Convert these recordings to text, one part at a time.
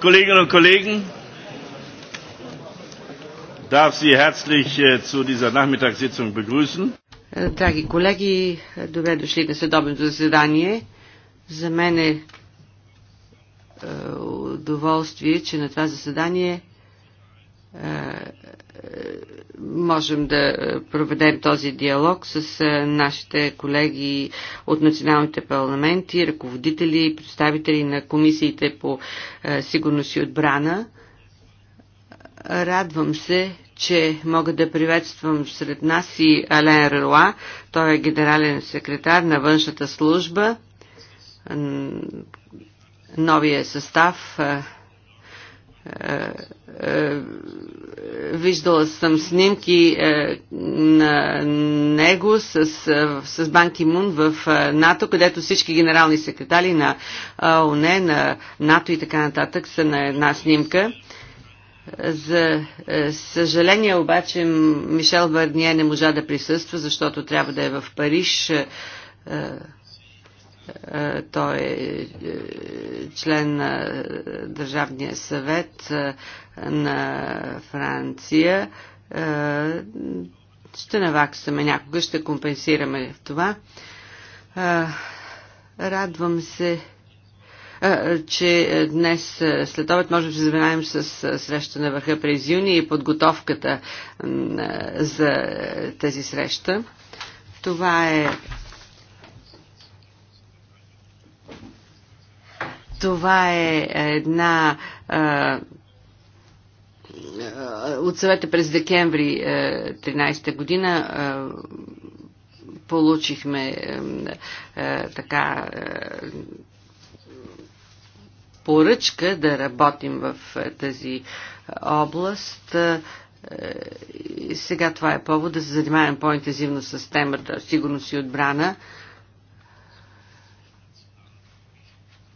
Kolleginnen und Kollegen, darf Sie herzlich äh, zu dieser Nachmittagssitzung begrüßen. Драги колеги, добре дошли на съдобното заседание. За мен е, е удоволствие, че на това заседание е, е, можем да проведем този диалог с нашите колеги от националните парламенти, ръководители, представители на комисиите по сигурност и отбрана. Радвам се, че мога да приветствам сред нас и Ален Руа. Той е генерален секретар на външната служба. Новия състав виждала съм снимки е, на него с, е, с Банки Мун в е, НАТО, където всички генерални секретари на ОНЕ, на НАТО и така нататък са на една снимка. За съжаление обаче Мишел Варние не можа да присъства, защото трябва да е в Париж. Е, той е член на Държавния съвет е, на Франция. Е, ще наваксаме някога, ще компенсираме в това. Радвам се, че днес след обед може да се занимаем с среща на върха през юни и подготовката за тази среща. Това е Това е една от съвета през декември 13 година получихме така поръчка да работим в тази област. Сега това е повод да се занимаваме по-интензивно с темата сигурност и отбрана.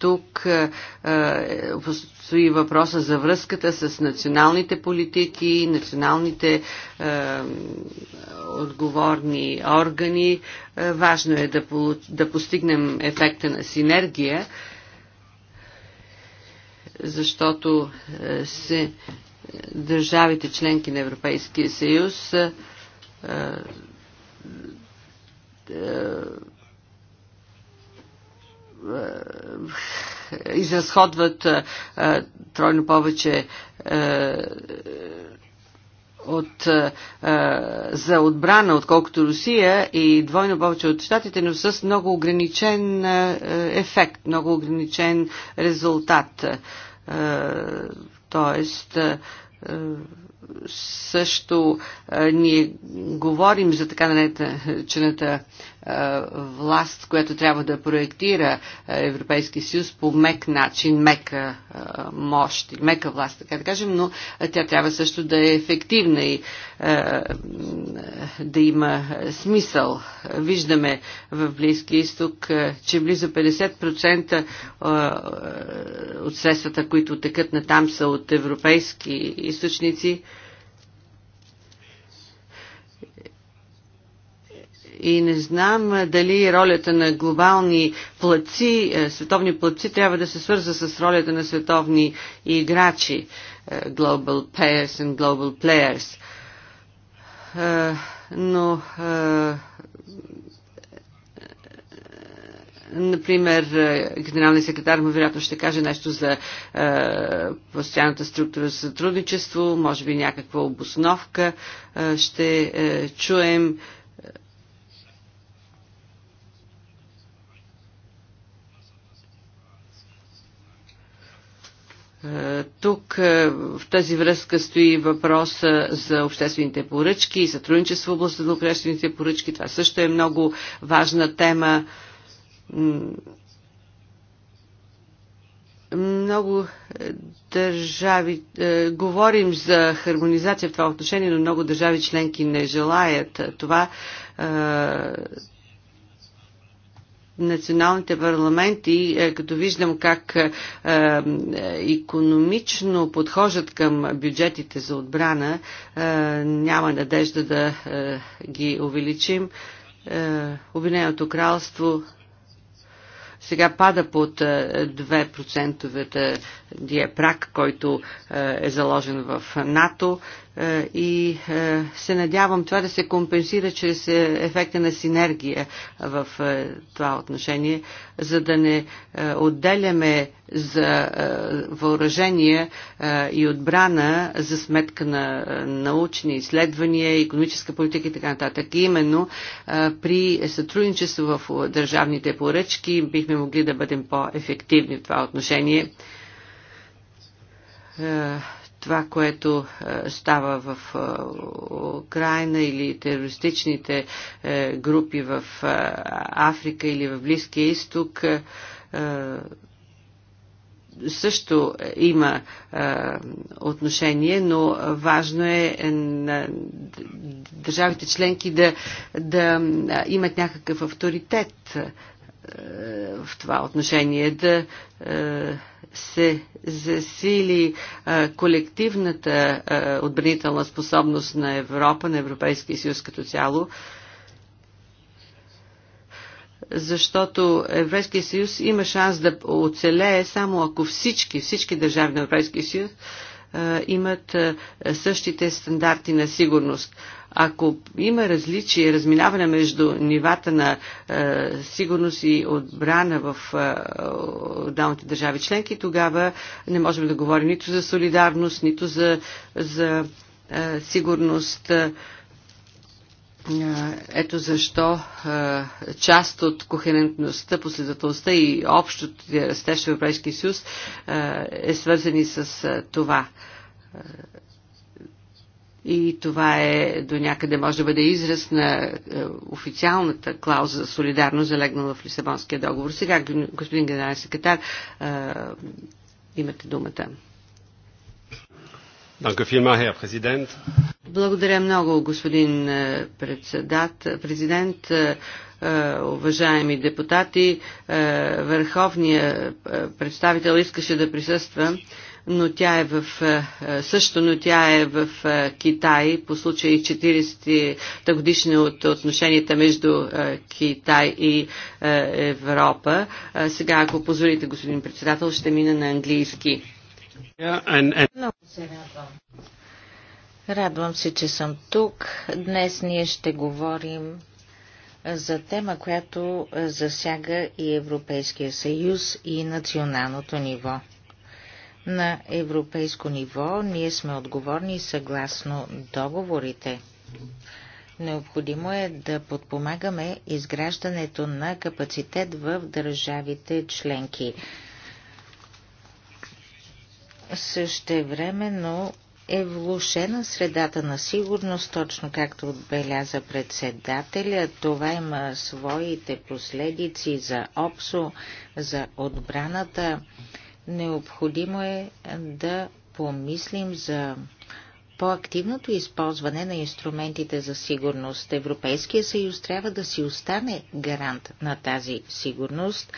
Тук е, е, стои въпроса за връзката с националните политики, националните е, отговорни органи. Важно е да, да постигнем ефекта на синергия, защото се държавите членки на Европейския съюз е, изразходват е, е, тройно повече от, за отбрана, отколкото Русия и двойно повече от щатите, но с много ограничен ефект, много ограничен резултат. тоест, също ние говорим за така наречената е, власт, която трябва да проектира е, Европейския съюз по мек начин, мека е, мощ, мека власт, така да кажем, но тя трябва също да е ефективна и да има смисъл. Виждаме в Близки изток, че близо 50% от средствата, които текат на там са от европейски източници. и не знам дали ролята на глобални плаци, е, световни плаци, трябва да се свърза с ролята на световни играчи, е, global players and global players. Е, но, например, генералният секретар му вероятно ще каже нещо за постоянната структура за сътрудничество, може би някаква обосновка. Ще чуем Е, тук е, в тази връзка стои въпроса за обществените поръчки и сътрудничество в областта на обществените поръчки. Това също е много важна тема. Много е, държави, говорим за хармонизация в това отношение, но много държави членки не желаят това националните парламенти, е, като виждам как економично е, подхожат към бюджетите за отбрана, е, няма надежда да ги увеличим. Обединеното кралство сега пада под 2% прак, който е заложен в НАТО. Е, и е, се надявам това да се компенсира чрез е, ефекта на синергия в това отношение, за да не отделяме за въоръжение и отбрана за сметка на научни изследвания, економическа политика и така нататък. И именно при сътрудничество в държавните поръчки бихме могли да бъдем по-ефективни в това отношение това, което е, става в е, Украина или терористичните е, групи в Африка или в Близкия изток, също има е, отношение, но важно е на държавите членки да, да имат някакъв авторитет е, в това отношение да е, се засили е, колективната отбранителна способност на Европа, на Европейския съюз като цяло, защото Европейския съюз има шанс да оцелее само ако всички, всички държави на Европейския съюз имат същите стандарти на сигурност. Ако има различие, разминаване между нивата на е, сигурност и отбрана в е, отдалните държави членки, тогава не можем да говорим нито за солидарност, нито за, за е, сигурност. Е, ето защо част от кохерентността, последователността и общото растеж в Европейския съюз е свързани с това. И това е до някъде може да бъде израз на официалната клауза за солидарност, залегнала в Лисабонския договор. Сега, господин генерален секретар, имате думата. Благодаря много, господин е, президент, е, е, уважаеми депутати. Върховният представител искаше да присъства, но тя е в, също, но тя е в Китай по случай 40-та годишна от отношенията между Китай и Европа. Сега, ако позволите, господин председател, ще мина на английски. Много се Радвам се, че съм тук. Днес ние ще говорим за тема, която засяга и Европейския съюз и националното ниво. На европейско ниво ние сме отговорни съгласно договорите. Необходимо е да подпомагаме изграждането на капацитет в държавите членки. Същевременно е влушена средата на сигурност, точно както отбеляза председателя. Това има своите последици за ОПСО, за отбраната. Необходимо е да помислим за по-активното използване на инструментите за сигурност. Европейския съюз трябва да си остане гарант на тази сигурност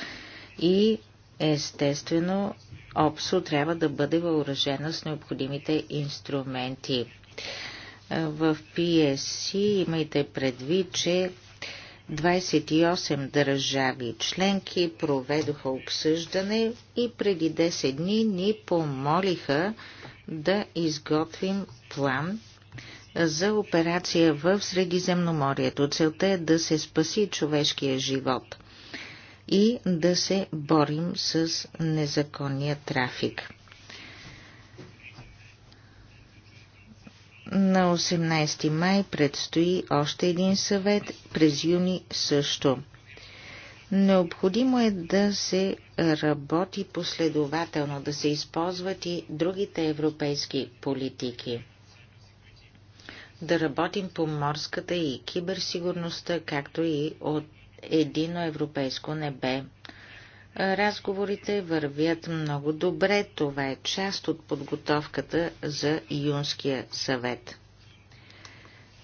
и естествено ОПСО трябва да бъде въоръжена с необходимите инструменти. В PSC имайте предвид, че 28 държави членки проведоха обсъждане и преди 10 дни ни помолиха да изготвим план за операция в Средиземноморието. Целта е да се спаси човешкия живот и да се борим с незаконния трафик. На 18 май предстои още един съвет, през юни също. Необходимо е да се работи последователно, да се използват и другите европейски политики. Да работим по морската и киберсигурността, както и от едино европейско небе. Разговорите вървят много добре. Това е част от подготовката за Юнския съвет.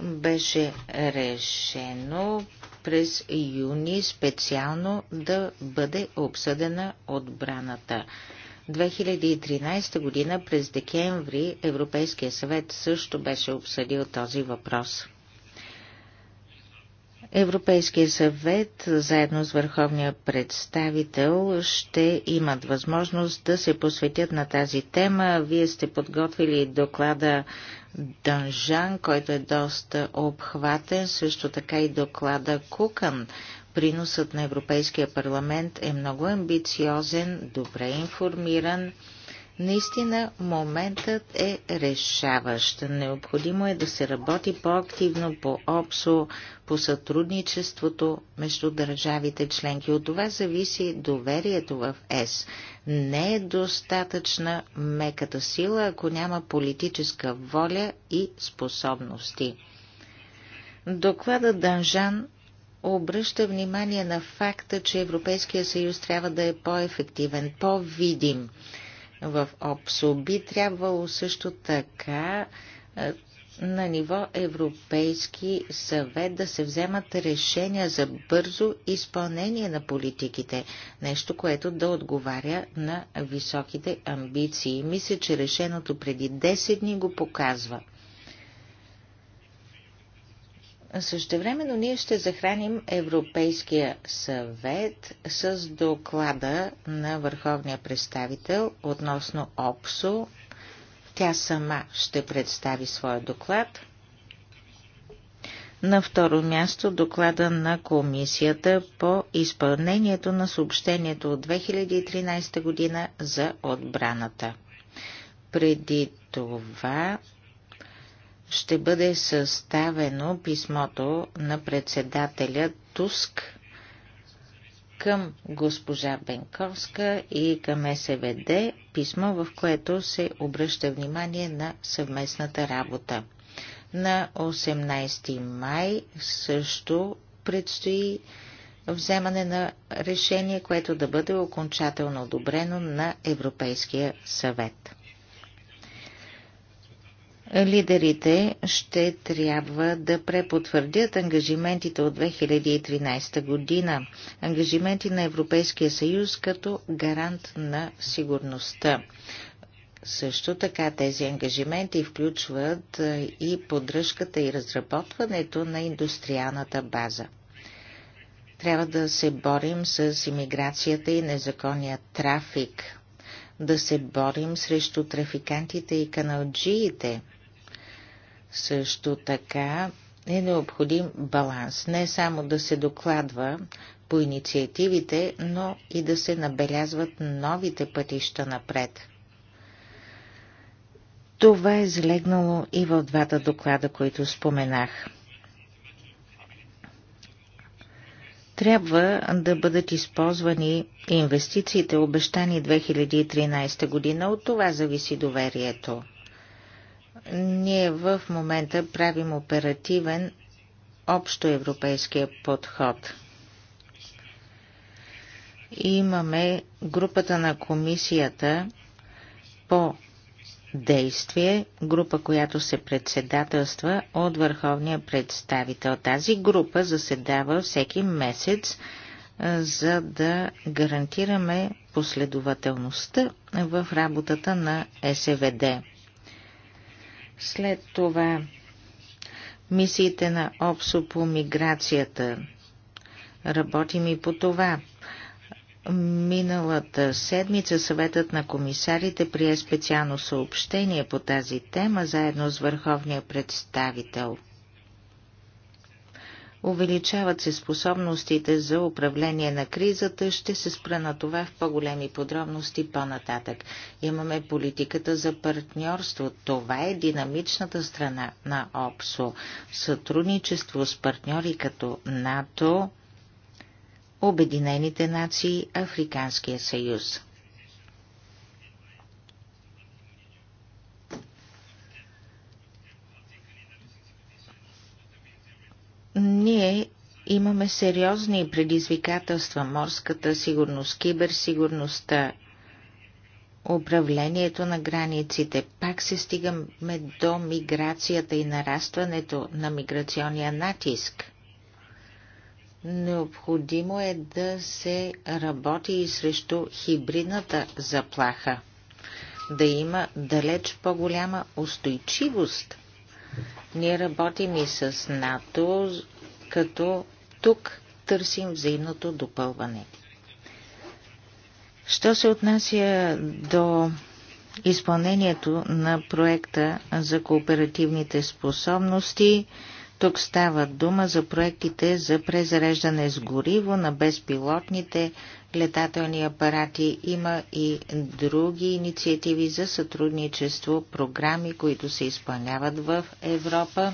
Беше решено през юни специално да бъде обсъдена отбраната. 2013 година през декември Европейския съвет също беше обсъдил този въпрос. Европейския съвет заедно с върховния представител ще имат възможност да се посветят на тази тема. Вие сте подготвили доклада Дънжан, който е доста обхватен, също така и доклада Кукан. Приносът на Европейския парламент е много амбициозен, добре информиран Наистина моментът е решаващ. Необходимо е да се работи по-активно, по обсо, по сътрудничеството между държавите членки. От това зависи доверието в ЕС. Не е достатъчна меката сила, ако няма политическа воля и способности. Докладът Данжан обръща внимание на факта, че Европейския съюз трябва да е по-ефективен, по-видим. по ефективен по видим в ОПСО. Би трябвало също така е, на ниво Европейски съвет да се вземат решения за бързо изпълнение на политиките, нещо, което да отговаря на високите амбиции. Мисля, че решеното преди 10 дни го показва. Същевременно ние ще захраним Европейския съвет с доклада на върховния представител относно ОПСО. Тя сама ще представи своя доклад. На второ място доклада на Комисията по изпълнението на съобщението от 2013 година за отбраната. Преди това ще бъде съставено писмото на председателя Туск към госпожа Бенковска и към СВД, писмо в което се обръща внимание на съвместната работа. На 18 май също предстои вземане на решение, което да бъде окончателно одобрено на Европейския съвет. Лидерите ще трябва да препотвърдят ангажиментите от 2013 година, ангажименти на Европейския съюз като гарант на сигурността. Също така тези ангажименти включват и поддръжката и разработването на индустриалната база. Трябва да се борим с иммиграцията и незаконния трафик, да се борим срещу трафикантите и каналджиите – също така е необходим баланс. Не само да се докладва по инициативите, но и да се набелязват новите пътища напред. Това е залегнало и в двата доклада, които споменах. Трябва да бъдат използвани инвестициите, обещани 2013 година. От това зависи доверието. Ние в момента правим оперативен общо европейския подход. Имаме групата на комисията по действие, група, която се председателства от върховния представител. Тази група заседава всеки месец, за да гарантираме последователността в работата на СВД. След това мисиите на ОПСО по миграцията. Работим и по това. Миналата седмица съветът на комисарите прие специално съобщение по тази тема заедно с върховния представител. Увеличават се способностите за управление на кризата. Ще се спра на това в по-големи подробности по-нататък. Имаме политиката за партньорство. Това е динамичната страна на ОПСО. Сътрудничество с партньори като НАТО, Обединените нации, Африканския съюз. Ние имаме сериозни предизвикателства. Морската сигурност, киберсигурността, управлението на границите. Пак се стигаме до миграцията и нарастването на миграционния натиск. Необходимо е да се работи и срещу хибридната заплаха, да има далеч по-голяма устойчивост ние работим и с НАТО, като тук търсим взаимното допълване. Що се отнася до изпълнението на проекта за кооперативните способности, тук става дума за проектите за презареждане с гориво на безпилотните летателни апарати. Има и други инициативи за сътрудничество, програми, които се изпълняват в Европа.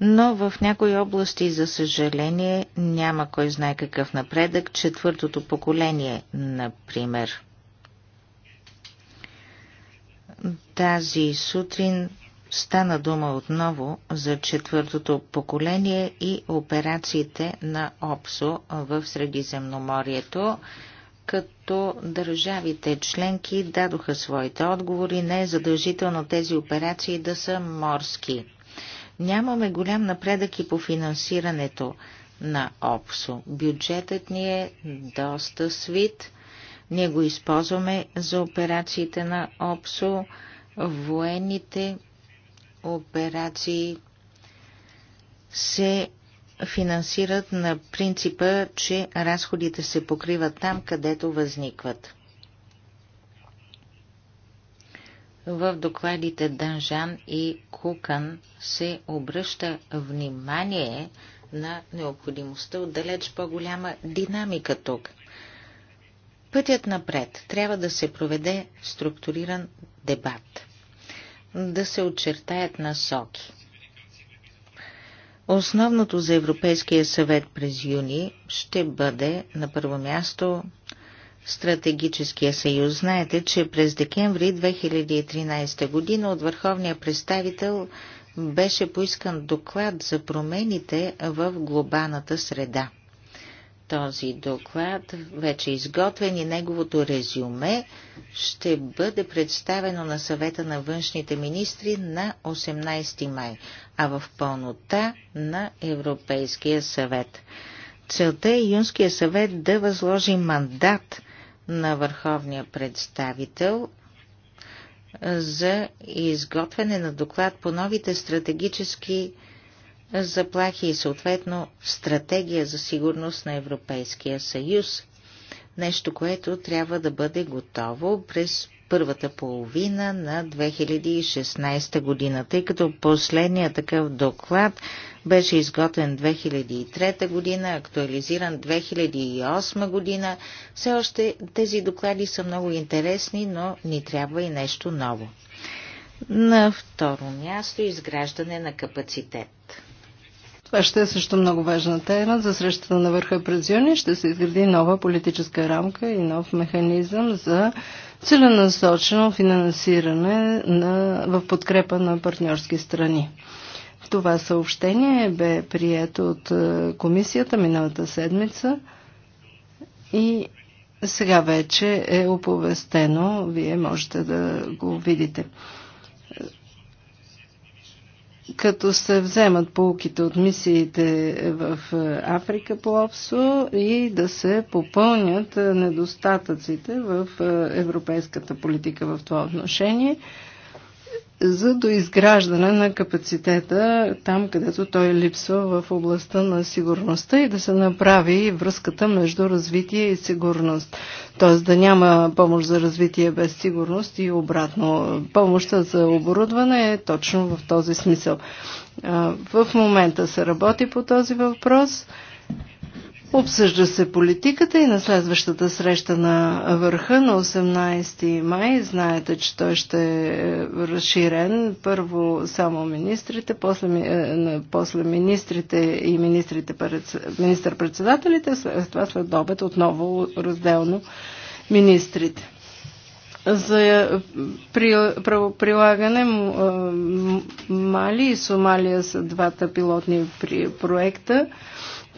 Но в някои области, за съжаление, няма кой знае какъв напредък. Четвъртото поколение, например. Тази сутрин Стана дума отново за четвъртото поколение и операциите на ОПСО в Средиземноморието, като държавите членки дадоха своите отговори. Не е задължително тези операции да са морски. Нямаме голям напредък и по финансирането на ОПСО. Бюджетът ни е доста свит. Ние го използваме за операциите на ОПСО. Военните операции се финансират на принципа, че разходите се покриват там, където възникват. В докладите Данжан и Кукан се обръща внимание на необходимостта от далеч по-голяма динамика тук. Пътят напред трябва да се проведе структуриран дебат да се очертаят насоки. Основното за Европейския съвет през юни ще бъде на първо място Стратегическия съюз. Знаете, че през декември 2013 година от върховния представител беше поискан доклад за промените в глобалната среда този доклад, вече изготвен и неговото резюме ще бъде представено на съвета на външните министри на 18 май, а в пълнота на Европейския съвет. Целта е Юнския съвет да възложи мандат на върховния представител за изготвяне на доклад по новите стратегически заплахи и съответно стратегия за сигурност на Европейския съюз. Нещо, което трябва да бъде готово през първата половина на 2016 година, тъй като последният такъв доклад беше изготвен 2003 година, актуализиран 2008 година. Все още тези доклади са много интересни, но ни трябва и нещо ново. На второ място изграждане на капацитет. Това ще е също много важна тема. За срещата на върха през юни ще се изгради нова политическа рамка и нов механизъм за целенасочено финансиране на, в подкрепа на партньорски страни. Това съобщение бе прието от е, комисията миналата седмица и сега вече е оповестено. Вие можете да го видите като се вземат полуките от мисиите в е, Африка по ОПСО и да се попълнят е, недостатъците в е, европейската политика в това отношение – за доизграждане на капацитета там, където той липсва в областта на сигурността и да се направи връзката между развитие и сигурност. Тоест да няма помощ за развитие без сигурност и обратно. Помощта за оборудване е точно в този смисъл. В момента се работи по този въпрос. Обсъжда се политиката и на следващата среща на върха на 18 май. Знаете, че той ще е разширен. Първо само министрите, после, е, после министрите и министрите, министър-председателите, след това след обед отново разделно министрите. За е, правоприлагане е, Мали и Сомалия са двата пилотни проекта.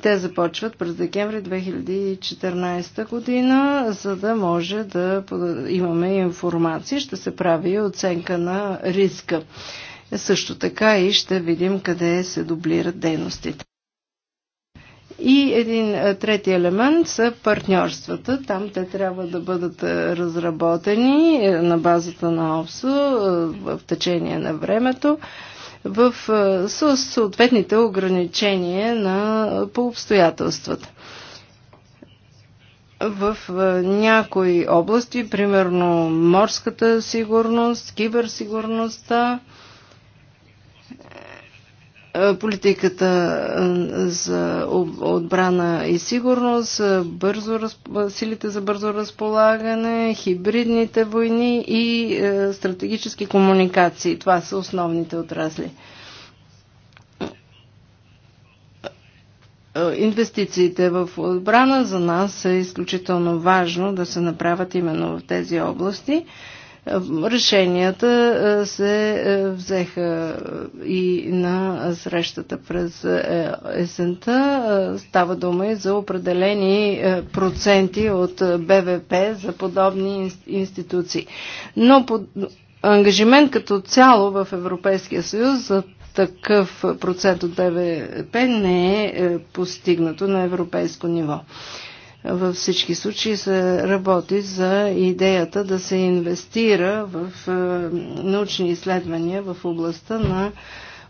Те започват през декември 2014 година, за да може да имаме информация. Ще се прави оценка на риска. Също така и ще видим къде се дублират дейностите. И един е, трети елемент са партньорствата. Там те трябва да бъдат е, разработени е, на базата на ОПСО в течение на времето в съответните ограничения на, по обстоятелствата. В някои области, примерно морската сигурност, киберсигурността, е, политиката е, за отбрана и сигурност, е, бързо, силите за бързо разполагане, хибридните войни и стратегически комуникации. Това са основните отрасли. Инвестициите в отбрана за нас е изключително важно да се направят именно в тези области. Решенията е, се е, взеха е, и на срещата през есента. Става дума и за определени проценти от БВП за подобни институции. Но под ангажимент като цяло в Европейския съюз за такъв процент от БВП не е постигнато на европейско ниво във всички случаи се работи за идеята да се инвестира в е, научни изследвания в областта на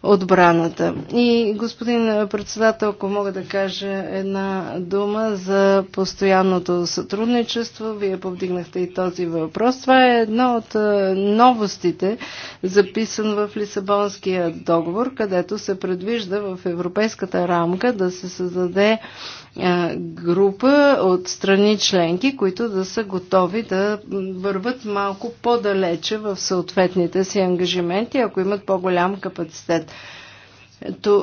отбраната. И господин председател, ако мога да кажа една дума за постоянното сътрудничество, вие повдигнахте и този въпрос. Това е една от е, новостите, записан в Лисабонския договор, където се предвижда в европейската рамка да се създаде е, група от страни членки, които да са готови да върват малко по-далече в съответните си ангажименти, ако имат по-голям капацитет.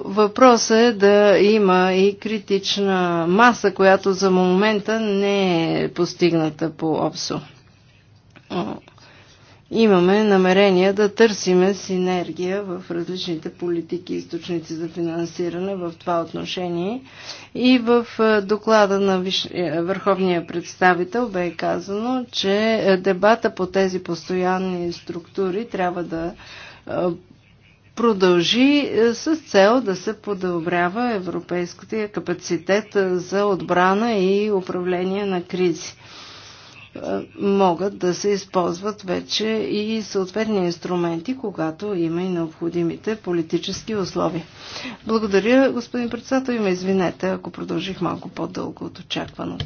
Въпросът е да има и критична маса, която за момента не е постигната по ОПСО. Имаме намерение да търсиме синергия в различните политики и източници за финансиране в това отношение. И в е, доклада на е, Върховния представител бе казано, че е, дебата по тези постоянни структури трябва да продължи е, с цел да се подобрява европейската капацитет е, за отбрана и управление на кризи. Е, могат да се използват вече и съответни инструменти, когато има и необходимите политически условия. Благодаря, господин председател, и ме извинете, ако продължих малко по-дълго от очакваното.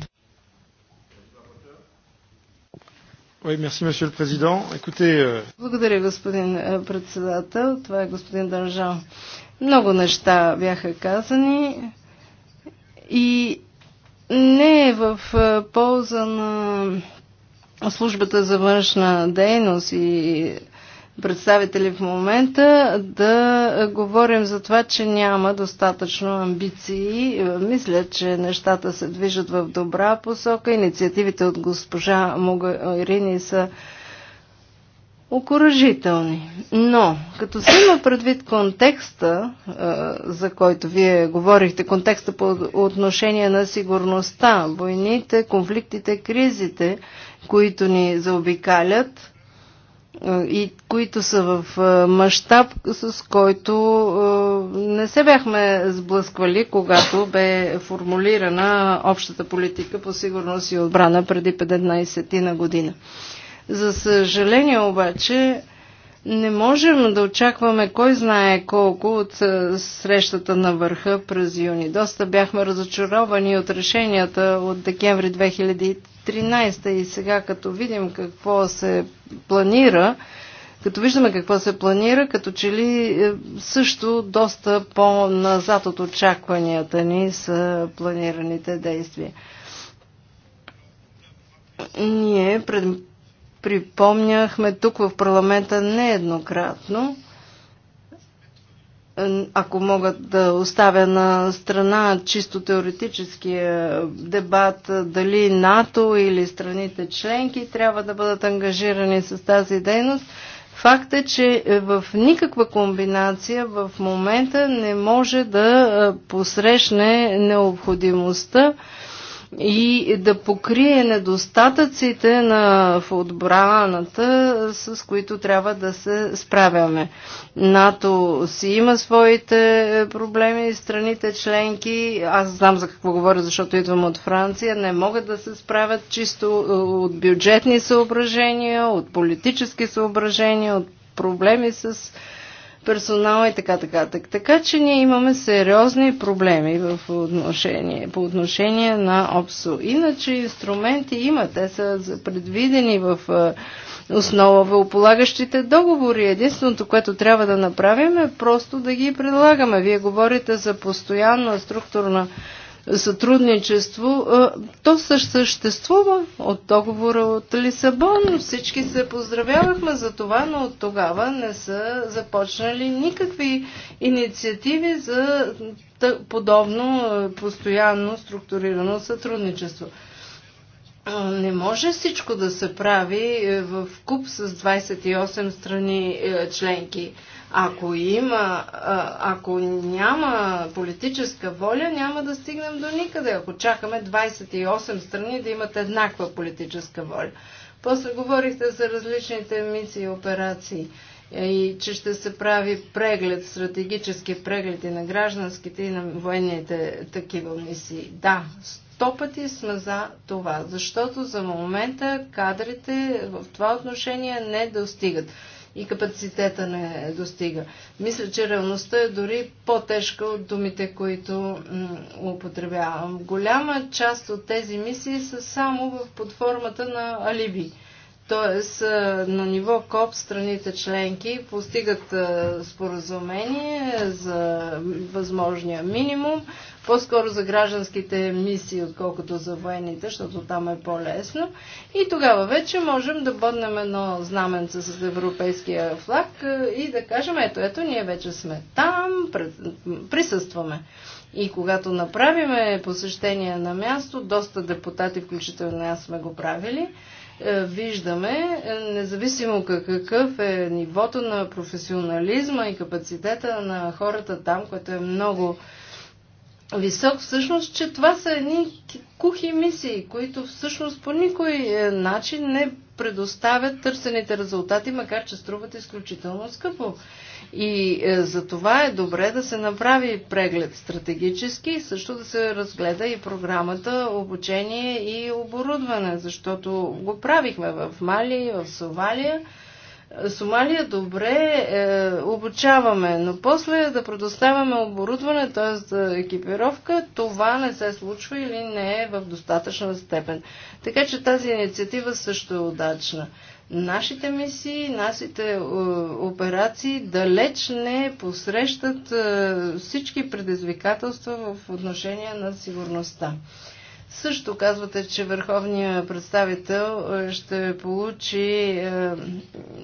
Euh, Благодаря, господин е, председател. Това е господин Държан. Много неща бяха казани и не е в е, полза на службата за външна дейност и представители в момента, да говорим за това, че няма достатъчно амбиции. Мисля, че нещата се движат в добра посока. Инициативите от госпожа Могарини са окоръжителни. Но, като се има предвид контекста, за който вие говорихте, контекста по отношение на сигурността, войните, конфликтите, кризите, които ни заобикалят, и които са в мащаб, с който не се бяхме сблъсквали, когато бе формулирана общата политика по сигурност и отбрана преди 15 ти на година. За съжаление обаче, не можем да очакваме кой знае колко от е, срещата на върха през юни. Доста бяхме разочаровани от решенията от декември 2013 и сега като видим какво се планира, като виждаме какво се планира, като че ли е, също доста по-назад от очакванията ни са планираните действия. Ние пред припомняхме тук в парламента нееднократно. Ако мога да оставя на страна чисто теоретическия дебат дали НАТО или страните членки трябва да бъдат ангажирани с тази дейност, факт е, че в никаква комбинация в момента не може да посрещне необходимостта и да покрие недостатъците на, в отбраната, с които трябва да се справяме. НАТО си има своите проблеми, страните членки, аз знам за какво говоря, защото идвам от Франция, не могат да се справят чисто е, от бюджетни съображения, от политически съображения, от проблеми с персонала и така, така, така. Така че ние имаме сериозни проблеми в отношение, по отношение на ОПСО. Иначе инструменти има, те са предвидени в основа в полагащите договори. Единственото, което трябва да направим е просто да ги предлагаме. Вие говорите за постоянна структурна сътрудничество, то съществува от договора от Лисабон. Всички се поздравявахме за това, но от тогава не са започнали никакви инициативи за подобно постоянно структурирано сътрудничество. Не може всичко да се прави в куп с 28 страни членки. Ако, има, ако няма политическа воля, няма да стигнем до никъде, ако чакаме 28 страни да имат еднаква политическа воля. После говорихте за различните мисии и операции е, и че ще се прави преглед, стратегически прегледи на гражданските и на военните такива мисии. Да, сто пъти сме за това, защото за момента кадрите в това отношение не достигат и капацитета не достига. Мисля, че реалността е дори по-тежка от думите, които употребявам. Голяма част от тези мисии са само в подформата на алиби. Тоест, на ниво КОП страните членки постигат споразумение за възможния минимум, по-скоро за гражданските мисии, отколкото за военните, защото там е по-лесно. И тогава вече можем да боднем едно знаменце с европейския флаг е, и да кажем, ето, ето, ние вече сме там, присъстваме. И когато направиме посещение на място, доста депутати, включително аз сме го правили, е, виждаме, е, независимо какъв е нивото на професионализма и капацитета на хората там, което е много висок, всъщност, че това са едни кухи мисии, които всъщност по никой е, начин не предоставят търсените резултати, макар че струват изключително скъпо. И е, за това е добре да се направи преглед стратегически и също да се разгледа и програмата обучение и оборудване, защото го правихме в Мали, в Совалия Сомалия добре е, обучаваме, но после е да предоставяме оборудване, т.е. екипировка, това не се случва или не е в достатъчна степен. Така че тази инициатива също е удачна. Нашите мисии, нашите е, операции далеч не посрещат е, всички предизвикателства в отношение на сигурността. Също казвате, че върховният представител е, ще получи е,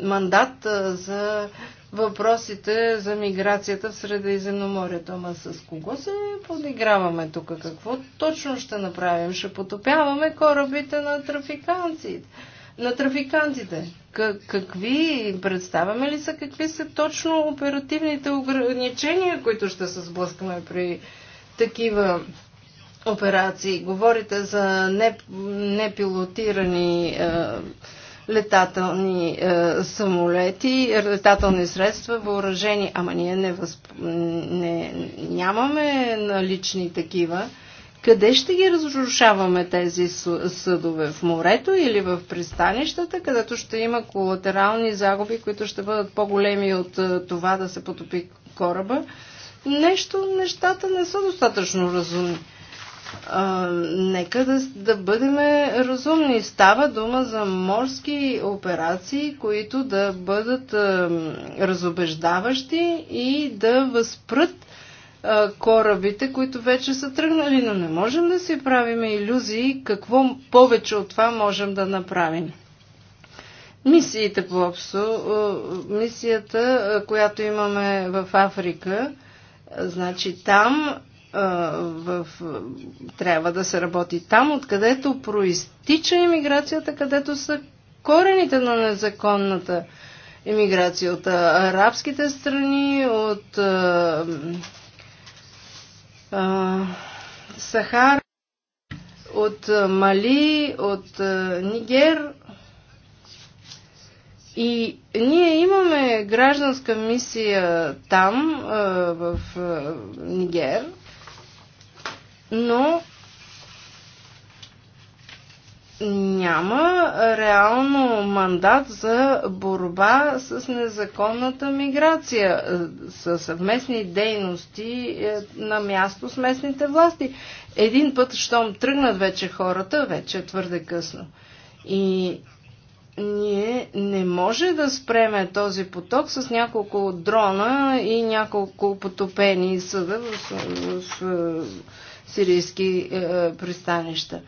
мандат е, за въпросите за миграцията в Средиземноморието. Ама с кого се подиграваме тук? Какво точно ще направим? Ще потопяваме корабите на трафиканците. На трафикантите. Какви, представяме ли са, какви са точно оперативните ограничения, които ще се сблъскаме при такива операции. Говорите за непилотирани не летателни е, самолети, летателни средства, въоръжени. Ама ние не, възп... не нямаме налични такива. Къде ще ги разрушаваме тези съдове? В морето или в пристанищата, където ще има колатерални загуби, които ще бъдат по-големи от е, това да се потопи кораба? Нещо, нещата не са достатъчно разумни а, нека да, да бъдем разумни. Става дума за морски операции, които да бъдат а, разобеждаващи и да възпрат а, корабите, които вече са тръгнали, но не можем да си правим иллюзии какво повече от това можем да направим. Мисиите по общо, мисията, която имаме в Африка, значи там в, трябва да се работи там, откъдето проистича иммиграцията, където са корените на незаконната иммиграция от арабските страни, от а, а, Сахар, от Мали, от а, Нигер. И ние имаме гражданска мисия там, а, в а, Нигер, но няма реално мандат за борба с незаконната миграция, с съвместни дейности е, на място с местните власти. Един път, щом тръгнат вече хората, вече е твърде късно. И ние не може да спреме този поток с няколко дрона и няколко потопени съда в, в, в сирийски е, пристанища.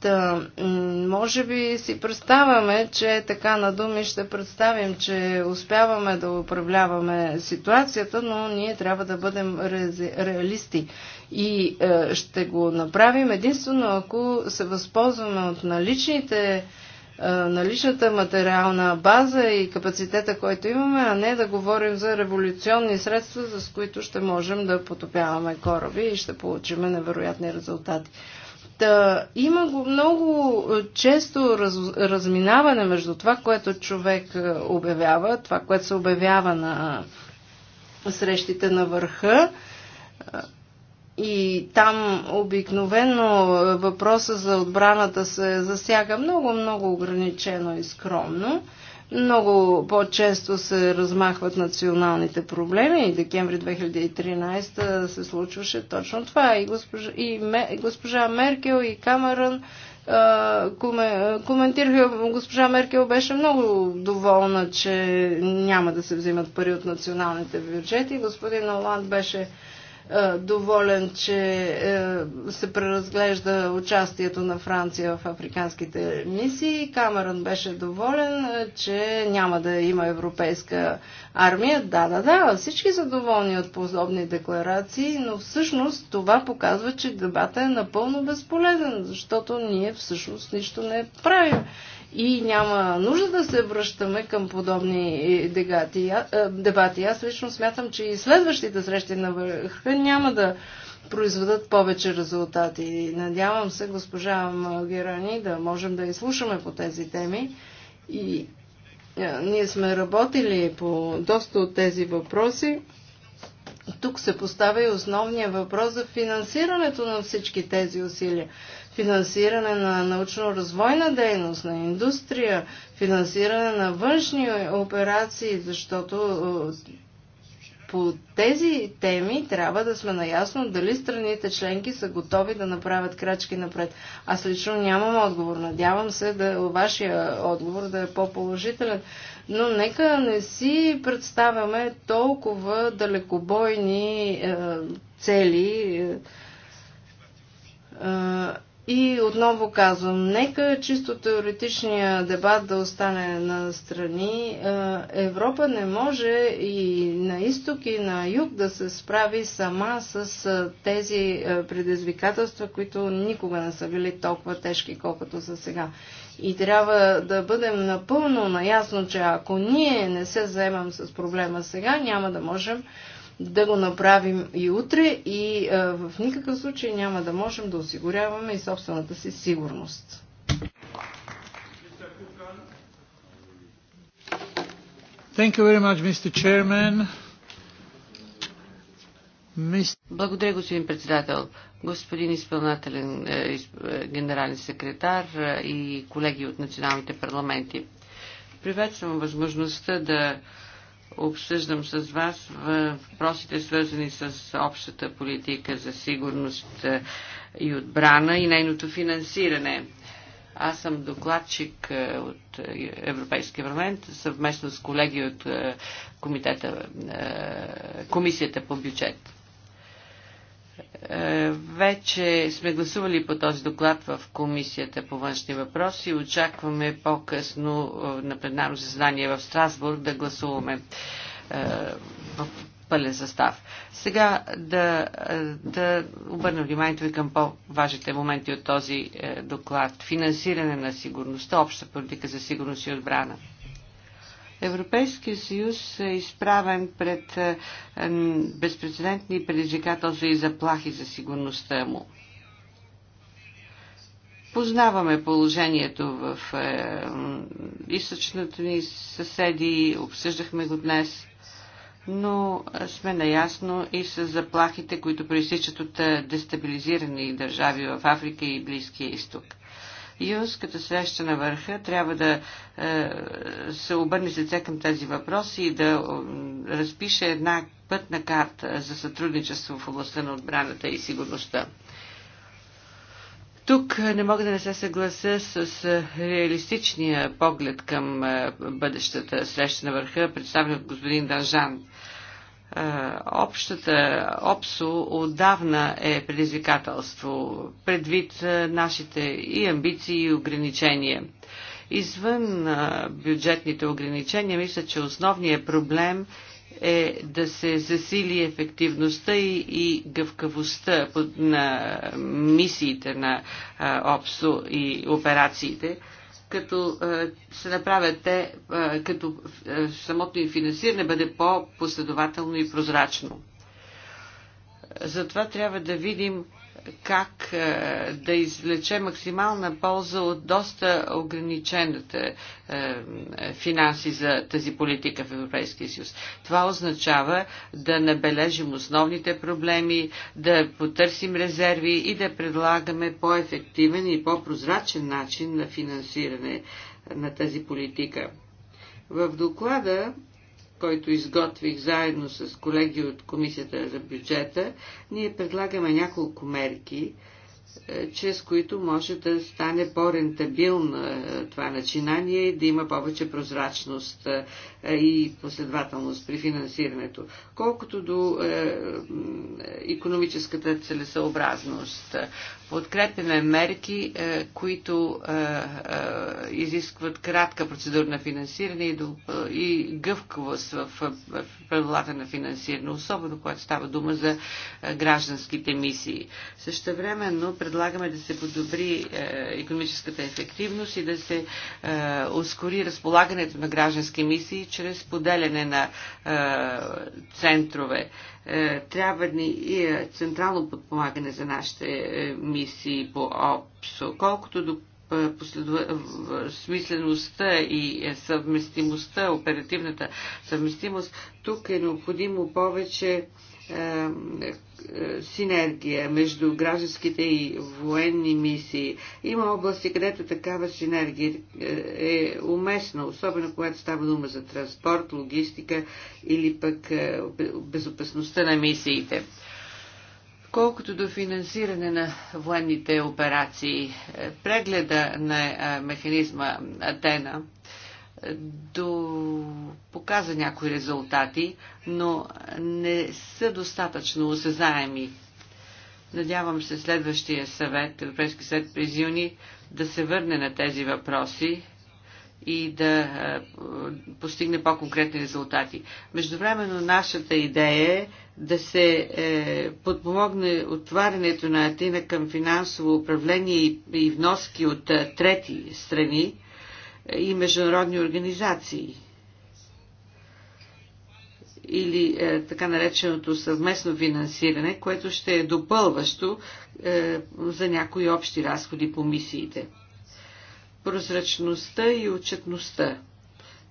Та, може би си представяме, че така на думи ще представим, че успяваме да управляваме ситуацията, но ние трябва да бъдем реалисти. И е, ще го направим единствено ако се възползваме от наличните наличната материална база и капацитета, който имаме, а не да говорим за революционни средства, с които ще можем да потопяваме кораби и ще получим невероятни резултати. Та, има го много често раз, разминаване между това, което човек обявява, това, което се обявява на срещите на върха и там обикновено въпроса за отбраната се засяга много-много ограничено и скромно. Много по-често се размахват националните проблеми и декември 2013 се случваше точно това. И госпожа, и, и госпожа Меркел и Камерън коментираха, госпожа Меркел беше много доволна, че няма да се взимат пари от националните бюджети. Господин Оланд беше е, доволен, че е, се преразглежда участието на Франция в африканските мисии. Камерън беше доволен, е, че няма да има европейска армия. Да, да, да, всички са доволни от подобни декларации, но всъщност това показва, че дебата е напълно безполезен, защото ние всъщност нищо не правим и няма нужда да се връщаме към подобни е, е, дебати. Аз лично смятам, че и следващите срещи на върха няма да произведат повече резултати. Надявам се, госпожа Магерани, да можем да изслушаме по тези теми. И е, ние сме работили по доста от тези въпроси. Тук се поставя и основния въпрос за финансирането на всички тези усилия финансиране на научно-развойна дейност, на индустрия, финансиране на външни операции, защото е, по тези теми трябва да сме наясно дали страните членки са готови да направят крачки напред. Аз лично нямам отговор. Надявам се да вашия отговор да е по-положителен. Но нека не си представяме толкова далекобойни е, цели. Е, е, и отново казвам, нека чисто теоретичния дебат да остане на страни. Европа не може и на изток и на юг да се справи сама с тези предизвикателства, които никога не са били толкова тежки, колкото са сега. И трябва да бъдем напълно наясно, че ако ние не се заемам с проблема сега, няма да можем да го направим и утре и а, в никакъв случай няма да можем да осигуряваме и собствената си сигурност. Thank you very much, Mr. Chairman. Благодаря, господин председател. Господин изпълнателен е, е, генерален секретар е, и колеги от националните парламенти. Приветствам възможността да обсъждам с вас въпросите свързани с общата политика за сигурност е, и отбрана и нейното финансиране. Аз съм докладчик е, от е, Европейския парламент съвместно с колеги от комитета, Комисията по бюджет. Е, вече сме гласували по този доклад в Комисията по външни въпроси и очакваме по-късно е, на пленарно заседание в Страсбург да гласуваме е, в пълен състав. Сега да, да обърна вниманието ви към по-важните моменти от този доклад. Финансиране на сигурността, обща политика за сигурност и отбрана. Европейския съюз е изправен пред е, безпредседентни предизвикателства и заплахи за сигурността му. Познаваме положението в е, източната ни съседи, обсъждахме го днес, но е, сме наясно и с заплахите, които проистичат от е, дестабилизирани държави в Африка и Близкия изток като среща на върха трябва да е, се обърне с лице към тези въпроси и да е, разпише една пътна карта за сътрудничество в областта на отбраната и сигурността. Тук не мога да не се съглася с е, реалистичния поглед към бъдещата среща на върха, представен от господин Данжан общата ОПСО отдавна е предизвикателство, предвид нашите и амбиции и ограничения. Извън бюджетните ограничения, мисля, че основният проблем е да се засили ефективността и, и гъвкавостта на мисиите на ОПСО и операциите като е, се направят те, е, като е, самото им финансиране бъде по-последователно и прозрачно. Затова трябва да видим как е, да извлече максимална полза от доста ограничените е, финанси за тази политика в Европейския съюз. Това означава да набележим основните проблеми, да потърсим резерви и да предлагаме по-ефективен и по-прозрачен начин на финансиране на тази политика. В доклада който изготвих заедно с колеги от Комисията за бюджета, ние предлагаме няколко мерки, е, чрез които може да стане по-рентабилно е, това начинание и да има повече прозрачност е, и последователност при финансирането. Колкото до економическата целесъобразност, Подкрепяме мерки, е, които е, е, изискват кратка процедура на финансиране и гъвкавост в правилата на финансиране, особено когато става дума за гражданските мисии. Също но предлагаме да се подобри економическата ефективност и да се ускори разполагането на граждански мисии чрез поделяне на центрове е, трябва ни и е, централно подпомагане за нашите е, мисии по ОПСО. Колкото до последва... смислеността и съвместимостта, оперативната съвместимост, тук е необходимо повече е, е, синергия между гражданските и военни мисии. Има области, където такава синергия е, е уместна, особено когато става дума за транспорт, логистика или пък безопасността на мисиите. Колкото до финансиране на военните операции, прегледа на механизма Атена – до... показа някои резултати, но не са достатъчно осезаеми. Надявам се следващия съвет, Европейски съвет през юни, да се върне на тези въпроси и да е, постигне по-конкретни резултати. Междувременно нашата идея е да се е, подпомогне отварянето на Атина към финансово управление и, и вноски от е, трети страни, и международни организации или е, така нареченото съвместно финансиране, което ще е допълващо е, за някои общи разходи по мисиите. Прозрачността и отчетността.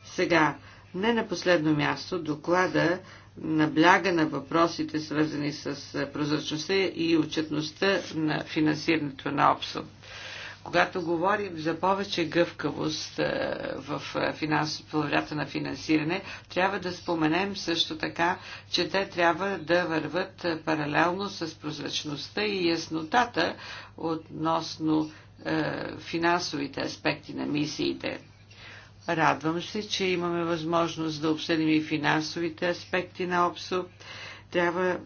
Сега, не на последно място, доклада набляга на въпросите, свързани с прозрачността и отчетността на финансирането на ОПСО. Когато говорим за повече гъвкавост е, в плавлята е, на финансиране, трябва да споменем също така, че те трябва да върват е, паралелно с прозрачността и яснотата относно финансовите аспекти на мисиите. Радвам се, че имаме възможност да обсъдим и финансовите аспекти на ОПСО. Трябва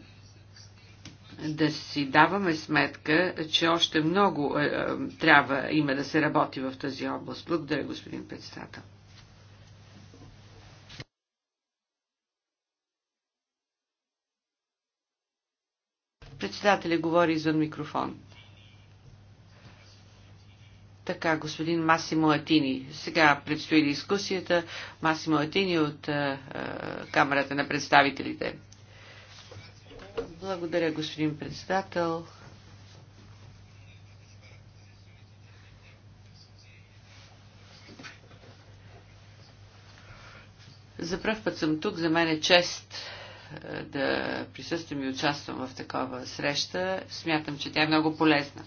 да си даваме сметка, че още много е, е трябва има да се работи в тази област. Благодаря, господин председател. Председателя говори извън микрофон. Така, господин Масимо Атини. Сега предстои дискусията. Масимо Атини от е, е Камерата на представителите. Благодаря, господин председател. За пръв път съм тук. За мен е чест е, да присъствам и участвам в такова среща. Смятам, че тя е много полезна.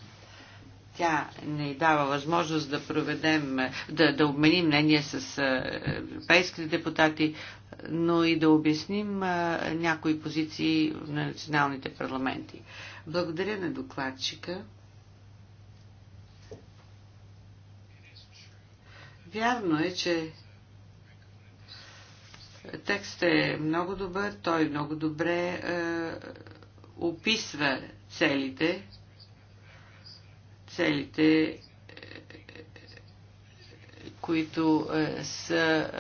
Тя не дава възможност да проведем, е, да, да обменим мнение с е, европейските депутати но и да обясним някои позиции на националните парламенти. Благодаря на докладчика. Вярно е, че текстът е много добър, той много добре е, описва целите. Целите, е, които е, са.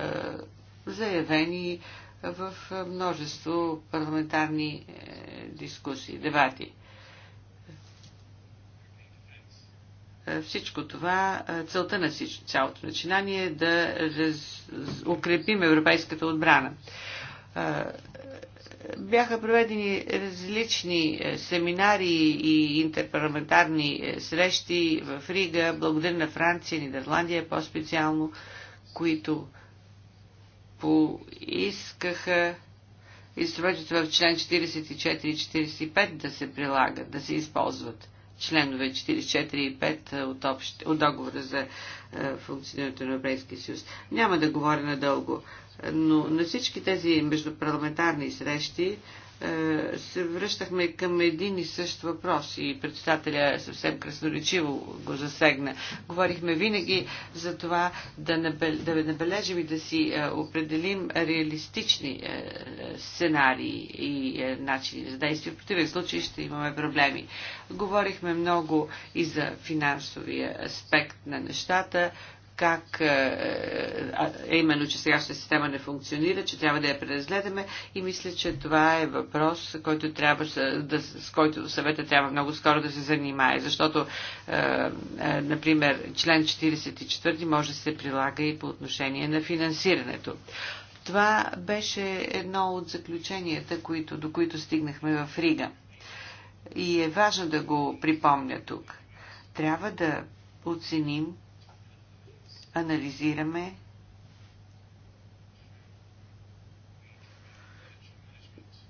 Е, заявени в множество парламентарни е, дискусии, дебати. Е, всичко това, е, целта на всичко, цялото начинание е да укрепим европейската отбрана. Бяха проведени различни семинари и интерпарламентарни срещи в Рига, благодаря на Франция, Нидерландия по-специално, които поискаха инструментите в член 44 и 45 да се прилагат, да се използват. Членове 44 и 5 от, общ, от договора за функционирането на Европейския съюз. Няма да говоря надълго, но на всички тези междупарламентарни срещи е, се връщахме към един и същ въпрос и председателя съвсем красноречиво го засегна. Говорихме винаги за това да, набел, да набележим и да си е, определим реалистични е, сценарии и начини за действие. В противен случай ще имаме проблеми. Говорихме много и за финансовия аспект на нещата как е, именно, че сегашната система не функционира, че трябва да я преразгледаме и мисля, че това е въпрос, който трябва, да, с който съвета трябва много скоро да се занимае, защото, е, е, например, член 44 може да се прилага и по отношение на финансирането. Това беше едно от заключенията, които, до които стигнахме в Рига. И е важно да го припомня тук. Трябва да оценим анализираме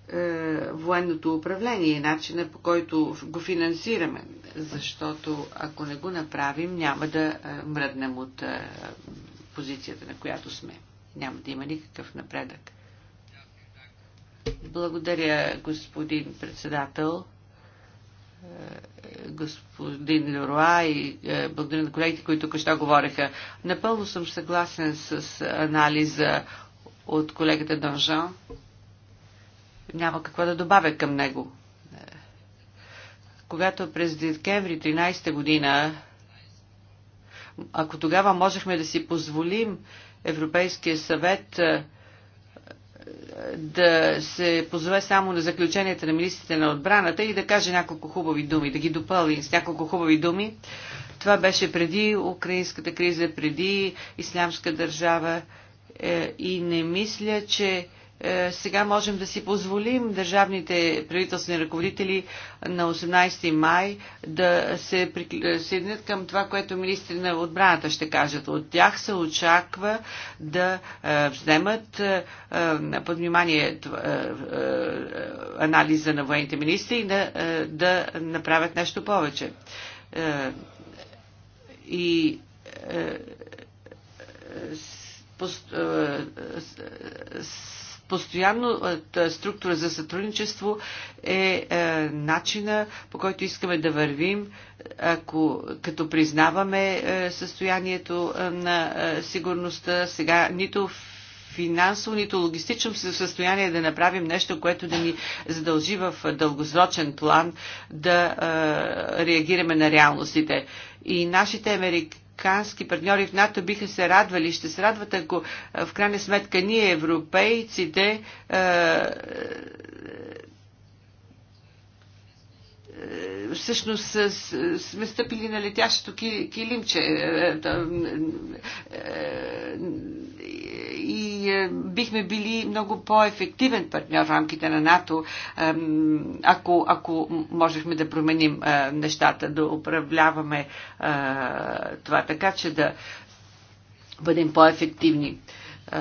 е, военното управление, начина по който го финансираме, защото ако не го направим, няма да е, мръднем от е, позицията, на която сме. Няма да има никакъв напредък. Благодаря, господин председател господин Леруа и е, благодаря на колегите, които току говореха. Напълно съм съгласен с анализа от колегата Донжан. Няма какво да добавя към него. Е, когато през декември 13 година, ако тогава можехме да си позволим Европейския съвет е, да се позове само на заключенията на министрите на отбраната и да каже няколко хубави думи, да ги допълни с няколко хубави думи. Това беше преди украинската криза, преди ислямска държава е, и не мисля, че е, сега можем да си позволим държавните правителствени ръководители на 18 май да се присъединят към това, което министри на отбраната ще кажат. От тях се очаква да е, вземат е, под внимание анализа на военните министри и да, да направят нещо повече. И постоянно е, структура за сътрудничество е, е начина по който искаме да вървим, ако, като признаваме е, състоянието на сигурността. Сега нито финансово, нито логистично в състояние да направим нещо, което да ни задължи в дългосрочен план да реагираме на реалностите. И нашите американски американски партньори в НАТО биха се радвали, ще се радват, ако в крайна сметка ние, европейците, всъщност сме стъпили на летящото килимче. Е, е, е, и ние бихме били много по-ефективен партньор в рамките на НАТО, ако, ако можехме да променим е, нещата, да управляваме е, това така, че да бъдем по-ефективни. Е,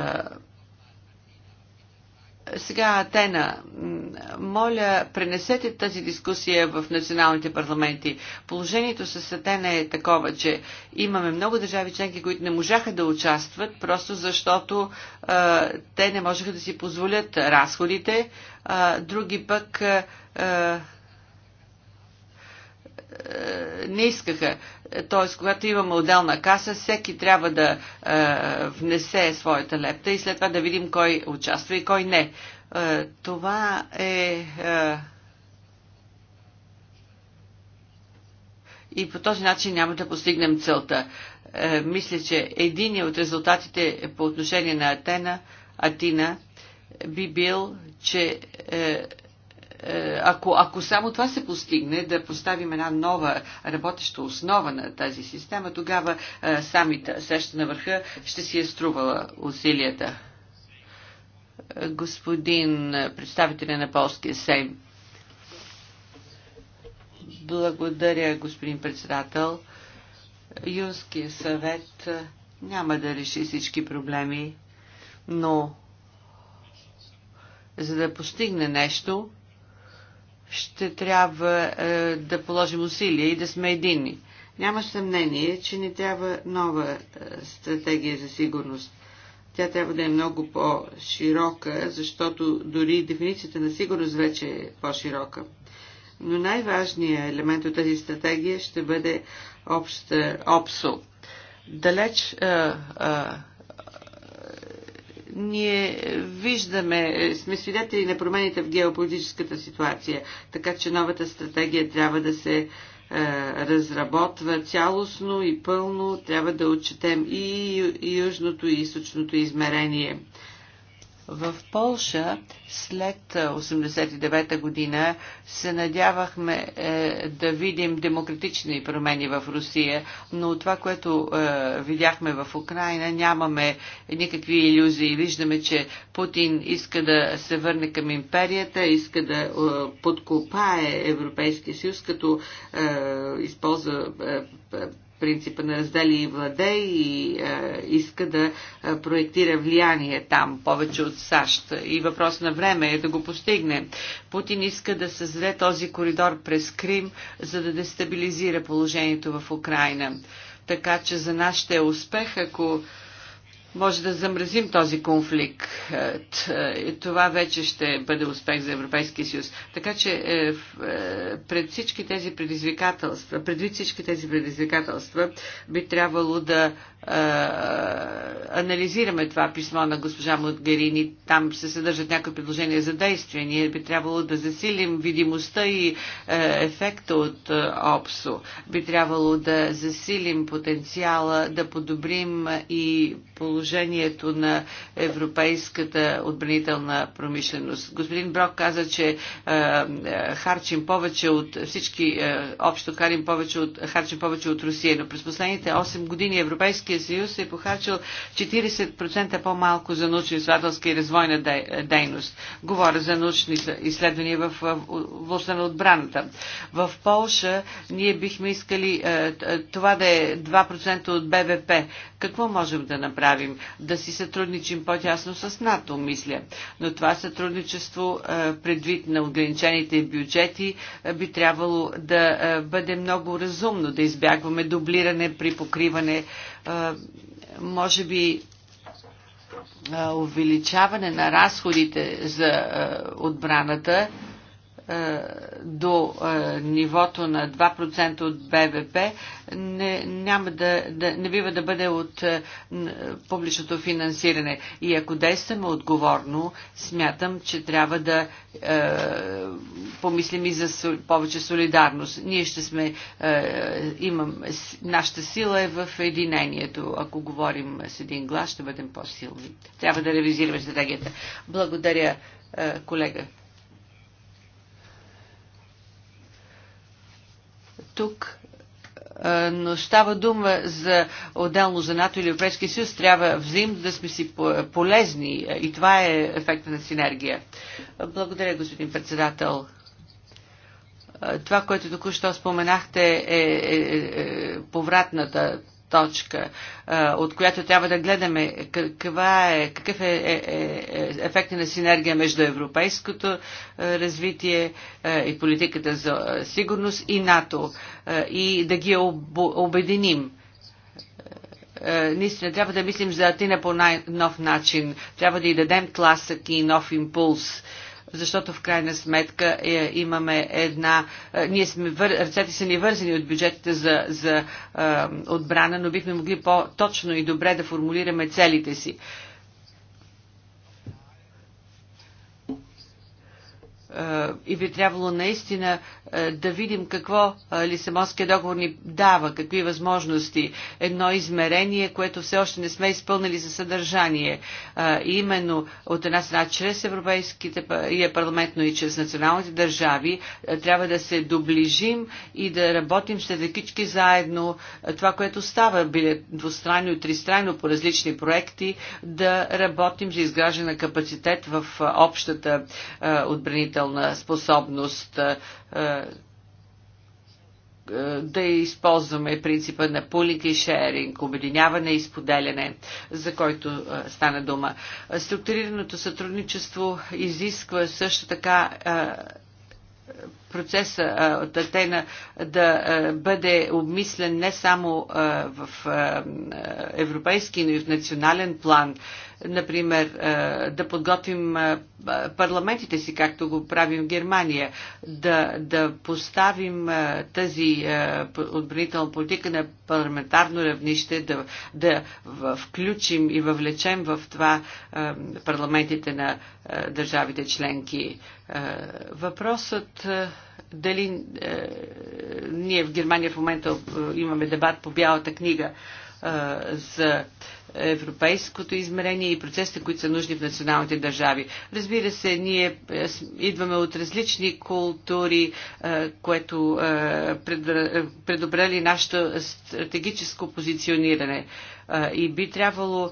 сега, Атена, моля, пренесете тази дискусия в националните парламенти. Положението с Атена е такова, че имаме много държави членки, които не можаха да участват, просто защото а, те не можеха да си позволят разходите. А, други пък а, е, не искаха. Т.е. когато имаме отделна каса, всеки трябва да е, внесе своята лепта и след това да видим кой участва и кой не. Е, това е. и по този начин няма да постигнем целта. мисля, че един от резултатите по отношение на Атена, Атина би бил, че е, ако, ако само това се постигне, да поставим една нова работеща основа на тази система, тогава е, самите среща на върха ще си е струвала усилията. Е, господин представителя на Полския Сейм. Благодаря, господин председател. Юнския съвет няма да реши всички проблеми, но за да постигне нещо, ще трябва е, да положим усилия и да сме едини. Няма съмнение, че ни трябва нова е, стратегия за сигурност. Тя трябва да е много по-широка, защото дори дефиницията на сигурност вече е по-широка. Но най-важният елемент от тази стратегия ще бъде общ, е, Далеч е, е, ние виждаме, сме свидетели на промените в геополитическата ситуация, така че новата стратегия трябва да се е, разработва цялостно и пълно, трябва да отчетем и южното и източното измерение. В Полша след 1989 година се надявахме е, да видим демократични промени в Русия, но това, което е, видяхме в Украина, нямаме никакви иллюзии. Виждаме, че Путин иска да се върне към империята, иска да е, подкопае Европейския съюз, като е, използва. Е, е принципа на раздели и владе и е, иска да е, проектира влияние там повече от САЩ. И въпрос на време е да го постигне. Путин иска да създаде този коридор през Крим, за да дестабилизира положението в Украина. Така че за нас ще е успех, ако може да замразим този конфликт. Е, това вече ще бъде успех за Европейския съюз. Така че е, е, пред всички тези предизвикателства, предвид всички тези предизвикателства, би трябвало да анализираме това писмо на госпожа Модгерини. Там се съдържат някои предложения за действие. Ние би трябвало да засилим видимостта и ефекта от ОПСО. Би трябвало да засилим потенциала, да подобрим и положението положението на европейската отбранителна промишленост. Господин Брок каза, че е, е, харчим повече от всички, е, общо харим повече от, харчим повече от Русия, но през последните 8 години Европейския съюз е похарчил 40% по-малко за научно-изследователска и развойна дейност. Говоря за научни изследвания в властта на отбраната. В Полша ние бихме искали е, това да е 2% от БВП. Какво можем да направим? да си сътрудничим по-тясно с НАТО, мисля. Но това сътрудничество, е, предвид на ограничените бюджети, е, би трябвало да е, бъде много разумно, да избягваме дублиране при покриване. Може би увеличаване на разходите за отбраната е, до е, нивото на 2% от БВП не, няма да, да, не бива да бъде от е, публичното финансиране. И ако действаме отговорно, смятам, че трябва да е, помислим и за повече солидарност. Ние ще сме, е, имам, нашата сила е в единението. Ако говорим с един глас, ще бъдем по-силни. Трябва да ревизираме стратегията. Благодаря, е, колега. тук, но става дума за отделно за НАТО или Европейския съюз, трябва взаимно да сме си полезни и това е ефекта на синергия. Благодаря, господин председател. Това, което току-що споменахте е, е, е, е повратната точка, от която трябва да гледаме каква е, какъв е, е, е, е ефект на синергия между европейското развитие и политиката за сигурност и НАТО и да ги обединим наистина трябва да мислим за Атина по най-нов начин. Трябва да й дадем тласък и нов импулс защото в крайна сметка е, имаме една... Е, ние сме, вър... ръцете са ни вързани от бюджетите за, за е, отбрана, но бихме могли по-точно и добре да формулираме целите си. и би трябвало наистина е, да видим какво е, Лисамонския договор ни дава, какви възможности. Едно измерение, което все още не сме изпълнили за съдържание. Е, и именно от една страна, чрез Европейските и парламент, но и чрез националните държави, трябва да се доближим и да работим щедекички заедно. Това, което става, биле двустранно и тристранно по различни проекти, да работим за изграждане на капацитет в общата отбранителна покупателна способност, да използваме принципа на пулинг и шеринг, обединяване и споделяне, за който стана дума. Структурираното сътрудничество изисква също така процеса от Атена да бъде обмислен не само в европейски, но и в национален план например, е, да подготвим е, парламентите си, както го правим в Германия, да, да поставим е, тази отбранителна политика на парламентарно равнище, да, да включим и въвлечем в това парламентите на държавите членки. Въпросът дали ние в Германия в момента имаме дебат по бялата книга за европейското измерение и процесите, които са нужни в националните държави. Разбира се, ние идваме от различни култури, което предопредели нашето стратегическо позициониране. И би трябвало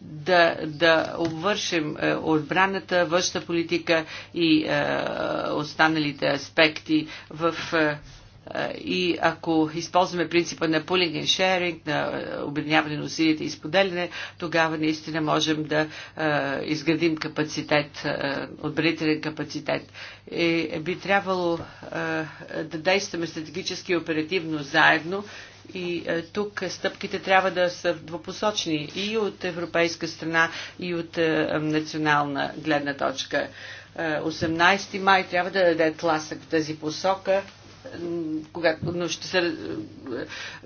да, да обвършим отбраната, външна политика и останалите аспекти в и ако използваме принципа на pooling and sharing, на обедняване на усилията и споделяне, тогава наистина можем да изградим капацитет, отбранителен капацитет. И би трябвало да действаме стратегически и оперативно заедно и тук стъпките трябва да са двупосочни и от европейска страна, и от национална гледна точка. 18 май трябва да даде тласък в тази посока когато, но ще се, е,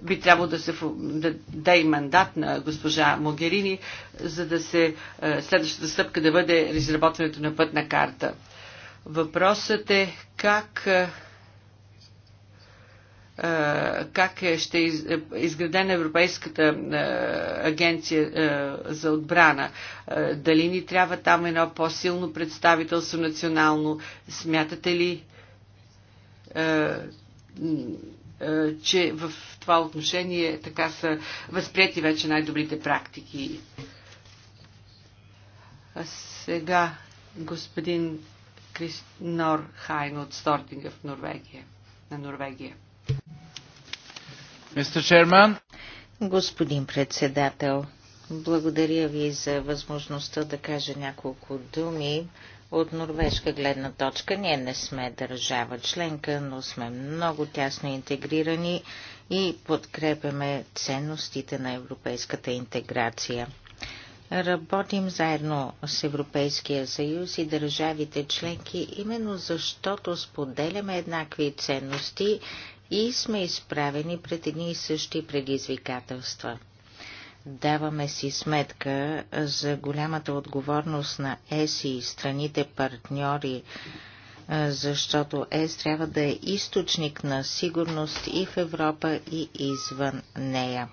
би трябвало да се да дай мандат на госпожа Могерини, за да се е, следващата стъпка да бъде разработването на пътна карта. Въпросът е как е, как ще е изградена Европейската агенция за отбрана. Дали ни трябва там едно по-силно представителство национално? Смятате ли, е, е, че в това отношение така са възприяти вече най-добрите практики. А сега господин Криснор Хайн от Стортинга в Норвегия, на Норвегия. Мистер Шерман. Господин председател, благодаря ви за възможността да кажа няколко думи от норвежка гледна точка ние не сме държава членка, но сме много тясно интегрирани и подкрепяме ценностите на европейската интеграция. Работим заедно с Европейския съюз и държавите членки, именно защото споделяме еднакви ценности и сме изправени пред едни и същи предизвикателства. Даваме си сметка за голямата отговорност на ЕС и страните партньори, е, защото ЕС трябва да е източник на сигурност и в Европа, и извън нея.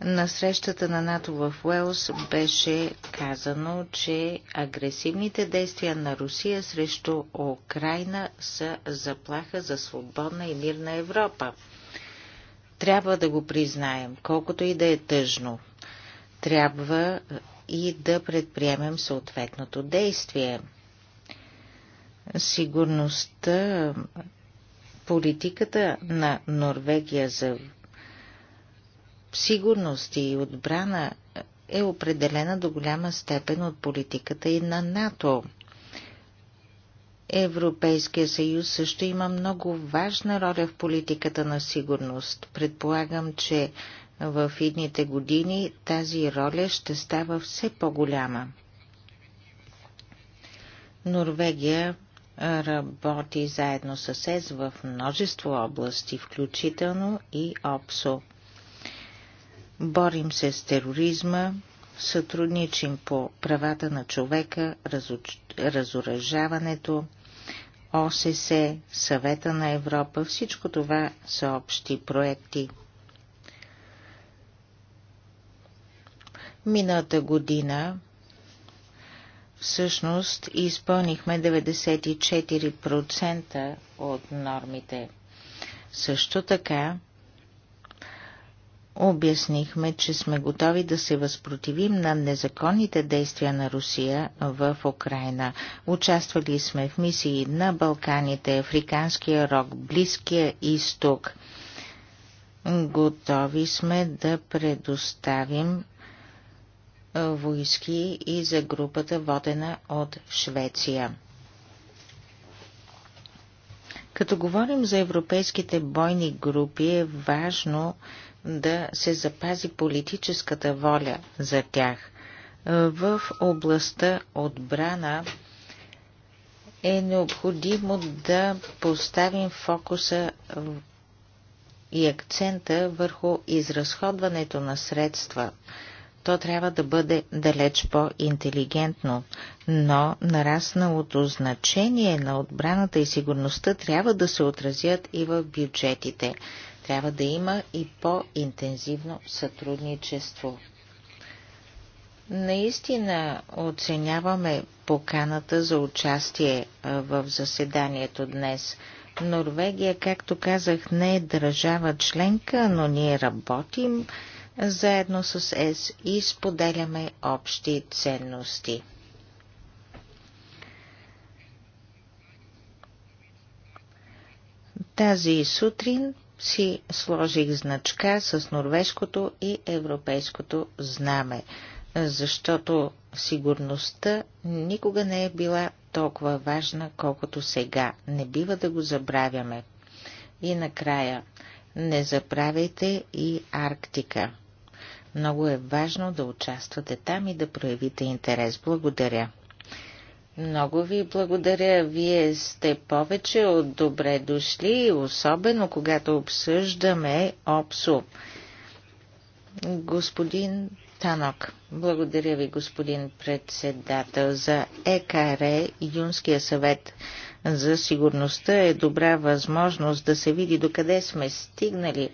На срещата на НАТО в Уелс беше казано, че агресивните действия на Русия срещу Украина са заплаха за свободна и мирна Европа. Трябва да го признаем, колкото и да е тъжно. Трябва и да предприемем съответното действие. Сигурността, политиката на Норвегия за сигурност и отбрана е определена до голяма степен от политиката и на НАТО – Европейския съюз също има много важна роля в политиката на сигурност. Предполагам, че в идните години тази роля ще става все по-голяма. Норвегия работи заедно с ЕС в множество области, включително и ОПСО. Борим се с тероризма, сътрудничим по правата на човека, разоръжаването, ОССЕ, Съвета на Европа, всичко това са общи проекти. Миналата година всъщност изпълнихме 94% от нормите. Също така Обяснихме, че сме готови да се възпротивим на незаконните действия на Русия в Украина. Участвали сме в мисии на Балканите, Африканския рог, Близкия изток. Готови сме да предоставим войски и за групата водена от Швеция. Като говорим за европейските бойни групи, е важно да да се запази политическата воля за тях. В областта отбрана е необходимо да поставим фокуса и акцента върху изразходването на средства. То трябва да бъде далеч по-интелигентно, но нарасналото значение на отбраната и сигурността трябва да се отразят и в бюджетите. Трябва да има и по-интензивно сътрудничество. Наистина оценяваме поканата за участие в заседанието днес. Норвегия, както казах, не е държава членка, но ние работим заедно с ЕС и споделяме общи ценности. Тази сутрин си сложих значка с норвежкото и европейското знаме, защото сигурността никога не е била толкова важна, колкото сега. Не бива да го забравяме. И накрая, не забравяйте и Арктика. Много е важно да участвате там и да проявите интерес. Благодаря. Много ви благодаря. Вие сте повече от добре дошли, особено когато обсъждаме ОПСО. Господин Танок, благодаря ви, господин председател, за ЕКР Юнския съвет за сигурността е добра възможност да се види докъде сме стигнали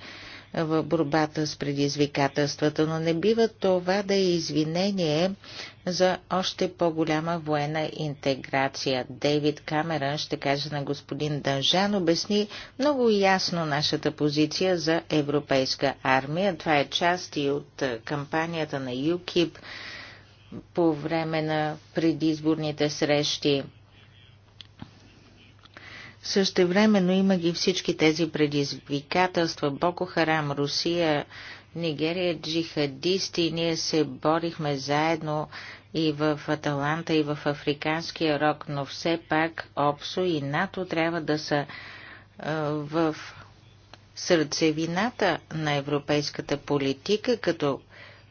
в борбата с предизвикателствата, но не бива това да е извинение за още по-голяма военна интеграция. Дейвид Камерън ще каже на господин Дънжан, обясни много ясно нашата позиция за европейска армия. Това е част и от кампанията на ЮКИП по време на предизборните срещи. Същевременно има ги всички тези предизвикателства. Боко Харам, Русия, Нигерия, джихадисти. Ние се борихме заедно и в Аталанта, и в Африканския рок, но все пак ОПСО и НАТО трябва да са в сърцевината на европейската политика, като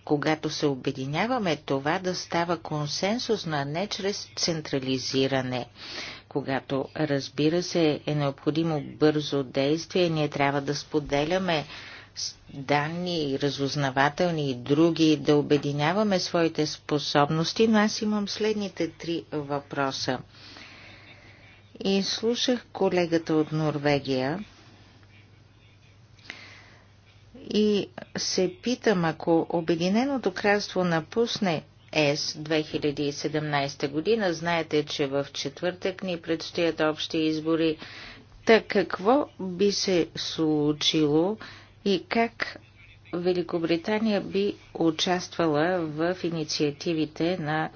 когато се обединяваме, това да става консенсусно, а не чрез централизиране. Когато, разбира се, е необходимо бързо действие, ние трябва да споделяме данни, разузнавателни и други, да обединяваме своите способности, но аз имам следните три въпроса. И слушах колегата от Норвегия и се питам, ако Обединеното кралство напусне ЕС 2017 година. Знаете, че в четвъртък ни предстоят общи избори. Так какво би се случило и как Великобритания би участвала в инициативите на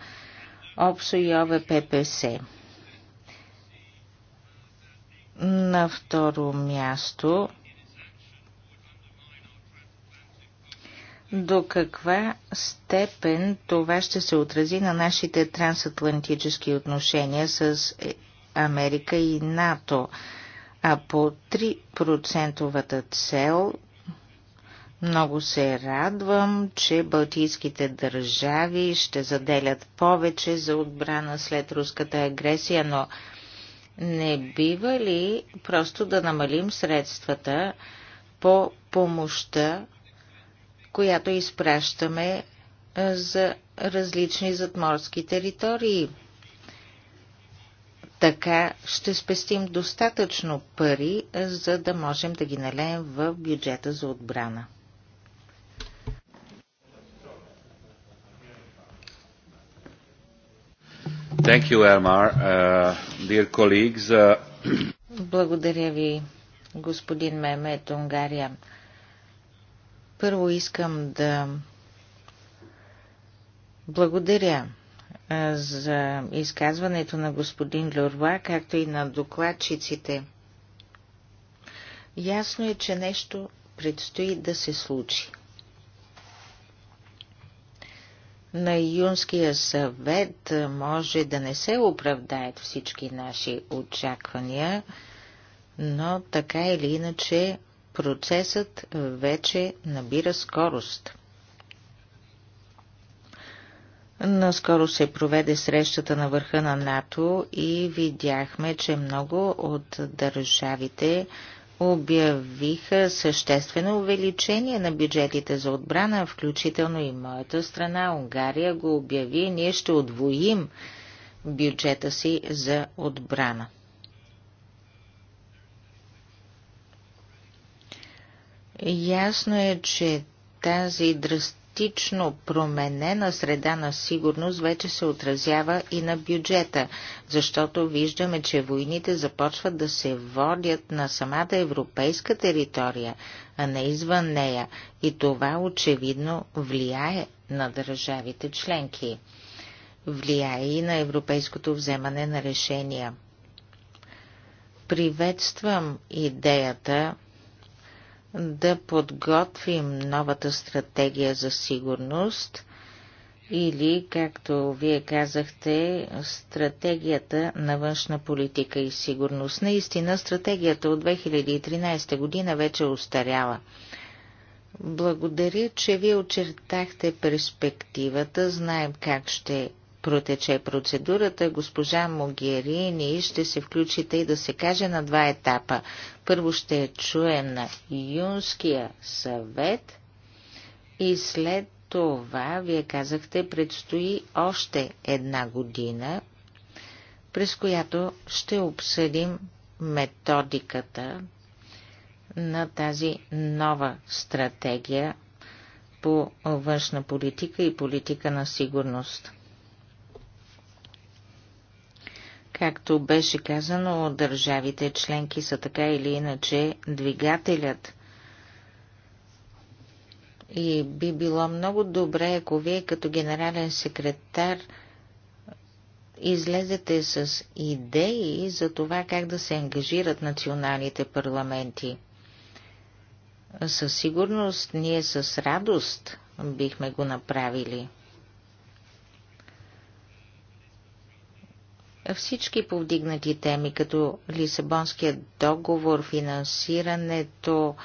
ОПСО и ОВППС? На второ място до каква степен това ще се отрази на нашите трансатлантически отношения с е, Америка и НАТО. А по 3 цел много се радвам, че балтийските държави ще заделят повече за отбрана след руската агресия, но не бива ли просто да намалим средствата по помощта която изпращаме за различни задморски територии. Така ще спестим достатъчно пари, за да можем да ги налеем в бюджета за отбрана. Thank you, Elmar. Uh, dear colleagues, uh... Благодаря ви, господин Мемет Унгария. Първо искам да благодаря за изказването на господин Лорва, както и на докладчиците. Ясно е, че нещо предстои да се случи. На Юнския съвет може да не се оправдаят всички наши очаквания, но така или иначе процесът е, вече набира скорост. Наскоро се проведе срещата на върха на НАТО и видяхме, че много от държавите обявиха съществено увеличение на бюджетите за отбрана, включително и моята страна, Унгария, го обяви. Ние ще отвоим бюджета си за отбрана. Ясно е, че тази драстично променена среда на сигурност вече се отразява и на бюджета, защото виждаме, че войните започват да се водят на самата европейска територия, а не извън нея, и това очевидно влияе на държавите членки. Влияе и на европейското вземане на решения. Приветствам идеята да подготвим новата стратегия за сигурност или, както вие казахте, стратегията на външна политика и сигурност. Наистина, стратегията от 2013 година вече устарява. Благодаря, че вие очертахте перспективата. Знаем как ще протече процедурата, госпожа Могерини ще се включите и да се каже на два етапа. Първо ще чуем на Юнския съвет и след това, вие казахте, предстои още една година, през която ще обсъдим методиката на тази нова стратегия по външна политика и политика на сигурност. Както беше казано, държавите членки са така или иначе двигателят. И би било много добре, ако вие като генерален секретар излезете с идеи за това как да се ангажират националните парламенти. Със сигурност ние с радост бихме го направили. всички повдигнати теми, като Лисабонският договор, финансирането,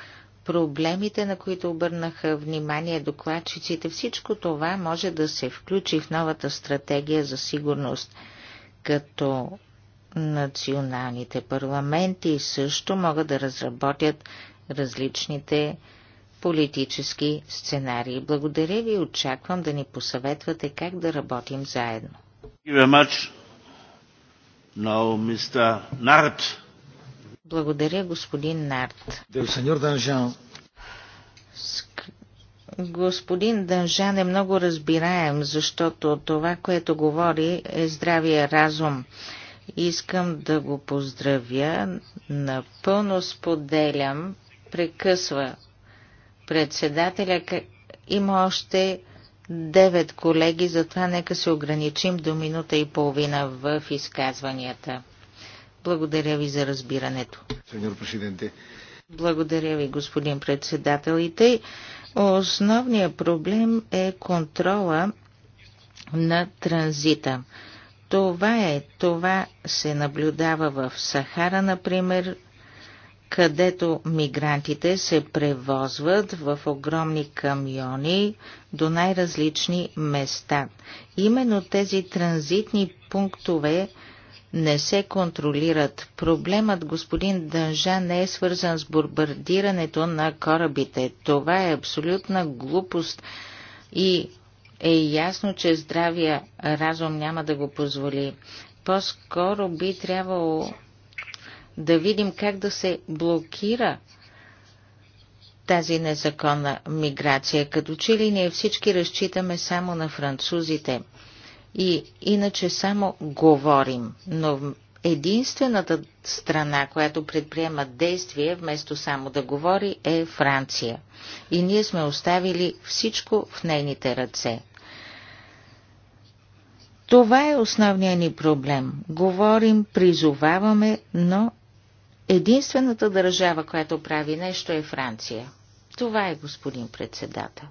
проблемите, на които обърнаха внимание докладчиците, всичко това може да се включи в новата стратегия за сигурност, като националните парламенти също могат да разработят различните политически сценарии. Благодаря ви, очаквам да ни посъветвате как да работим заедно. Thank you very much. Благодаря, господин Нарт. Господин Дънжан е много разбираем, защото това, което говори, е здравия разум. Искам да го поздравя. Напълно споделям. Прекъсва председателя. Има още девет колеги, затова нека се ограничим до минута и половина в изказванията. Благодаря ви за разбирането. Благодаря ви, господин председателите. Основният проблем е контрола на транзита. Това е, това се наблюдава в Сахара, например, където мигрантите се превозват в огромни камиони до най-различни места. Именно тези транзитни пунктове не се контролират. Проблемът, господин Дънжа, не е свързан с бомбардирането на корабите. Това е абсолютна глупост и е ясно, че здравия разум няма да го позволи. По-скоро би трябвало да видим как да се блокира тази незаконна миграция. Като че ли ние всички разчитаме само на французите и иначе само говорим, но единствената страна, която предприема действие, вместо само да говори, е Франция. И ние сме оставили всичко в нейните ръце. Това е основният ни проблем. Говорим, призоваваме, но Единствената държава, която прави нещо е Франция. Това е господин председател.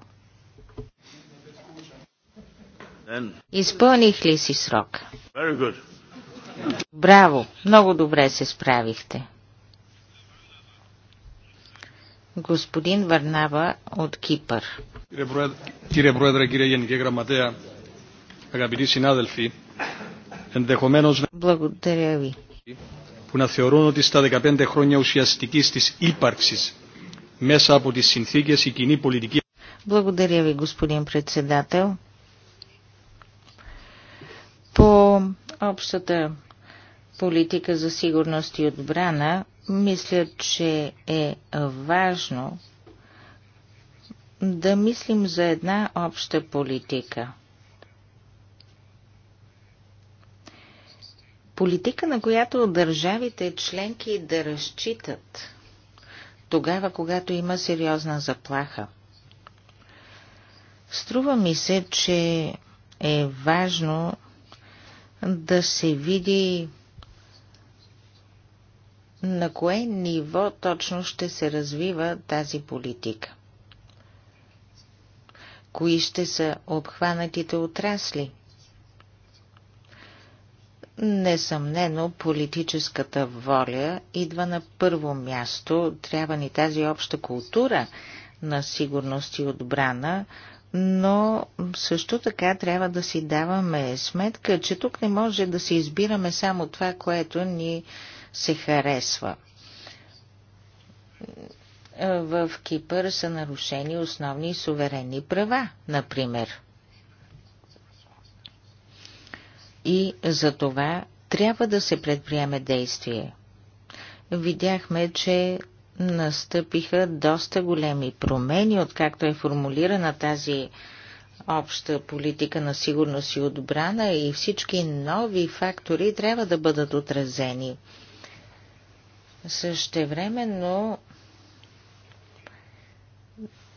Изпълних ли си срок? Браво! Много добре се справихте. Господин Варнава от Кипър. Кире Проедре, кире Генке Граматея, агапити ендехоменос... Благодаря ви που να θεωρούν ότι στα 15 χρόνια ουσιαστικής της ύπαρξης μέσα από τις συνθήκες η κοινή πολιτική... Благодаря ви, господин председател. По общата политика за сигурност и отбрана, мисля, че е важно да мислим за една обща политика – Политика, на която държавите членки да разчитат тогава, когато има сериозна заплаха. Струва ми се, че е важно да се види на кое ниво точно ще се развива тази политика. Кои ще са обхванатите отрасли? Несъмнено, политическата воля идва на първо място. Трябва ни тази обща култура на сигурност и отбрана, но също така трябва да си даваме сметка, че тук не може да си избираме само това, което ни се харесва. В Кипър са нарушени основни суверенни права, например – и за това трябва да се предприеме действие. Видяхме, че настъпиха доста големи промени, откакто е формулирана тази обща политика на сигурност и отбрана и всички нови фактори трябва да бъдат отразени. Същевременно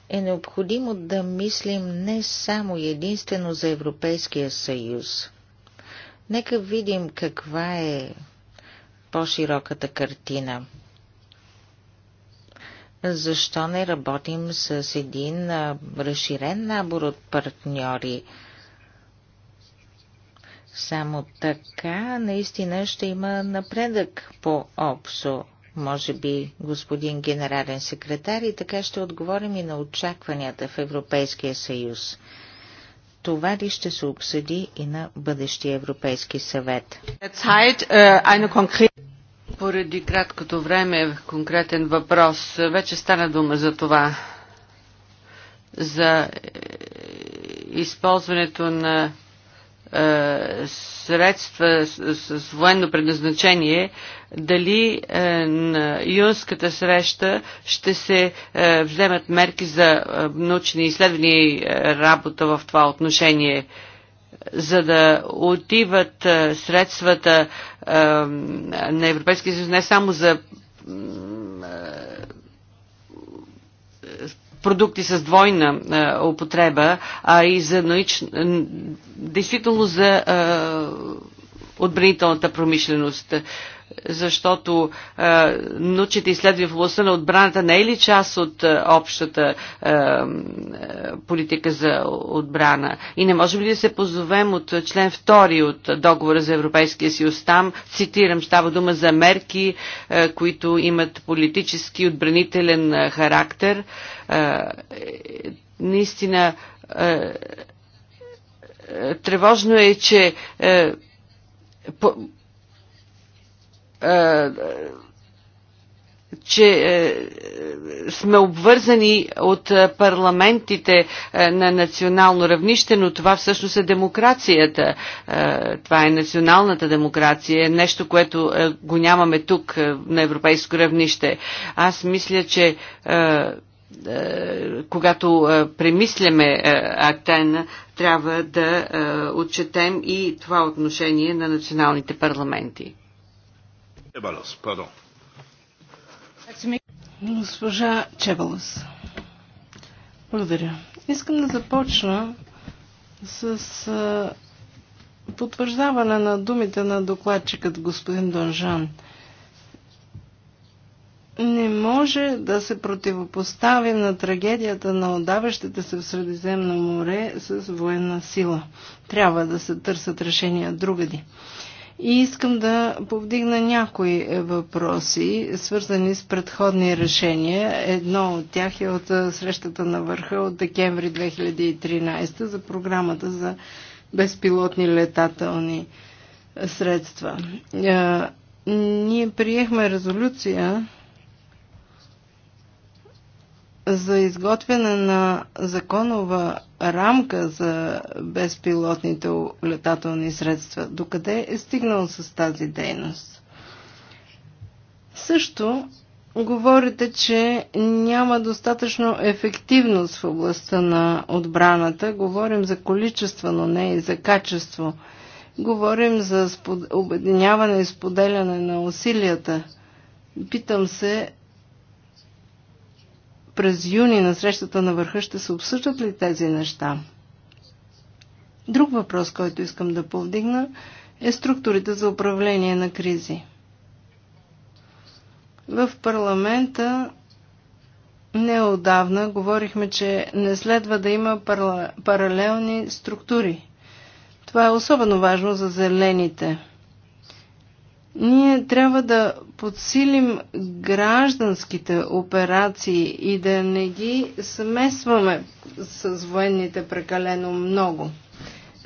е необходимо да мислим не само единствено за Европейския съюз. Нека видим каква е по-широката картина. Защо не работим с един разширен набор от партньори? Само така наистина ще има напредък по ОПСО, може би господин генерален секретар, и така ще отговорим и на очакванията в Европейския съюз това ли ще се обсъди и на бъдещия Европейски съвет? Е, Поради краткото време конкретен въпрос. Е, вече стана дума за това. За е, използването на е, средства с, с, военно предназначение, дали е, на юнската среща ще се е, вземат мерки за е, научни изследвания и е, работа в това отношение, за да отиват е, средствата е, на Европейския съюз не само за продукти с двойна е, употреба, а и за наич... действително за е, отбранителната промишленост защото е, научните изследвания в областта на отбраната не е ли част от е, общата е, политика за отбрана? И не можем ли да се позовем от член 2 от договора за Европейския съюз? Там, цитирам, става дума за мерки, е, които имат политически отбранителен характер. Е, е, наистина, е, е, тревожно е, че е, по, е, че е, сме обвързани от парламентите е, на национално равнище, но това всъщност е демокрацията. Това е националната демокрация, нещо, което го нямаме тук на европейско равнище. Аз мисля, че когато премисляме Актен, трябва да отчетем и това отношение на националните парламенти. Чебалос, пардон. Госпожа Чебалос. Благодаря. Искам да започна с а, потвърждаване на думите на докладчикът господин Донжан. Не може да се противопоставим на трагедията на отдаващите се в Средиземно море с военна сила. Трябва да се търсят решения другади. И искам да повдигна някои въпроси, свързани с предходни решения. Едно от тях е от срещата на върха от декември 2013 за програмата за безпилотни летателни средства. Ние приехме резолюция за изготвяне на законова рамка за безпилотните летателни средства. Докъде е стигнал с тази дейност? Също говорите, че няма достатъчно ефективност в областта на отбраната. Говорим за количество, но не и за качество. Говорим за обединяване и споделяне на усилията. Питам се, през юни на срещата на върха ще се обсъждат ли тези неща? Друг въпрос, който искам да повдигна, е структурите за управление на кризи. В парламента неодавна говорихме, че не следва да има паралелни структури. Това е особено важно за зелените – ние трябва да подсилим гражданските операции и да не ги смесваме с военните прекалено много.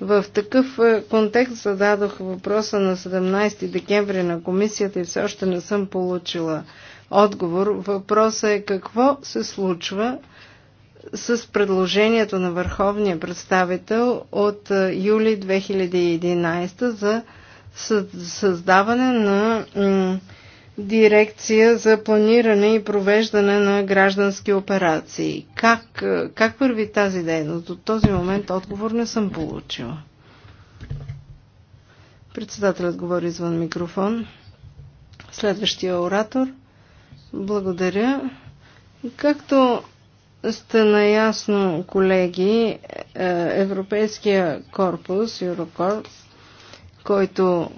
В такъв е, контекст зададох въпроса на 17 декември на комисията и все още не съм получила отговор. Въпросът е какво се случва с предложението на върховния представител от е, юли 2011 за създаване на дирекция за планиране и провеждане на граждански операции. Как, как върви тази дейност? До този момент отговор не съм получила. Председателят говори извън микрофон. Следващия оратор. Благодаря. Както сте наясно, колеги, е, Европейския корпус, Юрокорпс, който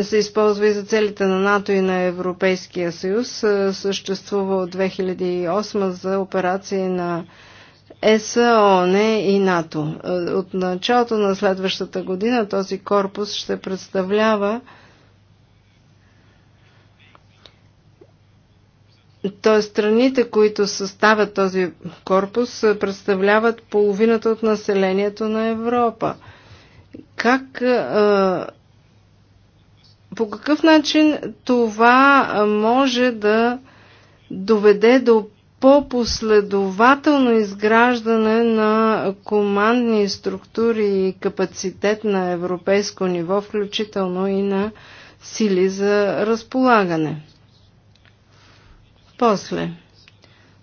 се използва и за целите на НАТО и на Европейския съюз. Съществува от 2008 за операции на ЕСА, ООН и НАТО. От началото на следващата година този корпус ще представлява т.е. страните, които съставят този корпус, представляват половината от населението на Европа – как по какъв начин това може да доведе до по-последователно изграждане на командни структури и капацитет на европейско ниво, включително и на сили за разполагане. После.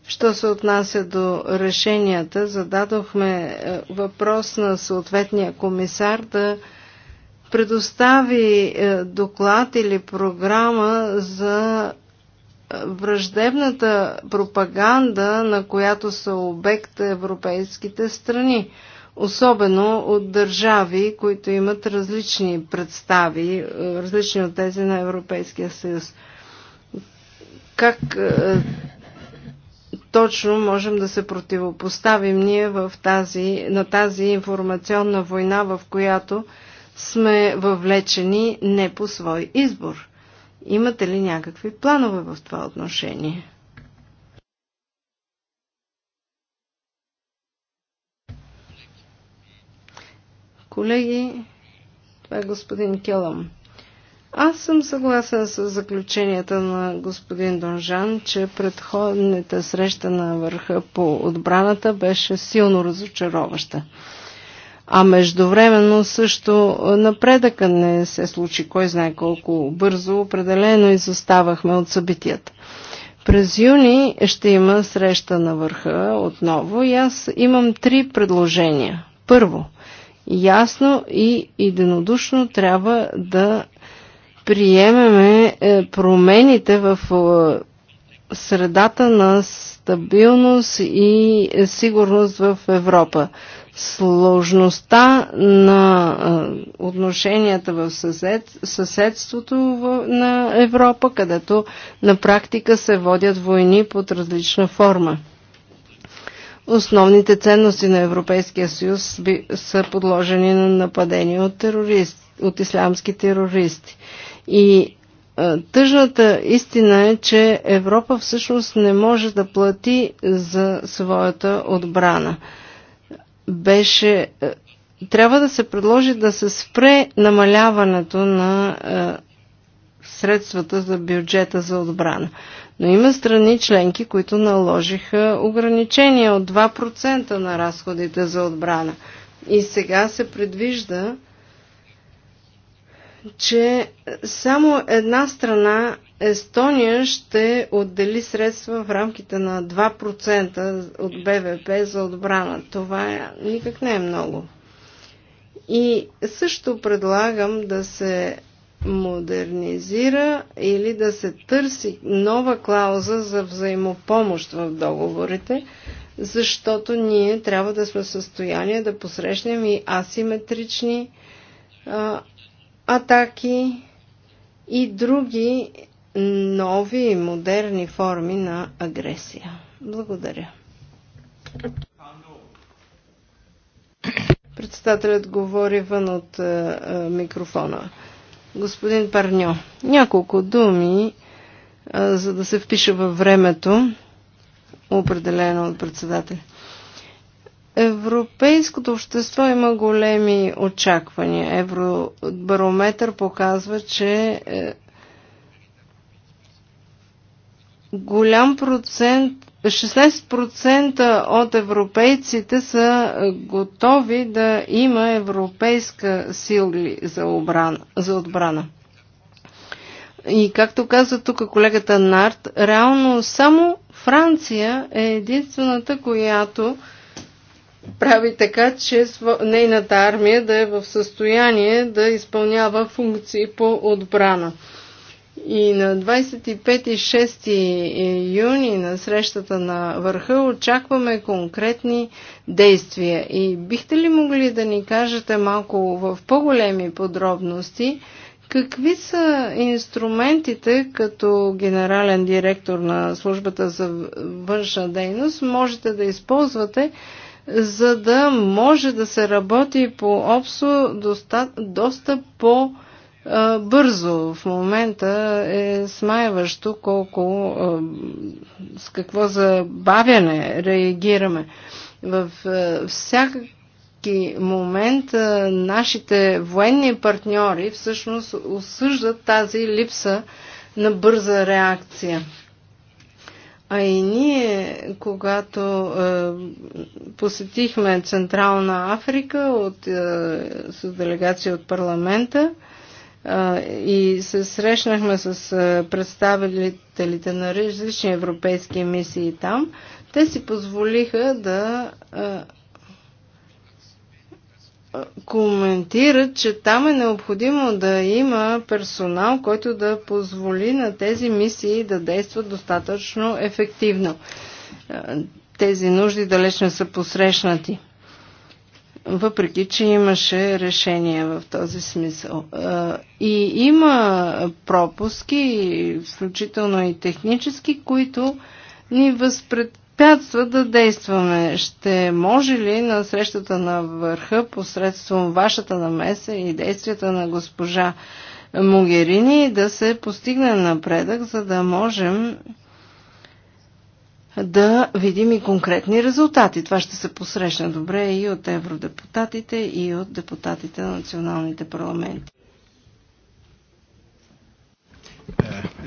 Що се отнася до решенията, зададохме е, въпрос на съответния комисар да предостави е, доклад или програма за е, враждебната пропаганда, на която са обект европейските страни, особено от държави, които имат различни представи, различни от тези на Европейския съюз. Как точно можем да се противопоставим ние в тази, на тази информационна война, в която сме въвлечени не по свой избор. Имате ли някакви планове в това отношение? Колеги, това е господин Келъм. Аз съм съгласен с заключенията на господин Донжан, че предходната среща на върха по отбраната беше силно разочароваща. А междувременно също напредъка не се случи, кой знае колко бързо, определено изоставахме от събитията. През юни ще има среща на върха отново и аз имам три предложения. Първо, ясно и единодушно трябва да приемеме е, промените в е, средата на стабилност и сигурност в Европа. Сложността на е, отношенията в съсед, съседството на Европа, където на практика се водят войни под различна форма. Основните ценности на Европейския съюз са подложени на нападение от терористи от ислямски терористи. И тъжната истина е, че Европа всъщност не може да плати за своята отбрана. Беше трябва да се предложи да се спре намаляването на средствата за бюджета за отбрана. Но има страни членки, които наложиха ограничения от 2% на разходите за отбрана. И сега се предвижда че само една страна, Естония, ще отдели средства в рамките на 2% от БВП за отбрана. Това е, никак не е много. И също предлагам да се модернизира или да се търси нова клауза за взаимопомощ в договорите, защото ние трябва да сме в състояние да посрещнем и асиметрични а, атаки и други нови и модерни форми на агресия. Благодаря. Председателят говори вън от е, е, микрофона. Господин Парньо, няколко думи, е, за да се впиша във времето, определено от председателя. Европейското общество има големи очаквания. Евробарометър показва, че е, голям процент, 16% от европейците са е, готови да има европейска сила за, за отбрана. И както каза тук колегата Нарт, реално само Франция е единствената, която прави така, че нейната армия да е в състояние да изпълнява функции по отбрана. И на 25 и 6 юни на срещата на върха очакваме конкретни действия. И бихте ли могли да ни кажете малко в по-големи подробности какви са инструментите като генерален директор на службата за външна дейност можете да използвате, за да може да се работи по общо доста, доста по- бързо. В момента е смайващо колко с какво забавяне реагираме. В всяки момент нашите военни партньори всъщност осъждат тази липса на бърза реакция. А и ние, когато е, посетихме Централна Африка от, е, с делегация от парламента е, и се срещнахме с е, представителите на различни европейски мисии там, те си позволиха да е, коментират, че там е необходимо да има персонал, който да позволи на тези мисии да действат достатъчно ефективно. Е, тези нужди далеч не са посрещнати. Въпреки, че имаше решение в този смисъл. Е, и има пропуски, включително и технически, които ни възпред препятства да действаме. Ще може ли на срещата на върха посредством вашата намеса и действията на госпожа Могерини да се постигне напредък, за да можем да видим и конкретни резултати. Това ще се посрещне добре и от евродепутатите, и от депутатите на националните парламенти.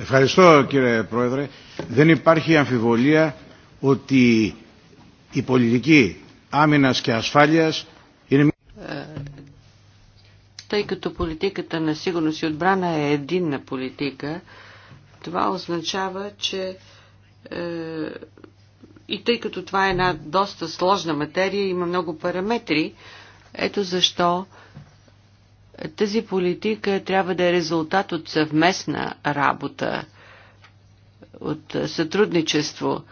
Ευχαριστώ κύριε Πρόεδρε. Δεν υπάρχει αμφιβολία ότι η πολιτική άμυνας και ασφάλειας είναι... Е, тъй като политиката на сигурност и отбрана е единна политика, това означава, че е, и тъй като това е една доста сложна материя, има много параметри, ето защо тази политика трябва да е резултат от съвместна работа, от сътрудничество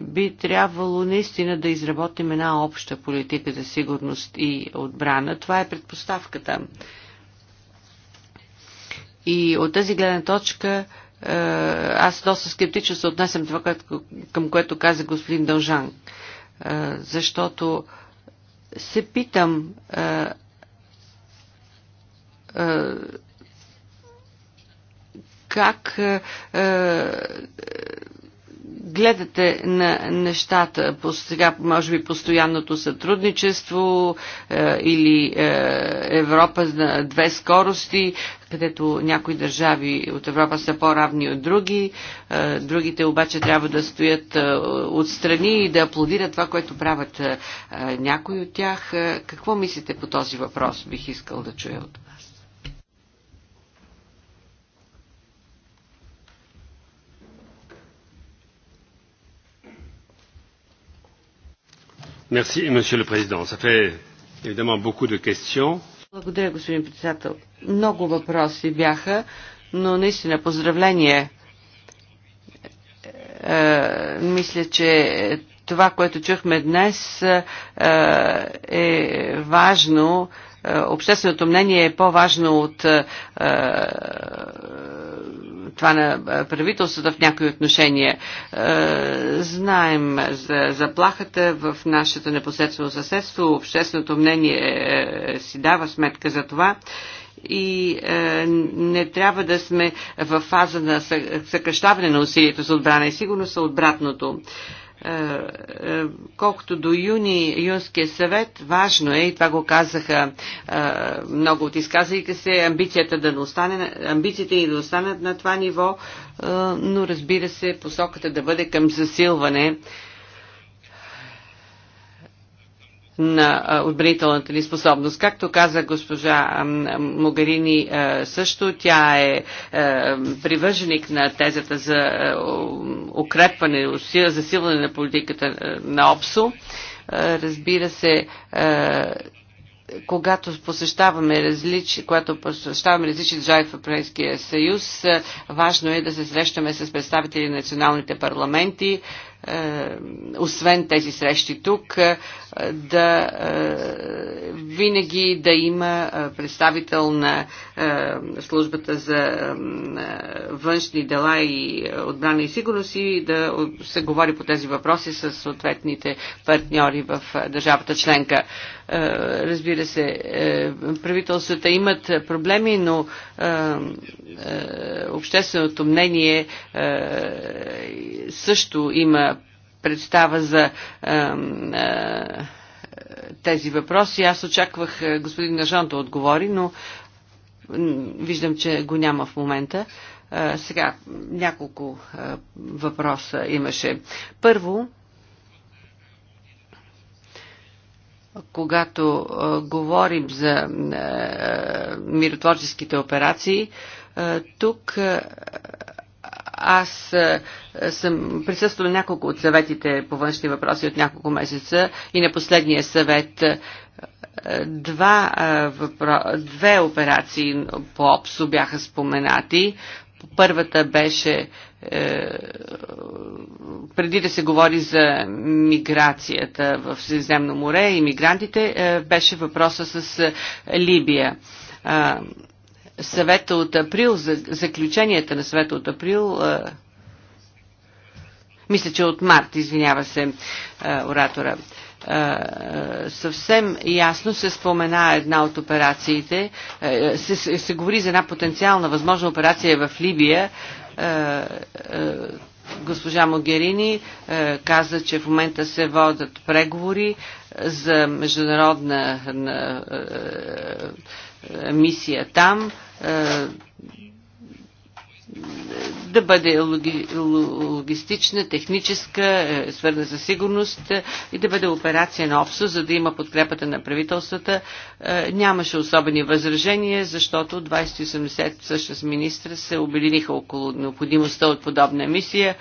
би трябвало наистина да изработим една обща политика за сигурност и отбрана. Това е предпоставката. И от тази гледна точка е, аз доста скептично се отнесам това, към което каза господин Дължан. Е, защото се питам е, как гледате на нещата по сега, може би, постоянното сътрудничество е, или е, Европа на две скорости, където някои държави от Европа са по-равни от други, е, другите обаче трябва да стоят е, отстрани и да аплодират това, което правят е, някои от тях. Е, какво мислите по този въпрос? Бих искал да чуя от вас. monsieur le président. Ça fait évidemment beaucoup de questions. Благодаря, господин председател. Много въпроси бяха, но наистина поздравление. Е, мисля, че това, което чухме днес, е, е важно. Е, общественото мнение е по-важно от е, това на правителствата в някои отношения. Знаем за заплахата в нашето непосредствено съседство. Общественото мнение е, е, си дава сметка за това и е, не трябва да сме в фаза на съкръщаване на усилието за отбрана и сигурност, а обратното. Е, е, е, колкото до юни, юнския съвет, важно е, и това го казаха е, много от изказалите се, амбицията да не остане, амбициите ни да останат на това ниво, но разбира се, посоката да бъде към засилване на отбранителната ни способност. Както каза госпожа Могарини също, тя е привърженик на тезата за укрепване, засилване на политиката на ОПСО. Разбира се, когато посещаваме различни, когато посещаваме различни държави в Европейския съюз, важно е да се срещаме с представители на националните парламенти, е, освен тези срещи тук, е, да е, винаги да има представител на службата за външни дела и отбрана и сигурност и да се говори по тези въпроси с съответните партньори в държавата членка. Е, разбира се, е, правителствата имат проблеми, но е, общественото мнение също има представа за тези въпроси. Аз очаквах господин Нажон да отговори, но виждам, че го няма в момента. Сега няколко въпроса имаше. Първо, когато а, говорим за а, миротворческите операции, а, тук а, аз а, съм присъствал няколко от съветите по външни въпроси от няколко месеца и на последния съвет а, два, а, въпро... две операции по ОПСО бяха споменати. Първата беше е, преди да се говори за миграцията в Средиземно море и мигрантите, е, беше въпроса с е, Либия. Съвета от април, за заключенията на съвета от април, мисля, че от март, извинява се оратора, съвсем ясно се спомена една от операциите, се, се, се говори за една потенциална възможна операция в Либия, е, е, госпожа Могерини е, каза, че в момента се водят преговори за международна мисия там да бъде логистична, техническа, е, свързана за сигурност е, и да бъде операция на ОПСО, за да има подкрепата на правителствата. Е, нямаше особени възражения, защото 2080 също с министра се обединиха около необходимостта от подобна мисия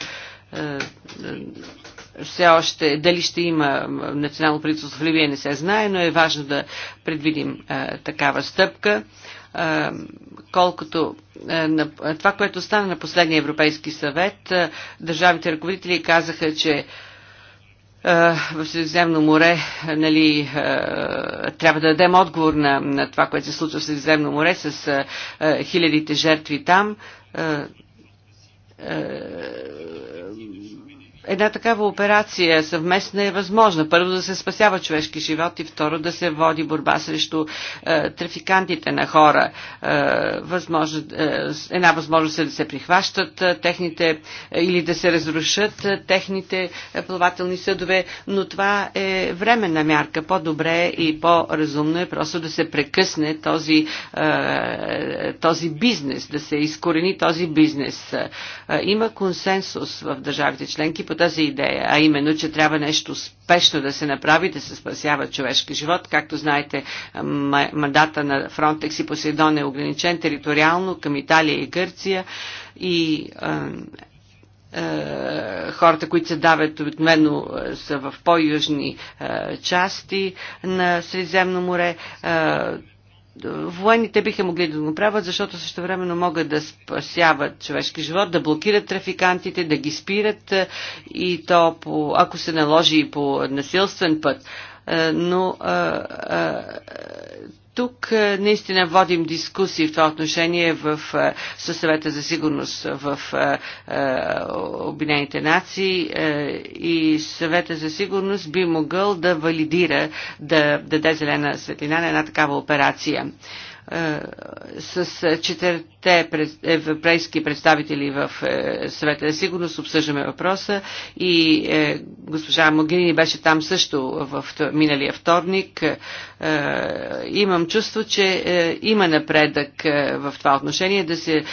все още дали ще има национално правителство в Ливия не се знае, но е важно да предвидим такава стъпка. Е, колкото е, на това, което стана на последния Европейски съвет. Е, Държавите ръководители казаха, че в Средиземно море нали, трябва да дадем отговор на, на това, което се случва в Средиземно море с хилядите жертви там една такава операция съвместна е възможна. Първо да се спасява човешки живот и второ да се води борба срещу е, трафикантите на хора. Е, възможно, е, една възможност е да се прихващат е, техните е, или да се разрушат е, техните е, плавателни съдове, но това е временна мярка. По-добре и по-разумно е просто да се прекъсне този, е, този бизнес, да се изкорени този бизнес. Е, е има консенсус в държавите членки по по тази идея, а именно, че трябва нещо спешно да се направи, да се спасява човешки живот. Както знаете, мандата на Фронтекс и Поседон е ограничен териториално към Италия и Гърция и хората, които се давят обикновено са в по-южни части на Средиземно море военните биха могли да го правят, защото също времено могат да спасяват човешки живот, да блокират трафикантите, да ги спират е, и то, по, ако се наложи и по насилствен път. Е, но а, е, а, тук е, наистина водим дискусии в това отношение в е, съвета за сигурност в е, Обединените нации и съвета за сигурност би могъл да валидира, да даде зелена светлина на една такава операция с четири те европейски представители в е, съвета за сигурност обсъждаме въпроса и е, госпожа Могини беше там също в миналия вторник. Е, имам чувство, че има напредък в това отношение да се,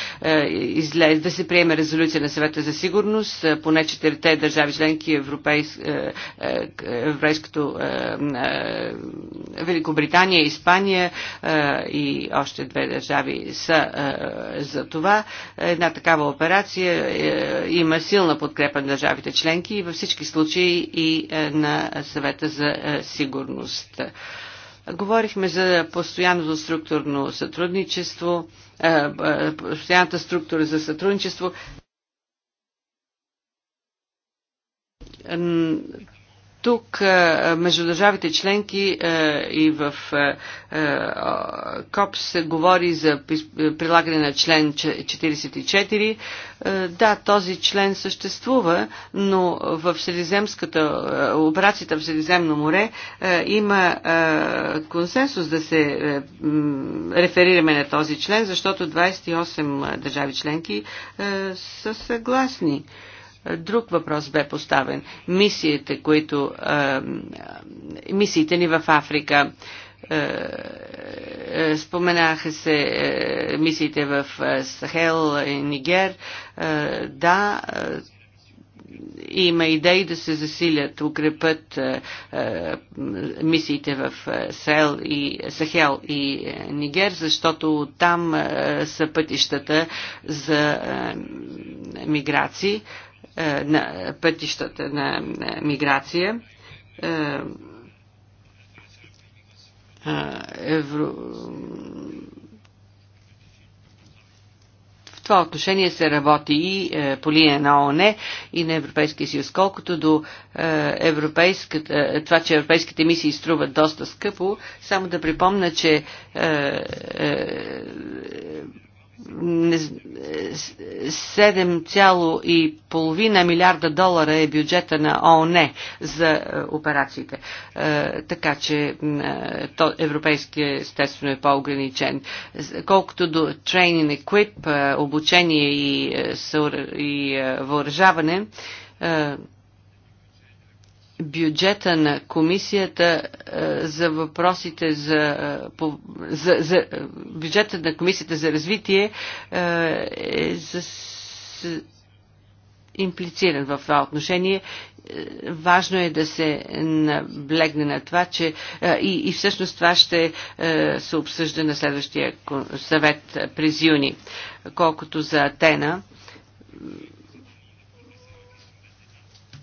излез, да се приеме резолюция на съвета за сигурност, поне четирите държави членки европейс, европейското Великобритания, Испания и още две държави са е, за това. Една такава операция е, има силна подкрепа на държавите членки и във всички случаи и е, на съвета за сигурност. Говорихме за постоянното структурно сътрудничество, постоянната структура за сътрудничество тук между държавите членки и в КОП се говори за прилагане на член 44. Да, този член съществува, но в Средиземската, операцията в Средиземно море има консенсус да се реферираме на този член, защото 28 държави членки са съгласни. Друг въпрос бе поставен. Мисиите, които, е, е, мисиите ни в Африка е, споменаха се мисиите в Сахел и Нигер. Да, има идеи да се засилят, укрепят мисиите в Сахел и, Сахел и Нигер, защото там са пътищата за миграции. Е, на пътищата на миграция. Е, е, евро... В това отношение се работи и по линия на ООН и на Европейския съюз. Колкото до това, че европейските мисии струват доста скъпо, само да припомна, че 7,5 милиарда долара е бюджета на ООН за е, операциите. Е, така че е, европейския естествено е по-ограничен. Колкото до training equip, обучение и въоръжаване, бюджета на комисията е, за въпросите за, е, за, за е, бюджета на комисията за развитие е за, с, имплициран в това отношение. Важно е да се наблегне на това, че и, и всъщност това ще се обсъжда на следващия съвет през юни. Колкото за Атена,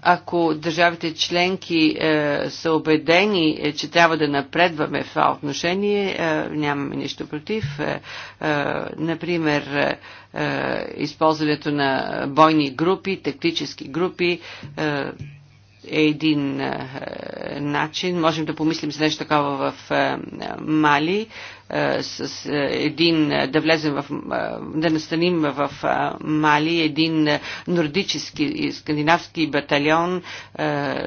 ако държавите членки е, са убедени, е, че трябва да напредваме в това отношение, е, нямаме нищо против. Е, е, например, е, е използването на бойни групи, тактически групи. Е, е един е, начин. Можем да помислим за нещо такова в е, Мали, е, с е, един, е, да влезем в, е, да настаним в е, Мали един е, нордически и скандинавски батальон, е,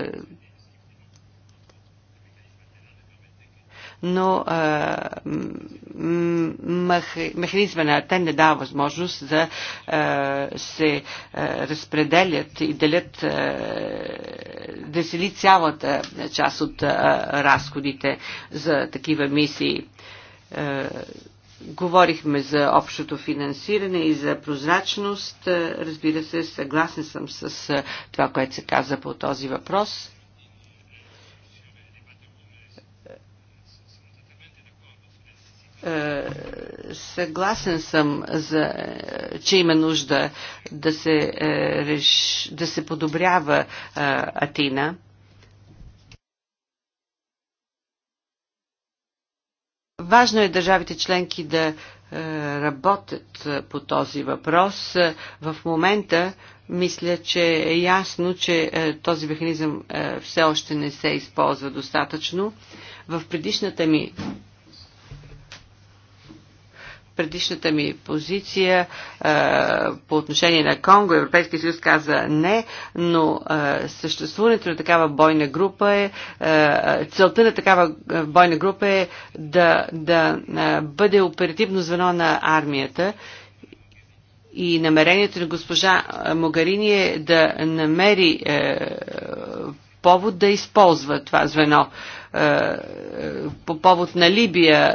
но механизма на АТЕН не дава възможност да се разпределят и делят да сели цялата част от разходите за такива мисии говорихме за общото финансиране и за прозрачност. Разбира се, съгласен съм с това, което се каза по този въпрос. Е, съгласен съм, за, че има нужда да се, е, реш, да се подобрява е, Атина. Важно е държавите членки да работят по този въпрос. В момента мисля, че е ясно, че този механизъм все още не се използва достатъчно. В предишната ми предишната ми позиция по отношение на Конго, Европейския съюз каза не, но съществуването на такава бойна група е, целта на такава бойна група е да, да бъде оперативно звено на армията и намерението на госпожа Могарини е да намери е, повод да използва това звено. Е, по повод на Либия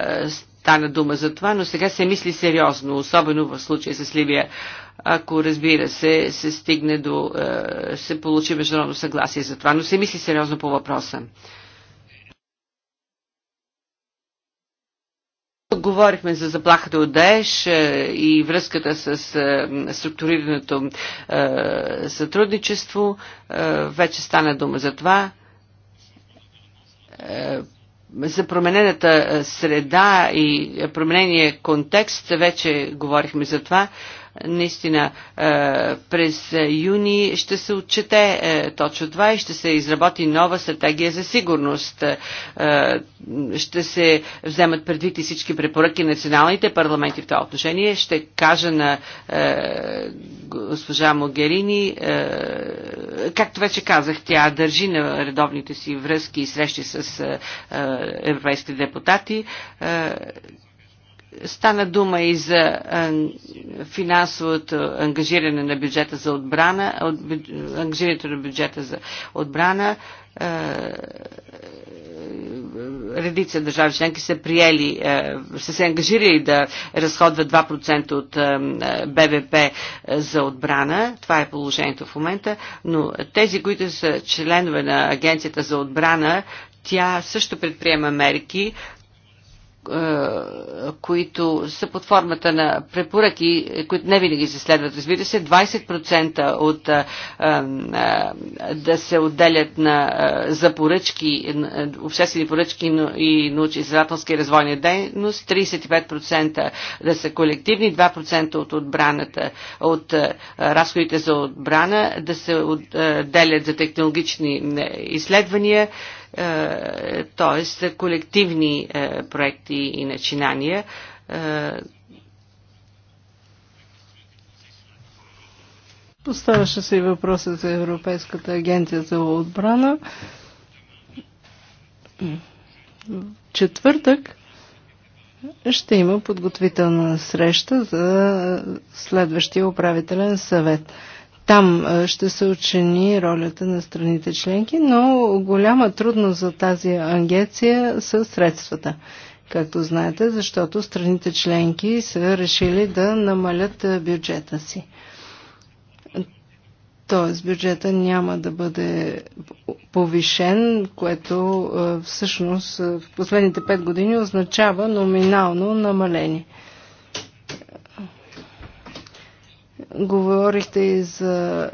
стана дума за това, но сега се мисли сериозно, особено в случая с Ливия. Ако разбира се, се стигне до... Е, се получи международно съгласие за това, но се мисли сериозно по въпроса. Говорихме за заплахата от ДАЕШ е, и връзката с е, структурираното сътрудничество. Вече стана дума за това за променената среда и променения контекст, вече говорихме за това, наистина е, през юни ще се отчете е, точно това и ще се изработи нова стратегия за сигурност. Е, ще се вземат предвид и всички препоръки на националните парламенти в това отношение. Ще кажа на госпожа Могерини, както вече казах, тя държи на редовните си връзки и срещи с европейските депутати Стана дума и за финансовото ангажиране на бюджета за отбрана, ангажирането на бюджета за отбрана. Редица държави членки са приели, са се ангажирали да разходват 2% от БВП за отбрана. Това е положението в момента. Но тези, които са членове на Агенцията за отбрана, тя също предприема мерки, е, които са под формата на препоръки, които не винаги се следват, разбира се, 20% от е, е, да се отделят на, за поръчки, обществени поръчки и научно-изследователски развойни дейност, 35% да са колективни, 2% от отбраната, от разходите за отбрана да се отделят за технологични изследвания, т.е. колективни е, проекти и начинания. Е, Поставяше се и въпроса за Европейската агенция за отбрана. Четвъртък ще има подготвителна среща за следващия управителен съвет. Там ще се очени ролята на страните членки, но голяма трудност за тази агенция са средствата. Както знаете, защото страните членки са решили да намалят бюджета си. Тоест бюджета няма да бъде повишен, което всъщност в последните 5 години означава номинално намаление. Говорихте и за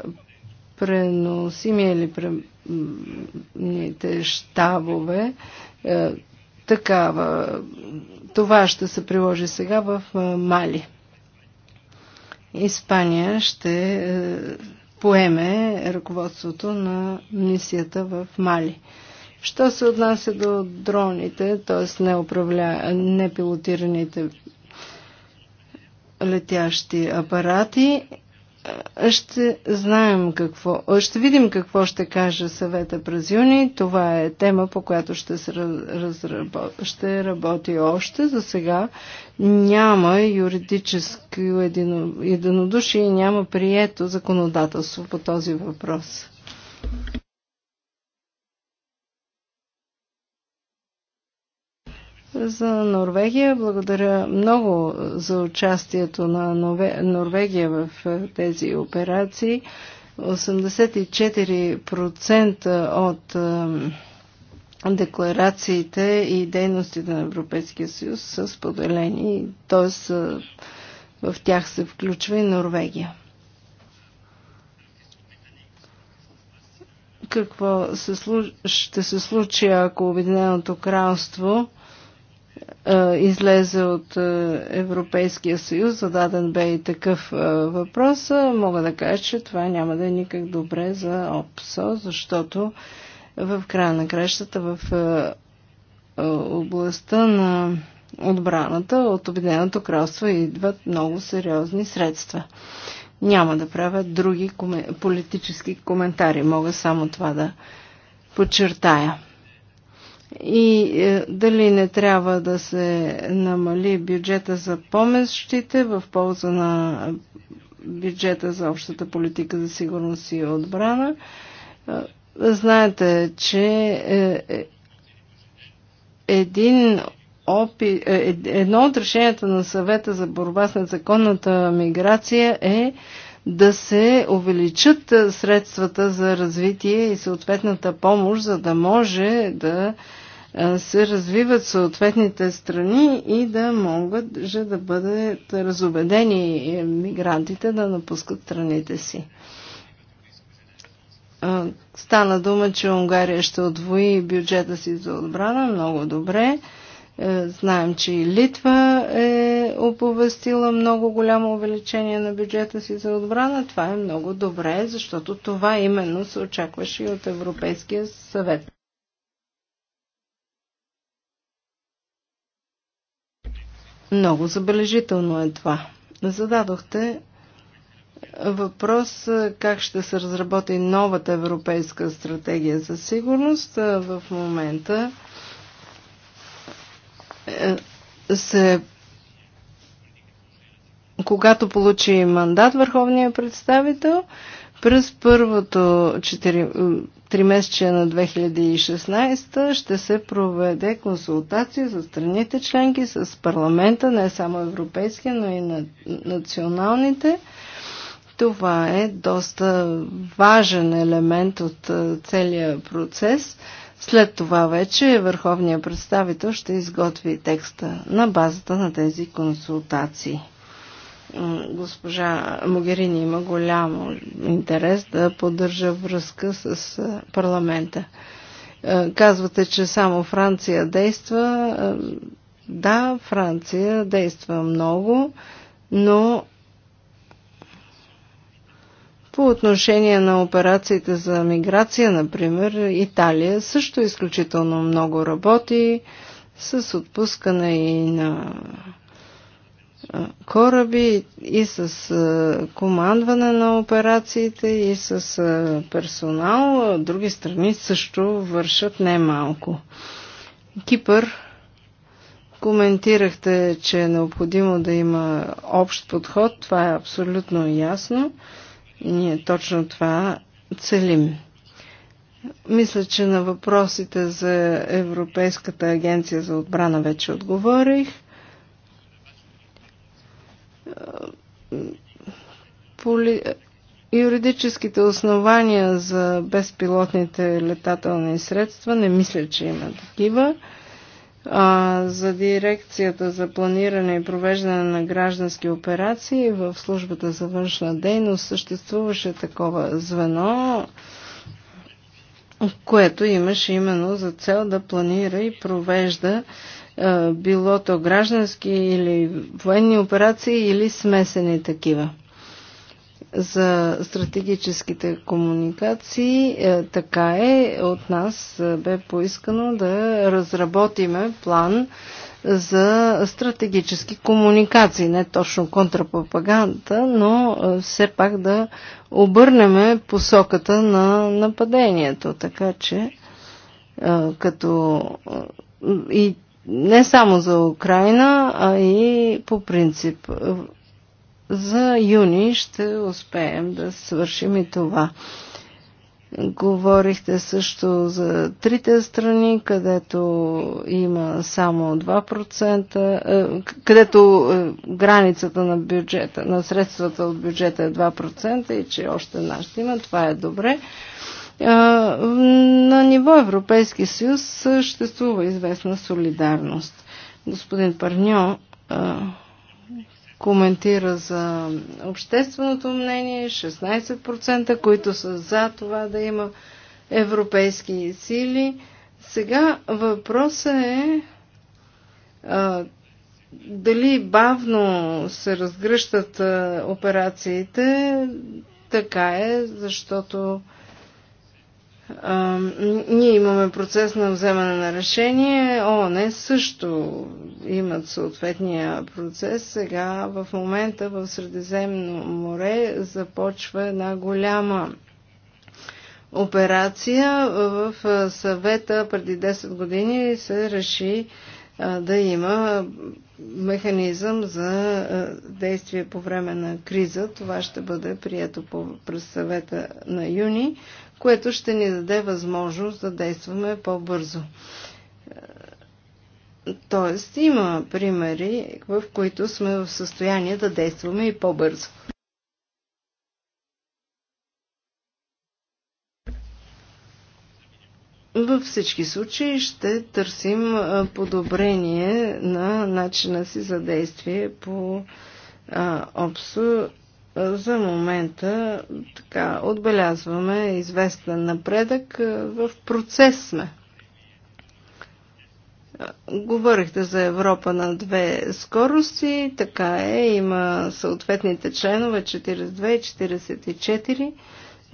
преносими или преносимите щабове. Е, такава. Това ще се приложи сега в е, Мали. Испания ще е, поеме ръководството на мисията в Мали. Що се отнася до дроните, т.е. Неуправля... непилотираните летящи апарати. Ще знаем какво, ще видим какво ще каже съвета през юни. Това е тема, по която ще, се разрабо... ще работи още. За сега няма юридическо единодушие и няма прието законодателство по този въпрос. за Норвегия. Благодаря много за участието на Норвегия в е, тези операции. 84% от е, декларациите и дейностите на Европейския съюз са споделени, т.е. Е, в тях се включва и Норвегия. Какво се, ще се случи, ако Обединеното кралство е, излезе от е, Европейския съюз, зададен бе и такъв е, въпрос, мога да кажа, че това няма да е никак добре за ОПСО, защото в края на кращата в областта на отбраната от Обединеното кралство идват много сериозни средства. Няма да правя други коме... политически коментари, мога само това да подчертая и е, дали не трябва да се намали бюджета за помещите в полза на бюджета за общата политика за сигурност и отбрана. Е, знаете, че е, е един опи, е, е, едно от решенията на съвета за борба с незаконната миграция е да се увеличат средствата за развитие и съответната помощ, за да може да се развиват съответните страни и да могат же да бъдат разобедени е, мигрантите да напускат страните си. Стана дума, че Унгария ще отвои бюджета си за отбрана. Много добре. Е, знаем, че и Литва е оповестила много голямо увеличение на бюджета си за отбрана. Това е много добре, защото това именно се очакваше и от Европейския съвет. Много забележително е това. Зададохте въпрос как ще се разработи новата европейска стратегия за сигурност. В момента е, се когато получи мандат върховния представител, през първото 4, тримесечие на 2016 ще се проведе консултация с страните членки, с парламента, не само европейския, но и на националните. Това е доста важен елемент от целия процес. След това вече върховният представител ще изготви текста на базата на тези консултации госпожа Могерини има голям интерес да поддържа връзка с парламента. Казвате, че само Франция действа. Да, Франция действа много, но по отношение на операциите за миграция, например, Италия също изключително много работи с отпускане и на кораби и с командване на операциите и с персонал. От други страни също вършат немалко. Кипър коментирахте, че е необходимо да има общ подход. Това е абсолютно ясно. Ние точно това целим. Мисля, че на въпросите за Европейската агенция за отбрана вече отговорих поли, юридическите основания за безпилотните летателни средства, не мисля, че има такива. А, за дирекцията за планиране и провеждане на граждански операции в службата за външна дейност съществуваше такова звено, което имаше именно за цел да планира и провежда е, било то граждански или военни операции или смесени такива. За стратегическите комуникации е, така е, от нас е, бе поискано да разработиме план за стратегически комуникации, не точно контрапропаганда, но все пак да обърнем посоката на нападението. Така че като и не само за Украина, а и по принцип. За юни ще успеем да свършим и това. Говорихте също за трите страни, където има само 2%, е, където е, границата на бюджета, на средствата от бюджета е 2% и че още нашите има. Това е добре. На ниво Европейски съюз съществува известна солидарност. Господин Парньо коментира за общественото мнение, 16%, които са за това да има европейски сили. Сега въпросът е а, дали бавно се разгръщат а, операциите. Така е, защото ние имаме процес на вземане на решение, ООН също имат съответния процес. Сега в момента в Средиземно море започва една голяма операция. В съвета преди 10 години се реши да има механизъм за действие по време на криза. Това ще бъде прието през съвета на юни което ще ни даде възможност да действаме по-бързо. Тоест, има примери, в които сме в състояние да действаме и по-бързо. Във всички случаи ще търсим подобрение на начина си за действие по общо за момента така отбелязваме известен напредък. В процес сме. Говорихте за Европа на две скорости, така е, има съответните членове 42 и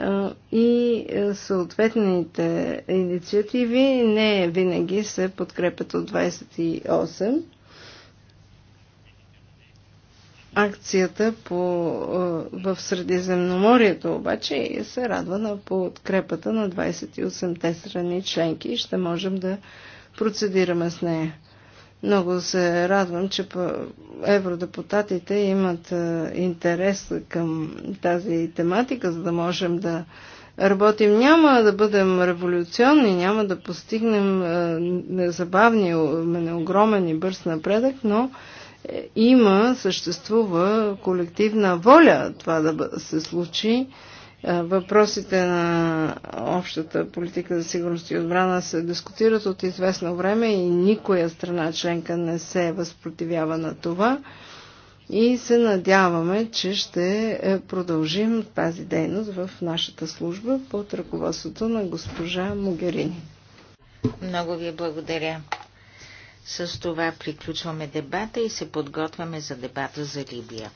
44 и съответните инициативи не винаги се подкрепят от 28 акцията по, в Средиземноморието обаче се радва на подкрепата на 28-те страни членки и ще можем да процедираме с нея. Много се радвам, че евродепутатите имат интерес към тази тематика, за да можем да работим. Няма да бъдем революционни, няма да постигнем незабавни, огромен и бърз напредък, но има, съществува колективна воля това да се случи. Е, въпросите на общата политика за сигурност и отбрана се дискутират от известно време и никоя страна членка не се възпротивява на това. И се надяваме, че ще е, продължим тази дейност в нашата служба под ръководството на госпожа Могерини. Много ви благодаря. С това приключваме дебата и се подготвяме за дебата за Либия.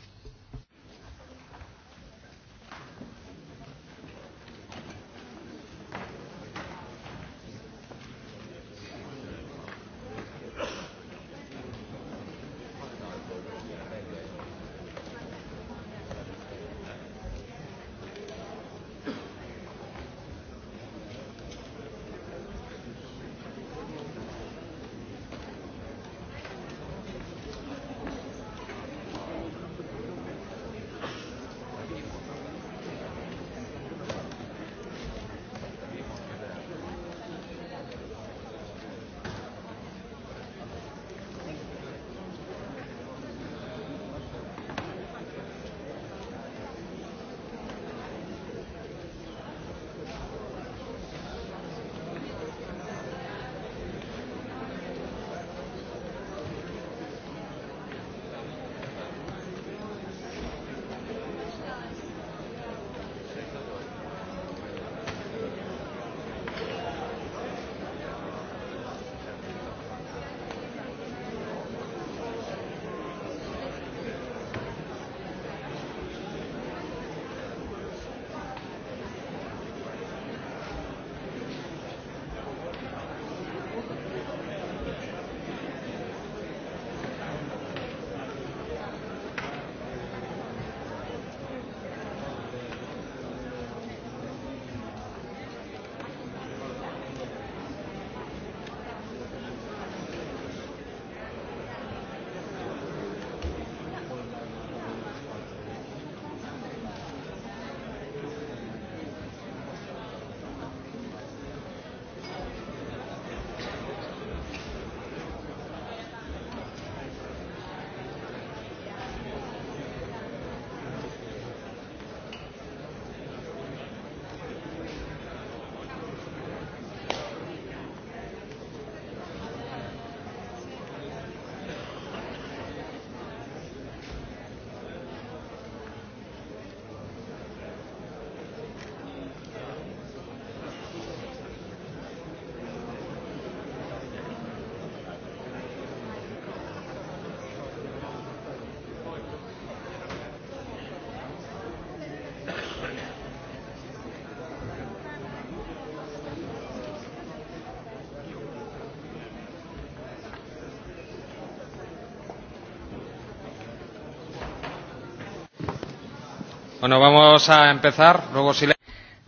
Bueno, vamos a empezar. Luego si le...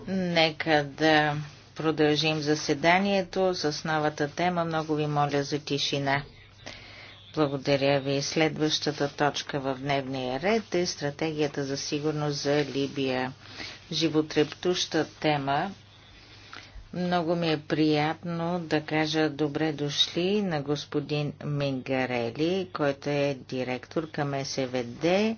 Нека да продължим заседанието с новата тема. Много ви моля за тишина. Благодаря ви. Следващата точка в дневния ред е стратегията за сигурност за Либия. Животрептуща тема. Много ми е приятно да кажа добре дошли на господин Мингарели, който е директор към СВД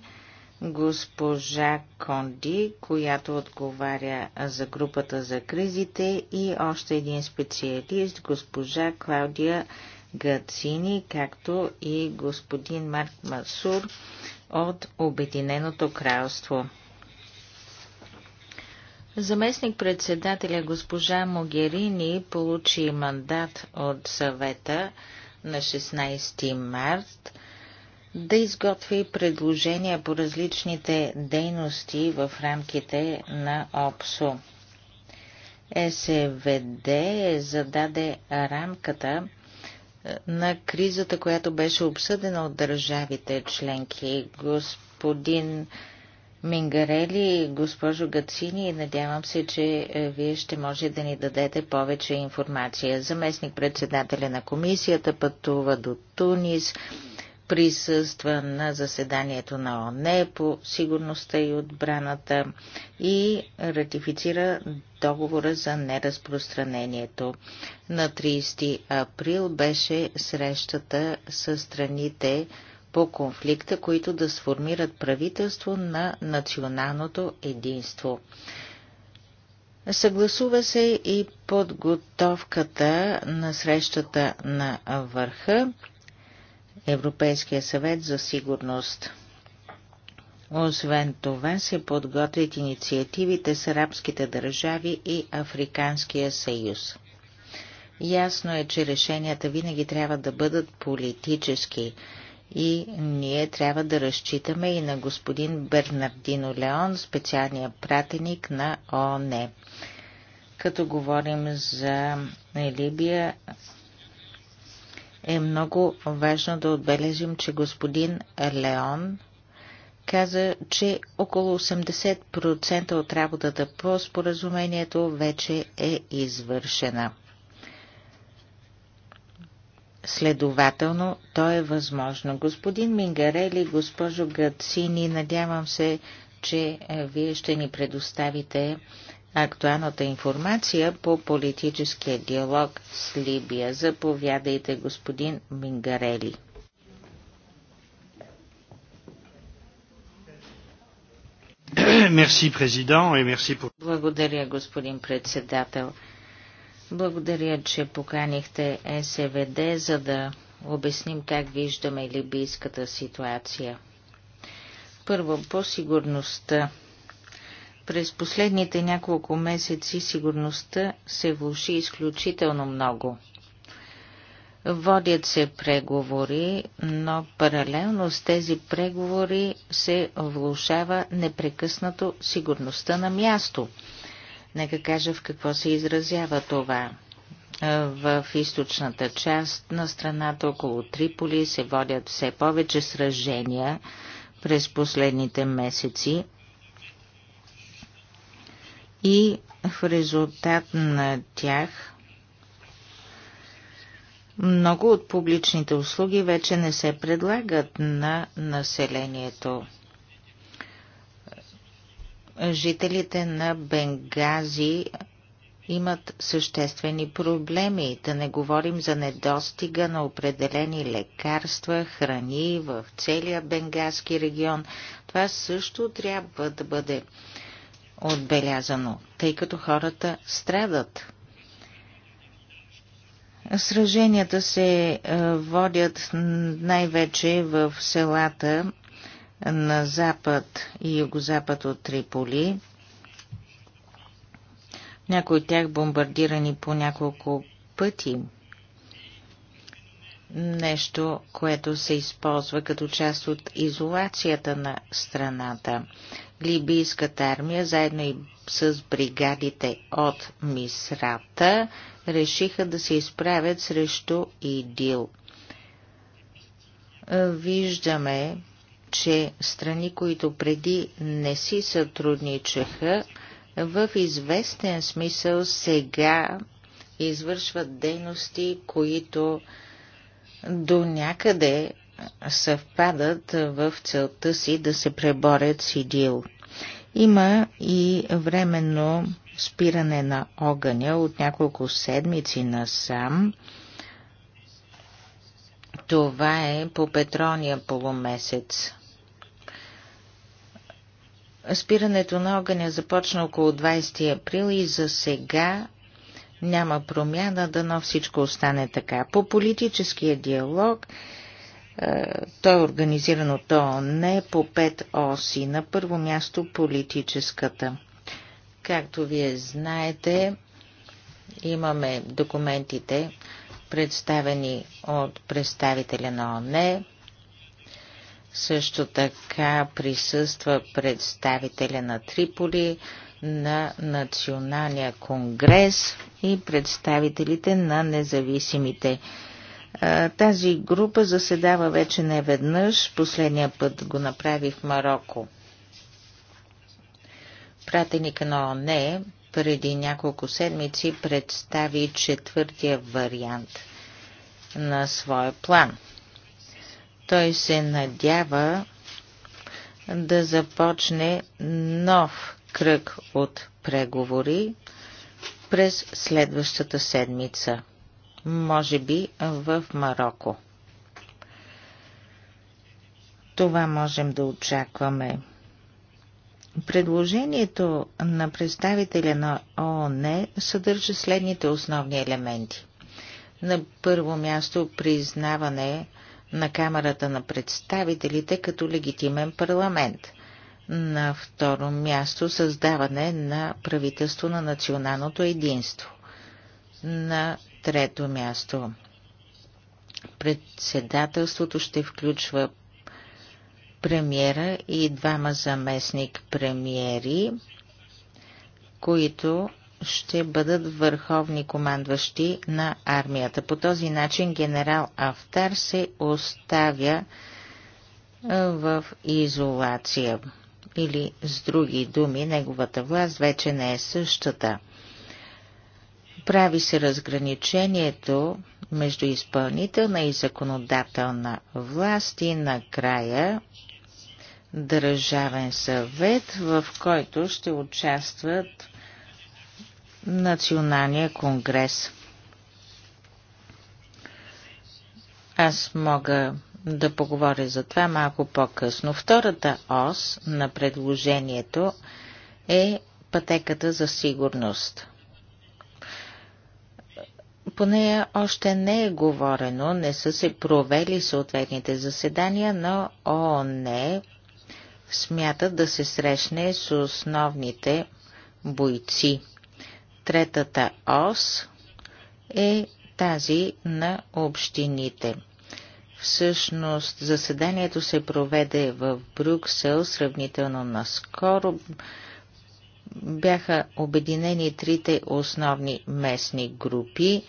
госпожа Конди, която отговаря за групата за кризите и още един специалист, госпожа Клаудия Гацини, както и господин Марк Масур от Обединеното кралство. Заместник-председателя госпожа Могерини получи мандат от съвета на 16 март да изготви предложения по различните дейности в рамките на ОПСО. СВД е зададе рамката е, на кризата, която беше обсъдена от държавите членки. Господин Мингарели, госпожо Гацини, надявам се, че е, вие ще може да ни дадете повече информация. Заместник председателя на комисията пътува до Тунис присъства на заседанието на ОНЕ по сигурността и отбраната и ратифицира договора за неразпространението. На 30 април беше срещата с страните по конфликта, които да сформират правителство на националното единство. Съгласува се и подготовката на срещата на върха Европейския съвет за сигурност. Освен това се подготвят инициативите с арабските държави и Африканския съюз. Ясно е, че решенията винаги трябва да бъдат политически и ние трябва да разчитаме и на господин Бернардино Леон, специалния пратеник на ОНЕ. Като говорим за Либия, е много важно да отбележим, че господин Леон каза, че около 80% от работата по споразумението вече е извършена. Следователно, то е възможно. Господин Мингарели, госпожо Гацини, надявам се, че е, вие ще ни предоставите актуалната информация по политическия диалог с Либия. Заповядайте, господин Мингарели. Благодаря, господин председател. Благодаря, че поканихте СВД, за да обясним как виждаме либийската ситуация. Първо, по сигурността през последните няколко месеци сигурността се влуши изключително много. Водят се преговори, но паралелно с тези преговори се влушава непрекъснато сигурността на място. Нека кажа в какво се изразява това. В източната част на страната около Триполи се водят все повече сражения през последните месеци – и в резултат на тях много от публичните услуги вече не се предлагат на населението. Жителите на Бенгази имат съществени проблеми, да не говорим за недостига на определени лекарства, храни в целия Бенгазски регион. Това също трябва да бъде отбелязано, тъй като хората страдат. Сраженията се е, водят най-вече в селата на запад и югозапад от Триполи. Някои от тях бомбардирани по няколко пъти. Нещо, което се използва като част от изолацията на страната либийската армия, заедно и с бригадите от Мисрата, решиха да се изправят срещу ИДИЛ. Виждаме, че страни, които преди не си сътрудничаха, в известен смисъл сега извършват дейности, които до някъде съвпадат в целта си да се преборят с ИДИЛ. Има и временно спиране на огъня от няколко седмици насам. Това е по петрония полумесец. Спирането на огъня започна около 20 април и за сега няма промяна, дано всичко остане така. По политическия диалог е, той е организиран от ООН е по пет оси. На първо място политическата. Както вие знаете, имаме документите, представени от представителя на ОНЕ. Също така присъства представителя на Триполи, на Националния конгрес и представителите на независимите тази група заседава вече не веднъж. Последния път го направи в Марокко. Пратеника на ОНЕ преди няколко седмици представи четвъртия вариант на своя план. Той се надява да започне нов кръг от преговори през следващата седмица може би в Марокко. Това можем да очакваме. Предложението на представителя на ООН съдържа следните основни елементи. На първо място признаване на Камерата на представителите като легитимен парламент. На второ място създаване на правителство на националното единство. На трето място. Председателството ще включва премиера и двама заместник премиери, които ще бъдат върховни командващи на армията. По този начин генерал Афтар се оставя в изолация. Или с други думи, неговата власт вече не е същата. Прави се разграничението между изпълнителна и законодателна власт и накрая държавен съвет, в който ще участват Националния конгрес. Аз мога да поговоря за това малко по-късно. Втората ос на предложението е пътеката за сигурност по нея още не е говорено, не са се провели съответните заседания, но ООН смята да се срещне с основните бойци. Третата ос е тази на общините. Всъщност заседанието се проведе в Брюксел сравнително наскоро бяха обединени трите основни местни групи.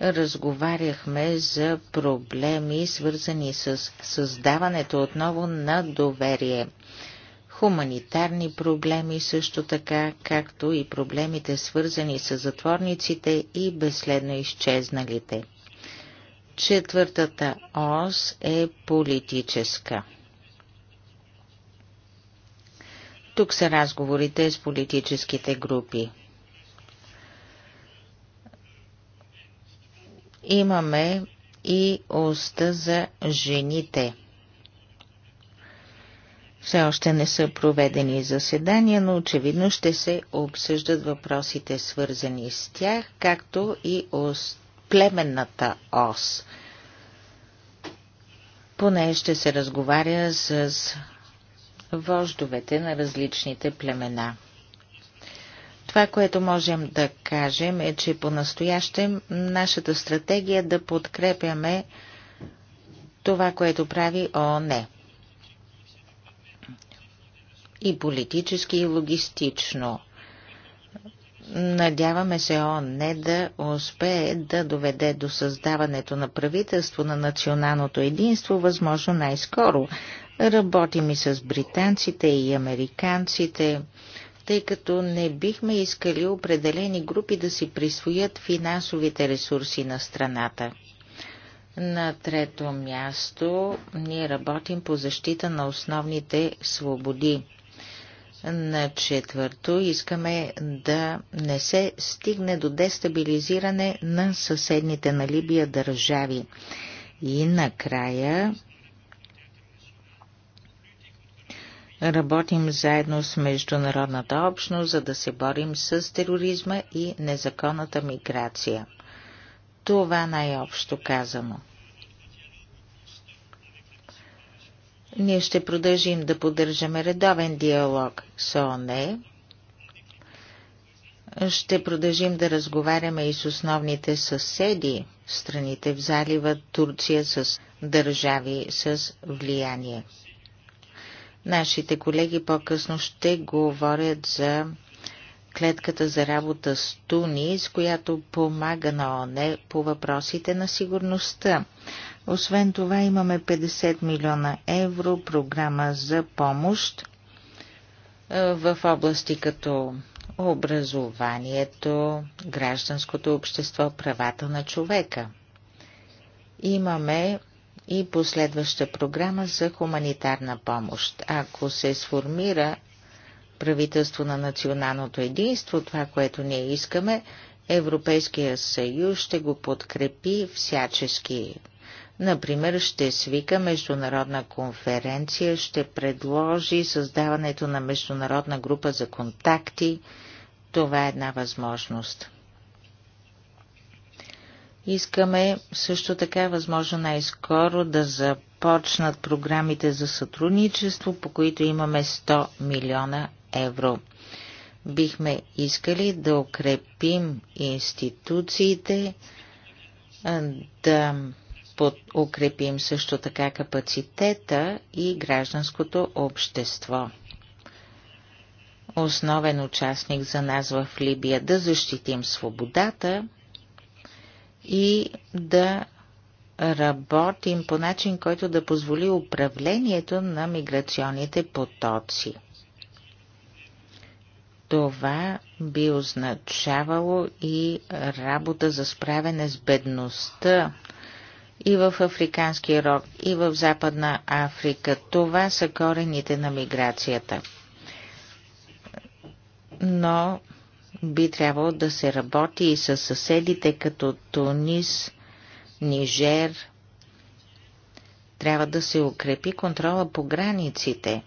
Разговаряхме за проблеми, свързани с създаването отново на доверие. Хуманитарни проблеми също така, както и проблемите свързани с затворниците и безследно изчезналите. Четвъртата ос е политическа. Тук са разговорите с политическите групи. Имаме и уста за жените. Все още не са проведени заседания, но очевидно ще се обсъждат въпросите свързани с тях, както и ос, племенната ос. Поне ще се разговаря с вождовете на различните племена. Това, което можем да кажем е, че по-настоящем нашата стратегия е да подкрепяме това, което прави ООН. И политически, и логистично. Надяваме се ООН да успее да доведе до създаването на правителство на националното единство, възможно най-скоро, Работим и с британците и американците, тъй като не бихме искали определени групи да си присвоят финансовите ресурси на страната. На трето място ние работим по защита на основните свободи. На четвърто искаме да не се стигне до дестабилизиране на съседните на Либия държави. И накрая Работим заедно с международната общност, за да се борим с тероризма и незаконната миграция. Това най-общо казано. Ние ще продължим да поддържаме редовен диалог с ОНЕ. Ще продължим да разговаряме и с основните съседи, страните в залива Турция с държави с влияние. Нашите колеги по-късно ще говорят за клетката за работа с Тунис, която помага на ОНЕ по въпросите на сигурността. Освен това имаме 50 милиона евро програма за помощ в области като образованието, гражданското общество, правата на човека. Имаме и последваща програма за хуманитарна помощ. Ако се сформира правителство на националното единство, това, което ние искаме, Европейския съюз ще го подкрепи всячески. Например, ще свика международна конференция, ще предложи създаването на международна група за контакти. Това е една възможност. Искаме също така възможно най-скоро да започнат програмите за сътрудничество, по които имаме 100 милиона евро. Бихме искали да укрепим институциите, да укрепим също така капацитета и гражданското общество. Основен участник за нас в Либия да защитим свободата, и да работим по начин, който да позволи управлението на миграционните потоци. Това би означавало и работа за справяне с бедността и в Африканския рог, и в Западна Африка. Това са корените на миграцията. Но би трябвало да се работи и с съседите като Тунис, Нижер. Трябва да се укрепи контрола по границите.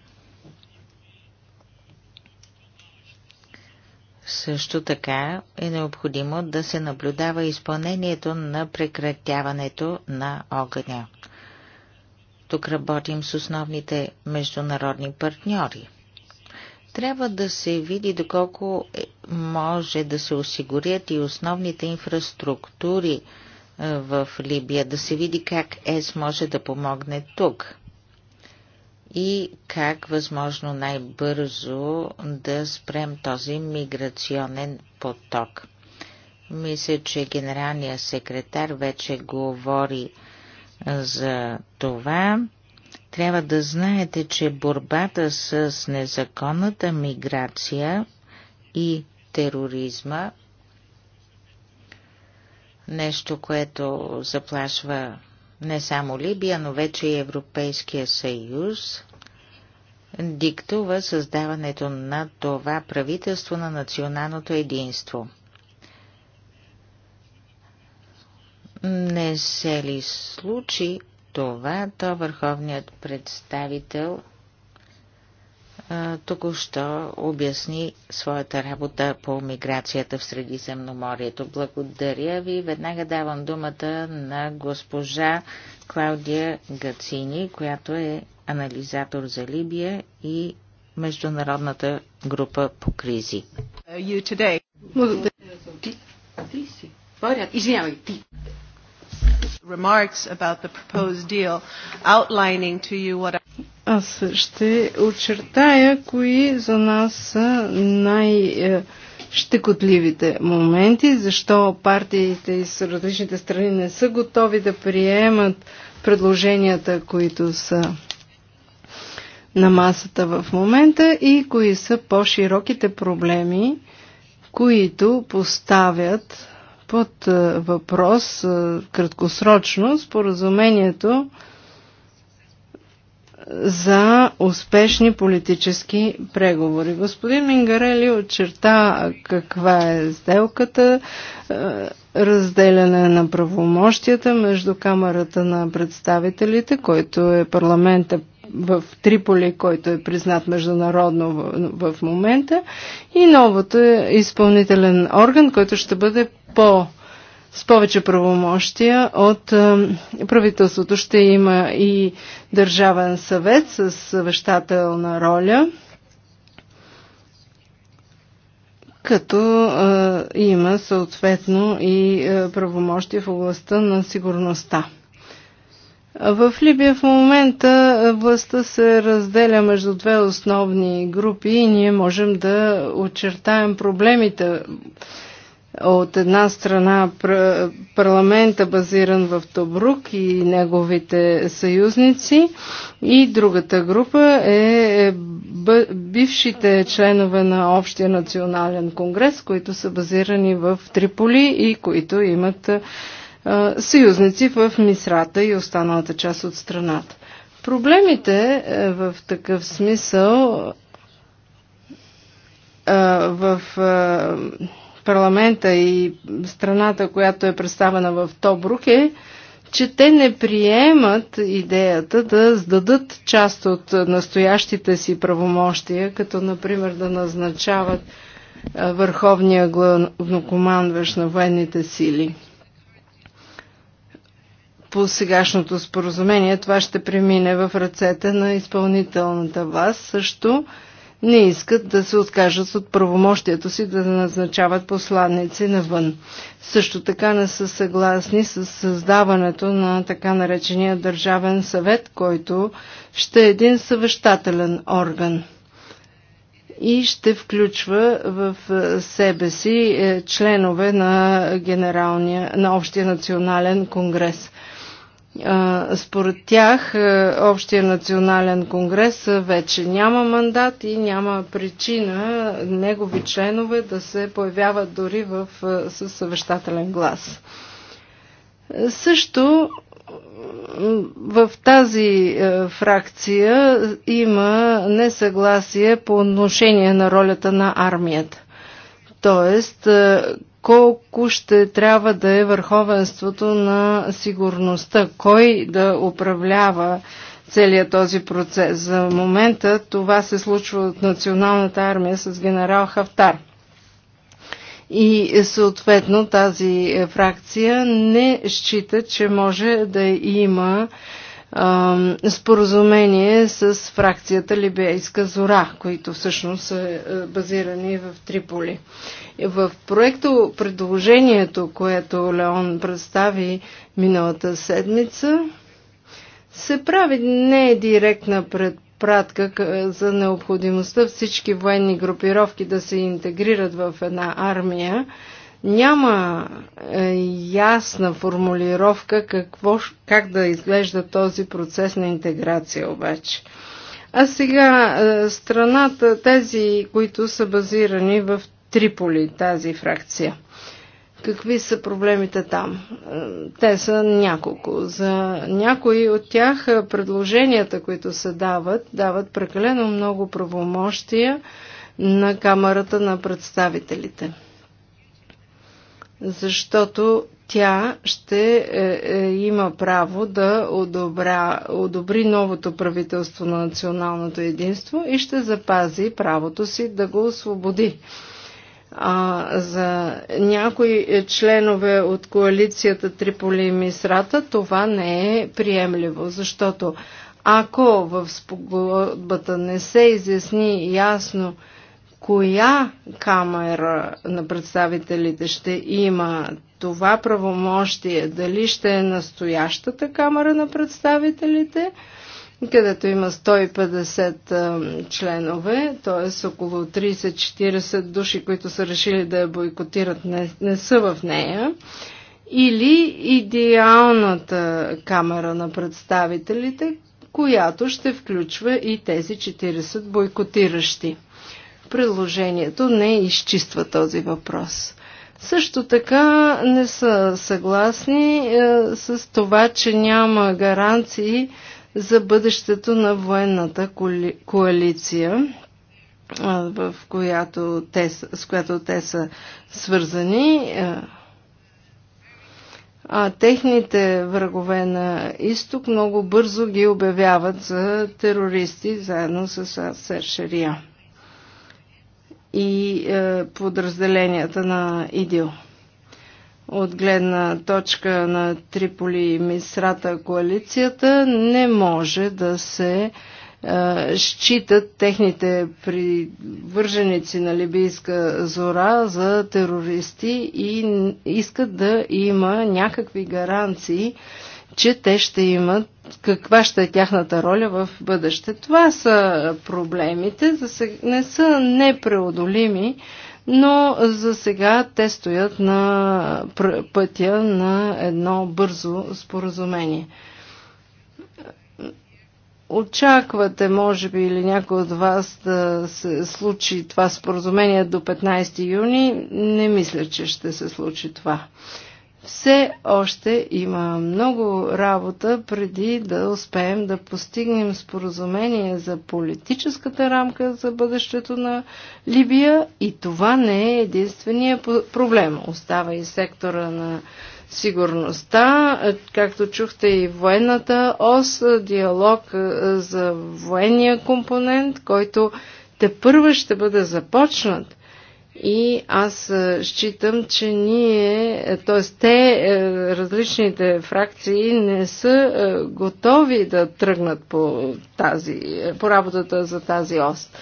Също така е необходимо да се наблюдава изпълнението на прекратяването на огъня. Тук работим с основните международни партньори. Трябва да се види доколко е, може да се осигурят и основните инфраструктури е, в Либия, да се види как ЕС може да помогне тук и как възможно най-бързо да спрем този миграционен поток. Мисля, че генералният секретар вече говори е, за това. Трябва да знаете, че борбата с незаконната миграция и тероризма, нещо, което заплашва не само Либия, но вече и Европейския съюз, диктува създаването на това правителство на националното единство. Не се ли случи това, то върховният представител току-що обясни своята работа по миграцията в Средиземноморието. Благодаря ви. Веднага давам думата на госпожа Клаудия Гацини, която е анализатор за Либия и Международната група по кризи. Uh, Благодаря. Ти, ти си. Извинявай, ти remarks about the proposed deal, outlining to you what Аз ще очертая кои за нас са най-щекотливите е, моменти, защо партиите из различните страни не са готови да приемат предложенията, които са на масата в момента и кои са по-широките проблеми, които поставят под е, въпрос е, краткосрочно споразумението за успешни политически преговори. Господин Мингарели очерта каква е сделката, е, разделяне на правомощията между Камерата на представителите, който е парламента в Триполи, който е признат международно в, в момента, и новото е изпълнителен орган, който ще бъде по с повече правомощия от е, правителството. Ще има и Държавен съвет с съвещателна роля, като е, има съответно и е, правомощия в областта на сигурността. В Либия в момента властта се разделя между две основни групи и ние можем да очертаем проблемите. От една страна парламента базиран в Тобрук и неговите съюзници и другата група е, е бившите членове на Общия национален конгрес, които са базирани в Триполи и които имат съюзници в Мисрата и останалата част от страната. Проблемите е, в такъв смисъл в парламента и страната, която е представена в Тобрук е, че те не приемат идеята да сдадат част от настоящите си правомощия, като например да назначават върховния главнокомандващ на военните сили по сегашното споразумение това ще премине в ръцете на изпълнителната власт. Също не искат да се откажат от правомощието си да назначават посланници навън. Също така не са съгласни с създаването на така наречения Държавен съвет, който ще е един съвещателен орган и ще включва в е, себе си е, членове на, генералния, на Общия национален конгрес – според тях е, Общия национален конгрес е, вече няма мандат и няма причина негови членове да се появяват дори в, със е, съвещателен глас. Също в тази фракция има несъгласие по отношение на ролята на армията. Тоест, колко ще трябва да е върховенството на сигурността, кой да управлява целият този процес. За момента това се случва от националната армия с генерал Хафтар. И съответно тази е, фракция не счита, че може да има споразумение с фракцията Либейска Зора, които всъщност са е, базирани в Триполи. В проекто предложението, което Леон представи миналата седмица, се прави не директна предпратка е, за необходимостта всички военни групировки да се интегрират в една армия, няма е, ясна формулировка какво, как да изглежда този процес на интеграция обаче. А сега е, страната, тези, които са базирани в Триполи, тази фракция. Какви са проблемите там? Е, те са няколко. За някои от тях е, предложенията, които се дават, дават прекалено много правомощия на Камерата на представителите защото тя ще е, е, има право да одобря, одобри новото правителство на националното единство и ще запази правото си да го освободи. А, за някои членове от коалицията Триполи и Мисрата това не е приемливо, защото ако в спогодбата не се изясни ясно, коя камера на представителите ще има това правомощие, дали ще е настоящата камера на представителите, където има 150 членове, т.е. около 30-40 души, които са решили да я бойкотират, не, не са в нея, или идеалната камера на представителите, която ще включва и тези 40 бойкотиращи приложението не изчиства този въпрос. Също така не са съгласни е, с това, че няма гаранции за бъдещето на военната коали... коалиция, е, в която те, с която те са свързани. Е, а техните врагове на изток много бързо ги обявяват за терористи заедно с Асер Шария и е, подразделенията на ИДИЛ. От гледна точка на Триполи и Мисрата коалицията не може да се е, считат техните привърженици на либийска зора за терористи и искат да има някакви гаранции че те ще имат, каква ще е тяхната роля в бъдеще. Това са проблемите, за сега, не са непреодолими, но за сега те стоят на пътя на едно бързо споразумение. Очаквате, може би, или някой от вас да се случи това споразумение до 15 юни. Не мисля, че ще се случи това все още има много работа преди да успеем да постигнем споразумение за политическата рамка за бъдещето на Либия и това не е единствения проблем. Остава и сектора на сигурността, както чухте и военната ос, диалог е, за военния компонент, който те първа ще бъде започнат и аз е, считам, че ние, е, т.е. те, различните фракции, не са е, готови да тръгнат по, тази, по работата за тази ост.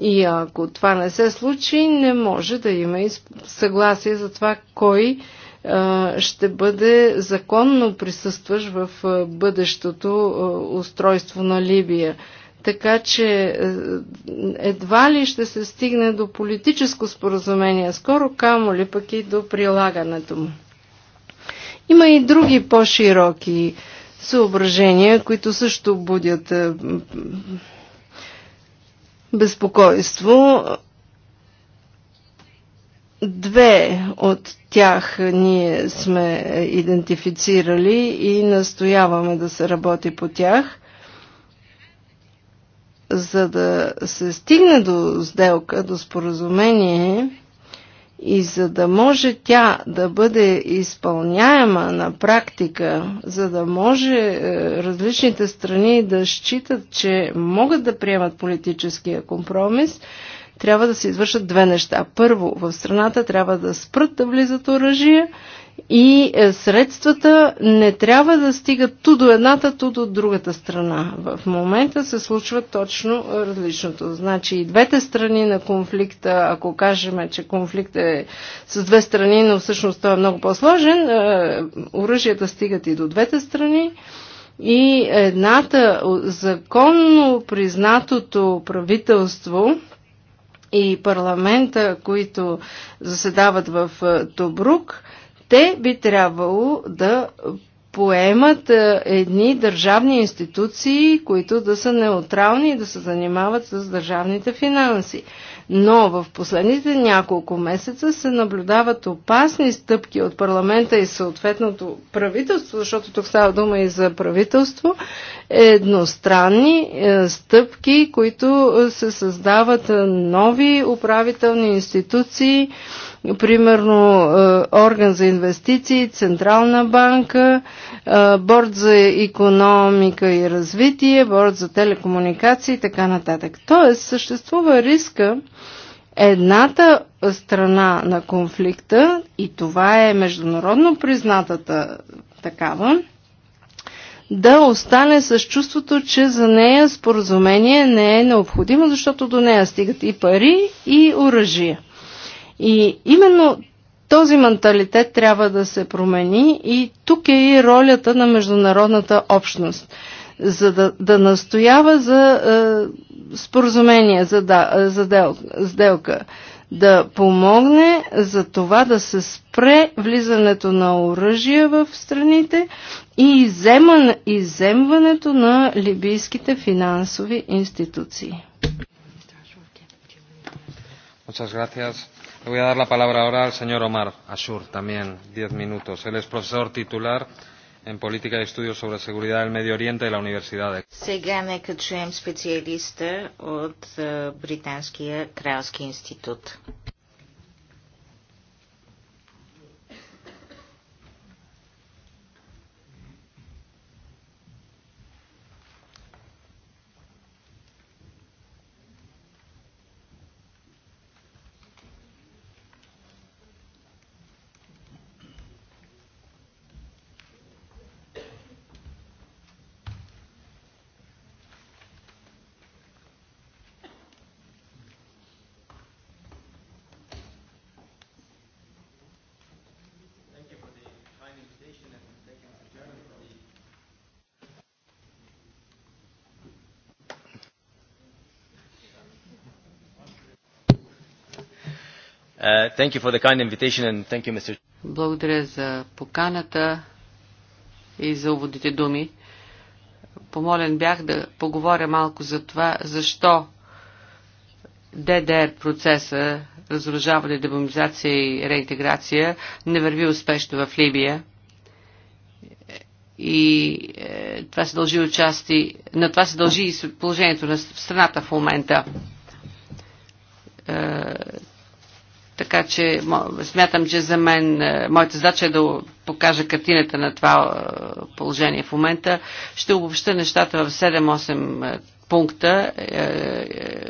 И ако това не се случи, не може да има и съгласие за това кой ще бъде законно присъстваш в бъдещото устройство на Либия така че е, едва ли ще се стигне до политическо споразумение скоро, камо ли пък и до прилагането му. Има и други по-широки съображения, които също будят е, безпокойство. Две от тях ние сме идентифицирали и настояваме да се работи по тях за да се стигне до сделка, до споразумение и за да може тя да бъде изпълняема на практика, за да може е, различните страни да считат, че могат да приемат политическия компромис, трябва да се извършат две неща. Първо, в страната трябва да спрат да влизат оръжия и е, средствата не трябва да стигат ту до едната, ту до другата страна. В момента се случва точно е, различното. Значи и двете страни на конфликта, ако кажем, че конфликт е с две страни, но всъщност той е много по-сложен, е, оръжията стигат и до двете страни. И едната законно признатото правителство, и парламента, които заседават в Тобрук, те би трябвало да поемат е, едни държавни институции, които да са неутрални и да се занимават с държавните финанси. Но в последните няколко месеца се наблюдават опасни стъпки от парламента и съответното правителство, защото тук става дума и за правителство, едностранни е, стъпки, които се създават е, нови управителни институции, примерно е, орган за инвестиции, Централна банка, е, борд за економика и развитие, борд за телекомуникации и така нататък. Тоест съществува риска едната страна на конфликта, и това е международно признатата такава, да остане с чувството, че за нея споразумение не е необходимо, защото до нея стигат и пари, и оръжия. И именно този менталитет трябва да се промени и тук е и ролята на международната общност, за да, да настоява за е, споразумение, за, да, е, за дел, сделка, да помогне за това да се спре влизането на оръжия в страните и иземан, иземването на либийските финансови институции. Muchas gracias. Le voy a dar la palabra ahora al señor Omar Ashur, también diez minutos. Él es profesor titular en Política de Estudios sobre Seguridad del Medio Oriente de la Universidad de... Сега нека специалиста от Британския кралски институт. thank you for the kind invitation and thank you, Mr. Благодаря за поканата и за уводите думи. Помолен бях да поговоря малко за това, защо ДДР процеса, разоружаване, демобилизация и реинтеграция не върви успешно в Либия. И е, това се дължи отчасти, на това се дължи и положението на страната в момента. така че смятам, че за мен е, моята задача е да покажа картината на това е, положение в момента. Ще обобща нещата в 7-8 е, пункта,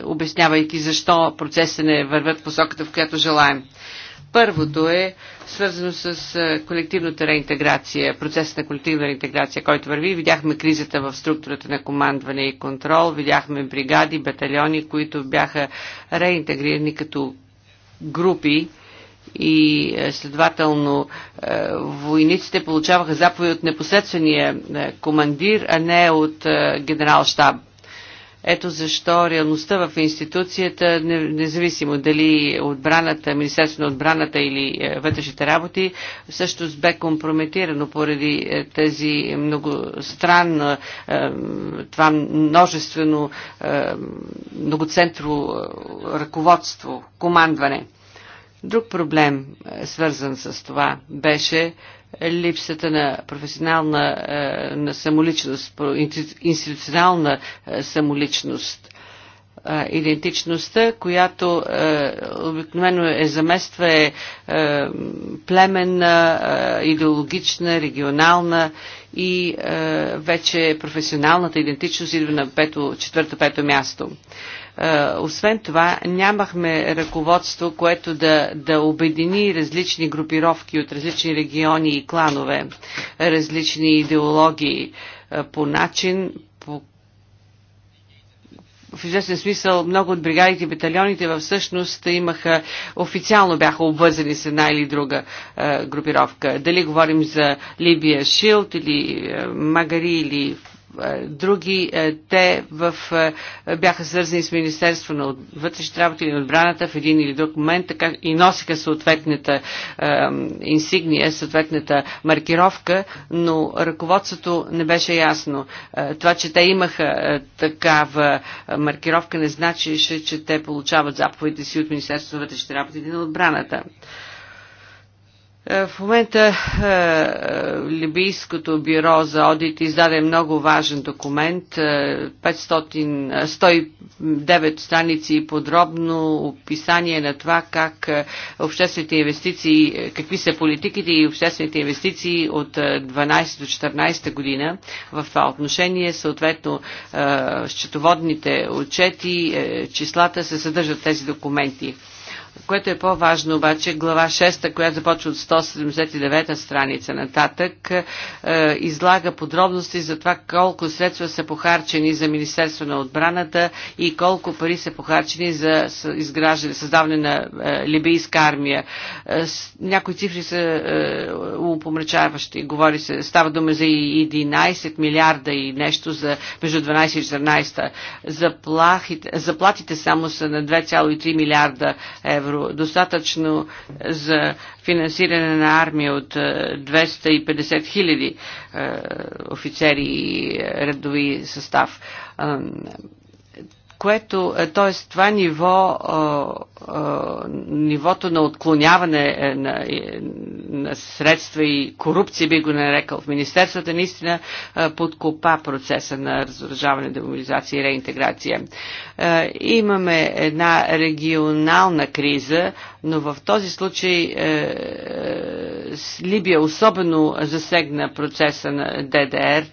обяснявайки защо процесите не вървят в посоката, в която желаем. Първото е свързано с колективната реинтеграция, процес на колективна реинтеграция, който върви. Видяхме кризата в структурата на командване и контрол, видяхме бригади, батальони, които бяха реинтегрирани като групи и е, следователно е, войниците получаваха заповед от непосредствения е, командир, а не от генерал-штаб ето защо реалността в институцията, независимо дали отбраната, Министерство на отбраната или е, вътрешните работи, също бе компрометирано поради е, тази странно е, това множествено, многоцентрово ръководство, командване. Друг проблем, свързан с това, беше липсата на професионална е, на самоличност, институционална е, самоличност е, идентичността, която обикновено е замества е, племенна, идеологична, регионална и вече професионалната идентичност идва на пето, четвърто-пето място. Е, освен това, нямахме ръководство, което да, да обедини различни групировки от различни региони и кланове, различни идеологии е, по начин, по в известен смисъл много от бригадите и батальоните във всъщност имаха, официално бяха обвързани с една или друга е, групировка. Дали говорим за Либия Шилд или е, Магари или е, други е, те в, е, бяха свързани с Министерство на вътрешните работи или на отбраната в един или друг момент така, и носиха съответната е, инсигния, съответната маркировка, но ръководството не беше ясно. Това, че те имаха такава маркировка, не значеше, че те получават заповедите си от Министерство на вътрешните работи или на отбраната. Е, в момента е, Либийското бюро за одит издаде много важен документ, 500, е, 109 страници и подробно описание на това как обществените инвестиции, какви са политиките и обществените инвестиции от 12 до 14 година в това отношение. Съответно, счетоводните отчети, числата се съдържат тези документи. Което е по-важно обаче, глава 6, която започва от 179 страница нататък, е, излага подробности за това колко средства са похарчени за Министерство на отбраната и колко пари са похарчени за изграждане, създаване на е, либийска армия. Е, някои цифри са упомрачаващи. Говори се, става дума за 11 милиарда и нещо за между 12 и 14. Заплахите, заплатите само са на 2,3 милиарда евро евро, достатъчно за финансиране на армия от 250 е, хиляди е, офицери и е, редови състав което, т.е. това ниво, нивото на отклоняване е, на, е, на средства и корупция, би го нарекал в Министерството, наистина подкопа процеса на разоръжаване, демобилизация и реинтеграция. Имаме една регионална криза, но в този случай е, Либия особено засегна процеса на ДДР,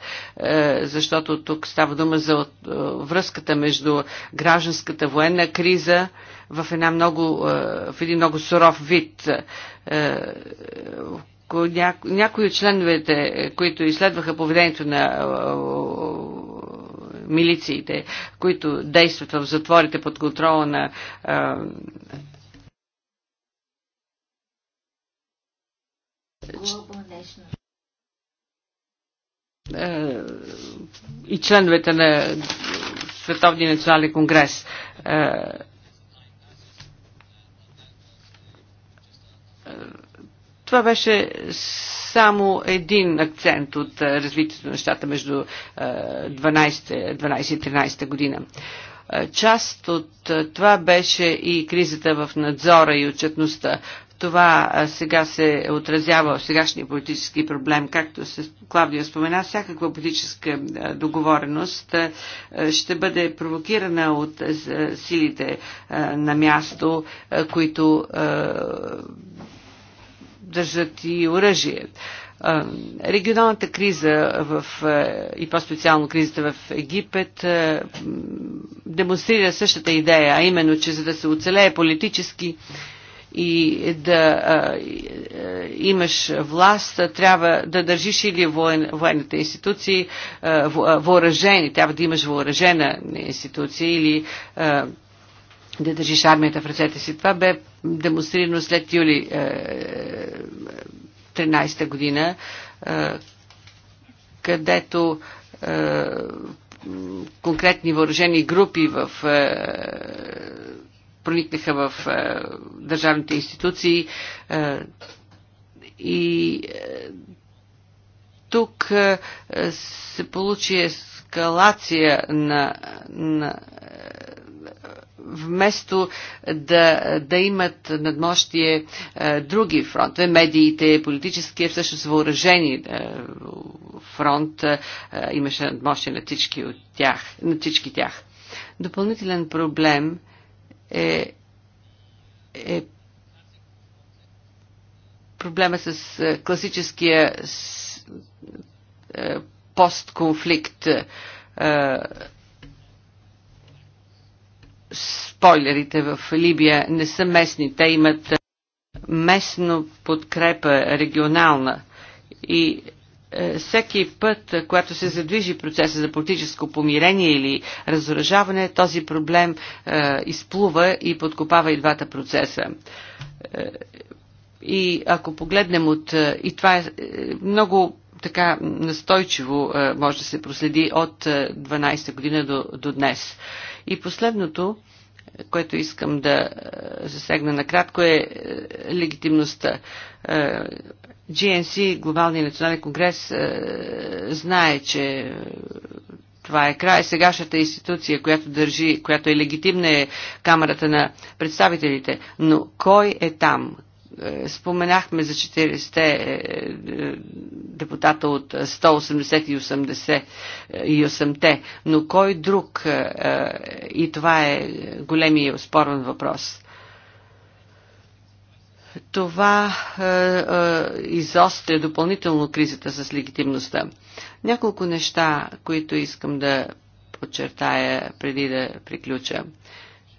е, защото тук става дума за е, връзката между гражданската военна криза в, една много, е, в един много суров вид. Някои от членовете, които изследваха поведението на милициите, които действат в затворите под контрола на е, и членовете на Световния национален конгрес. Е, е, това беше само един акцент от развитието на нещата между 12, 12 и 13 година. Част от това беше и кризата в надзора и отчетността. Това сега се отразява в сегашния политически проблем. Както с Клавдия спомена, всякаква политическа договореност ще бъде провокирана от силите на място, които държат и оръжие. Регионалната криза в, и по-специално кризата в Египет демонстрира същата идея, а именно, че за да се оцелее политически, и да а, имаш власт, трябва да държиш или воен, военните институции а, въоръжени, трябва да имаш въоръжена институция или а, да държиш армията в ръцете си. Това бе демонстрирано след юли а, 13 година, а, където а, конкретни въоръжени групи в а, проникнаха в е, държавните институции е, и е, тук се получи ескалация на, на вместо да, да имат надмощие е, други фронтове, медиите, политическия, всъщност въоръжени е, фронт е, имаше надмощие на всички, от тях, на всички тях. Допълнителен проблем е, е проблема с е, класическия е, постконфликт е, спойлерите в Либия не са местни, те имат местно подкрепа, регионална. И е, всеки път, когато се задвижи процеса за политическо помирение или разоръжаване, този проблем е, изплува и подкопава и двата процеса. Е, и ако погледнем от... И това е много така настойчиво може да се проследи от 12 година до, до днес. И последното, което искам да е, засегна накратко, е, е легитимността. Е, GNC, Глобалния национален конгрес, знае, че това е край. Сегашната институция, която държи, която е легитимна е Камерата на представителите. Но кой е там? Е, споменахме за 40 е, е, депутата от 180 и 80 те но кой друг? И това е големия спорен въпрос. Това е, е, изостря допълнително кризата с легитимността. Няколко неща, които искам да подчертая преди да приключа.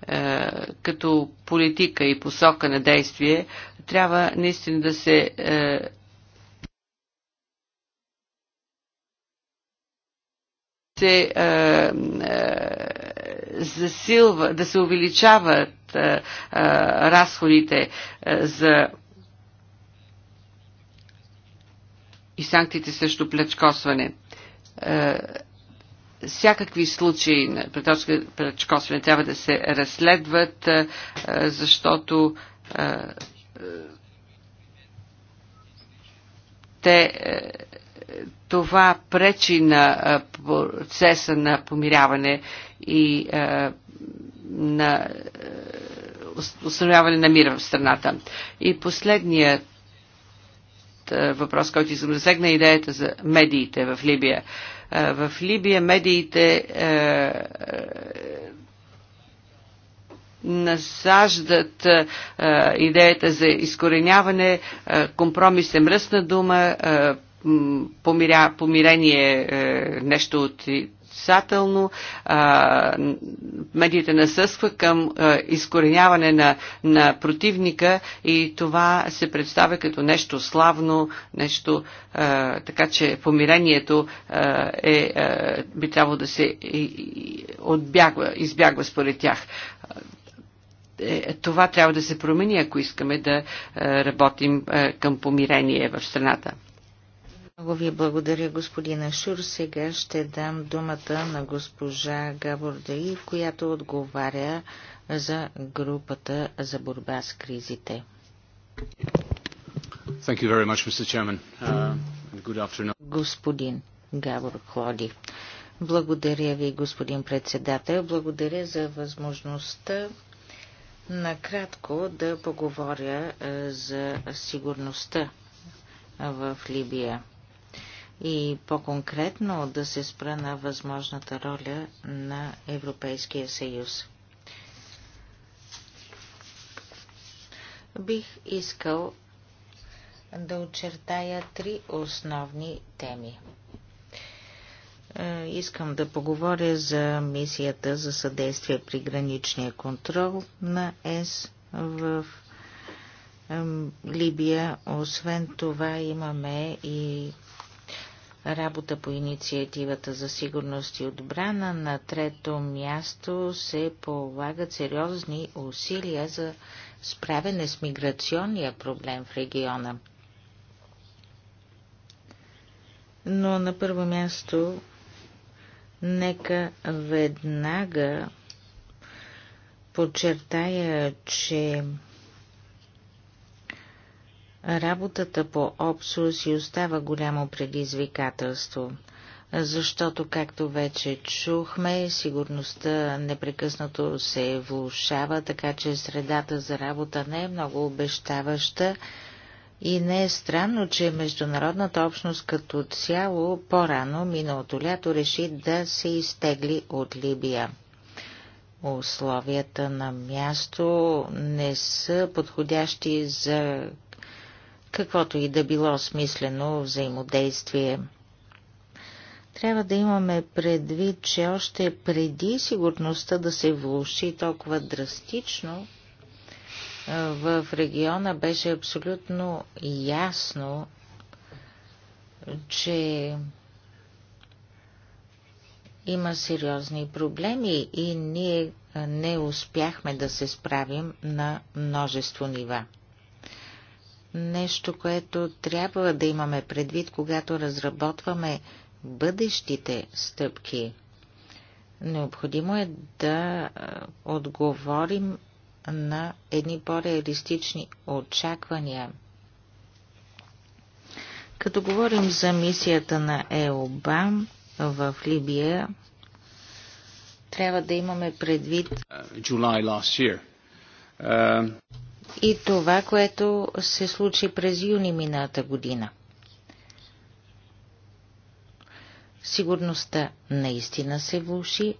Е, като политика и посока на действие, трябва наистина да се е, се е, е, засилва, да се увеличават е, е, разходите е, за и санкциите срещу плечкосване. Е, всякакви случаи на плечкосване трябва да се разследват, е, защото е, те, е, това пречи на е, процеса на помиряване и е, на установяване на мира в страната. И последният въпрос, който искам да е идеята за медиите в Либия. В Либия медиите насаждат а, идеята за изкореняване, е, компромис е мръсна дума, а, помиря, помирение е, е нещо от отрицателно. Медиите насъсква към а, изкореняване на, на противника и това се представя като нещо славно, нещо а, така, че помирението а, е, а, би трябвало да се и, и, отбягва, избягва според тях. Е, това трябва да се промени, ако искаме да е, работим е, към помирение в страната. Много ви благодаря, господина Шур. Сега ще дам думата на госпожа Габор която отговаря за групата за борба с кризите. Thank you very much, Mr. Chairman. Uh, good afternoon. Господин Габор Хлоди. Благодаря ви, господин председател. Благодаря за възможността накратко да поговоря е, за сигурността в Либия и по-конкретно да се спра на възможната роля на Европейския съюз. Бих искал да очертая три основни теми. Е, искам да поговоря за мисията за съдействие при граничния контрол на ЕС в Либия. Освен това имаме и работа по инициативата за сигурност и отбрана. На трето място се полагат сериозни усилия за справяне с миграционния проблем в региона. Но на първо място Нека веднага подчертая, че работата по ОПСО си остава голямо предизвикателство, защото, както вече чухме, сигурността непрекъснато се влушава, така че средата за работа не е много обещаваща и не е странно, че международната общност като цяло по-рано миналото лято реши да се изтегли от Либия. Условията на място не са подходящи за каквото и да било смислено взаимодействие. Трябва да имаме предвид, че още преди сигурността да се влуши толкова драстично, в региона беше абсолютно ясно, че има сериозни проблеми и ние не успяхме да се справим на множество нива. Нещо, което трябва да имаме предвид, когато разработваме бъдещите стъпки. Необходимо е да отговорим на едни по-реалистични очаквания. Като говорим за мисията на ЕОБА в Либия, трябва да имаме предвид uh, uh... и това, което се случи през юни мината година. Сигурността наистина се влуши,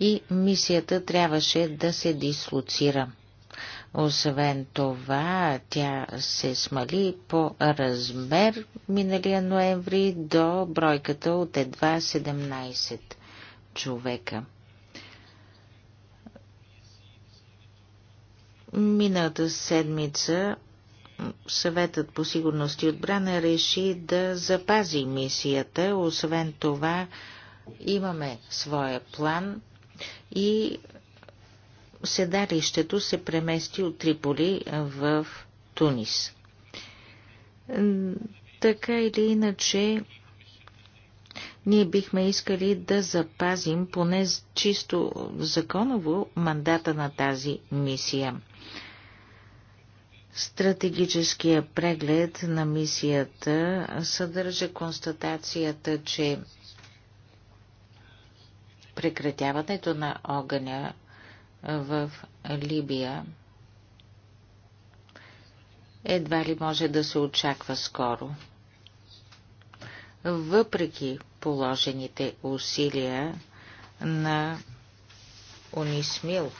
и мисията трябваше да се дислоцира. Освен това, тя се смали по размер миналия ноември до бройката от едва 17 човека. Миналата седмица съветът по сигурност и отбрана реши да запази мисията. Освен това, имаме своя план и седалището се премести от Триполи в Тунис. Така или иначе, ние бихме искали да запазим поне чисто законово мандата на тази мисия. Стратегическия преглед на мисията съдържа констатацията, че прекратяването на огъня в Либия едва ли може да се очаква скоро. Въпреки положените усилия на Унисмил,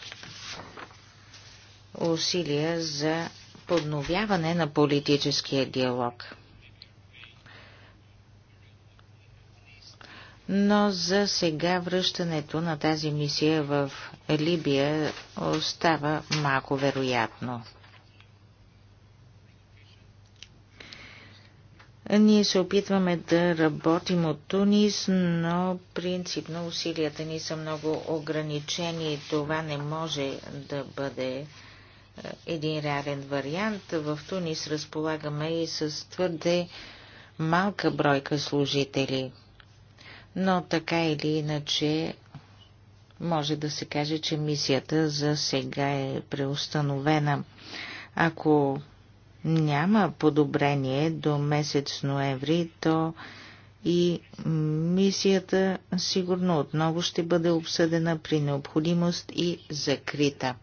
усилия за подновяване на политическия диалог – но за сега връщането на тази мисия в Либия остава малко вероятно. Ние се опитваме да работим от Тунис, но принципно усилията ни са много ограничени и това не може да бъде е, един реален вариант. В Тунис разполагаме и с твърде малка бройка служители – но така или иначе може да се каже, че мисията за сега е преустановена. Ако няма подобрение до месец ноември, то и мисията сигурно отново ще бъде обсъдена при необходимост и закрита.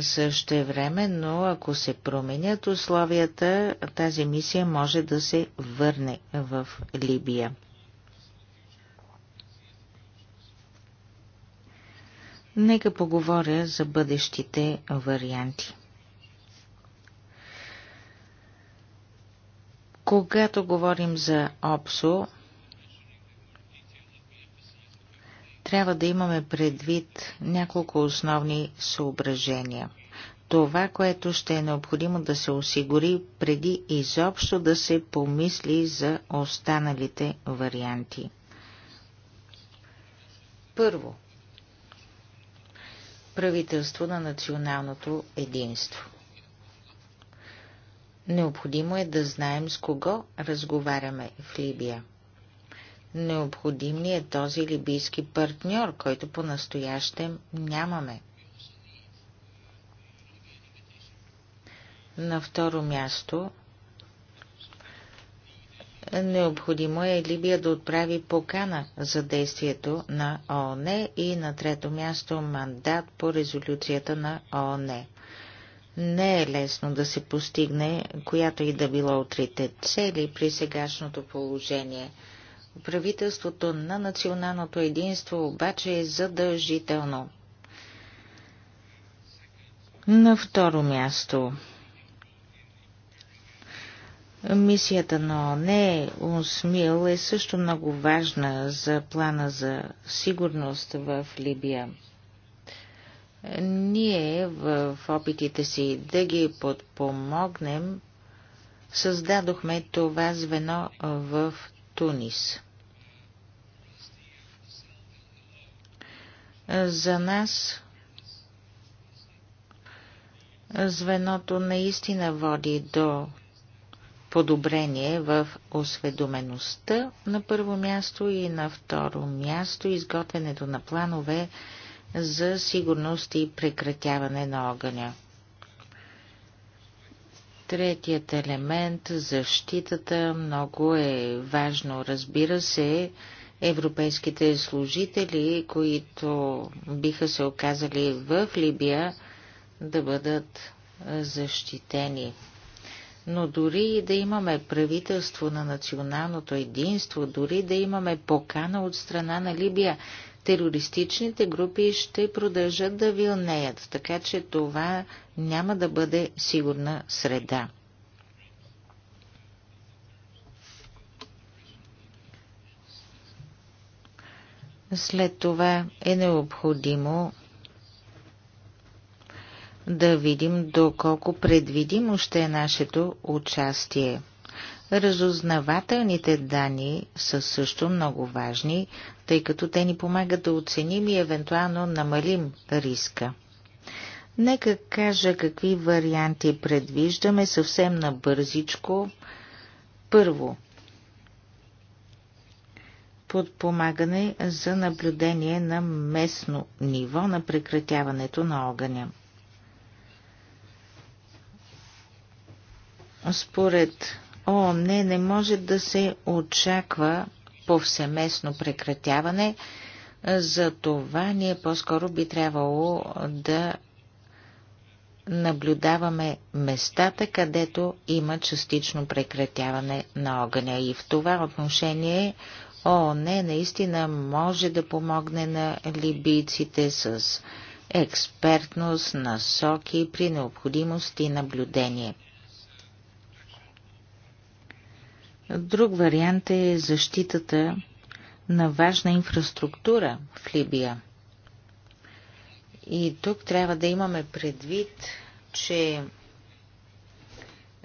Също време, но ако се променят условията, тази мисия може да се върне в Либия. Нека поговоря за бъдещите варианти. Когато говорим за ОПСО, трябва да имаме предвид няколко основни съображения. Това, което ще е необходимо да се осигури преди изобщо да се помисли за останалите варианти. Първо. Правителство на националното единство. Необходимо е да знаем с кого разговаряме в Либия – Необходим ли е този либийски партньор, който по-настоящем нямаме. На второ място Необходимо е Либия да отправи покана за действието на ООН и на трето място мандат по резолюцията на ООН. Не е лесно да се постигне която и да било от трите цели при сегашното положение – Правителството на националното единство обаче е задължително. На второ място Мисията на ОНЕ УСМИЛ е също много важна за плана за сигурност в Либия. Ние в опитите си да ги подпомогнем създадохме това звено в Тунис. За нас звеното наистина води до подобрение в осведомеността на първо място и на второ място изготвянето на планове за сигурност и прекратяване на огъня. Третият елемент – защитата. Много е важно, разбира се, европейските служители, които биха се оказали в Либия, да бъдат защитени. Но дори и да имаме правителство на националното единство, дори да имаме покана от страна на Либия, терористичните групи ще продължат да вилнеят, така че това няма да бъде сигурна среда. След това е необходимо да видим доколко предвидимо ще е нашето участие. Разузнавателните данни са също много важни, тъй като те ни помагат да оценим и евентуално намалим риска. Нека кажа какви варианти предвиждаме съвсем набързичко. Първо, подпомагане за наблюдение на местно ниво на прекратяването на огъня. Според ООН не може да се очаква повсеместно прекратяване, за това ние по-скоро би трябвало да наблюдаваме местата, където има частично прекратяване на огъня. И в това отношение ООН наистина може да помогне на либийците с експертност, насоки при необходимост и наблюдение. Друг вариант е защитата на важна инфраструктура в Либия. И тук трябва да имаме предвид, че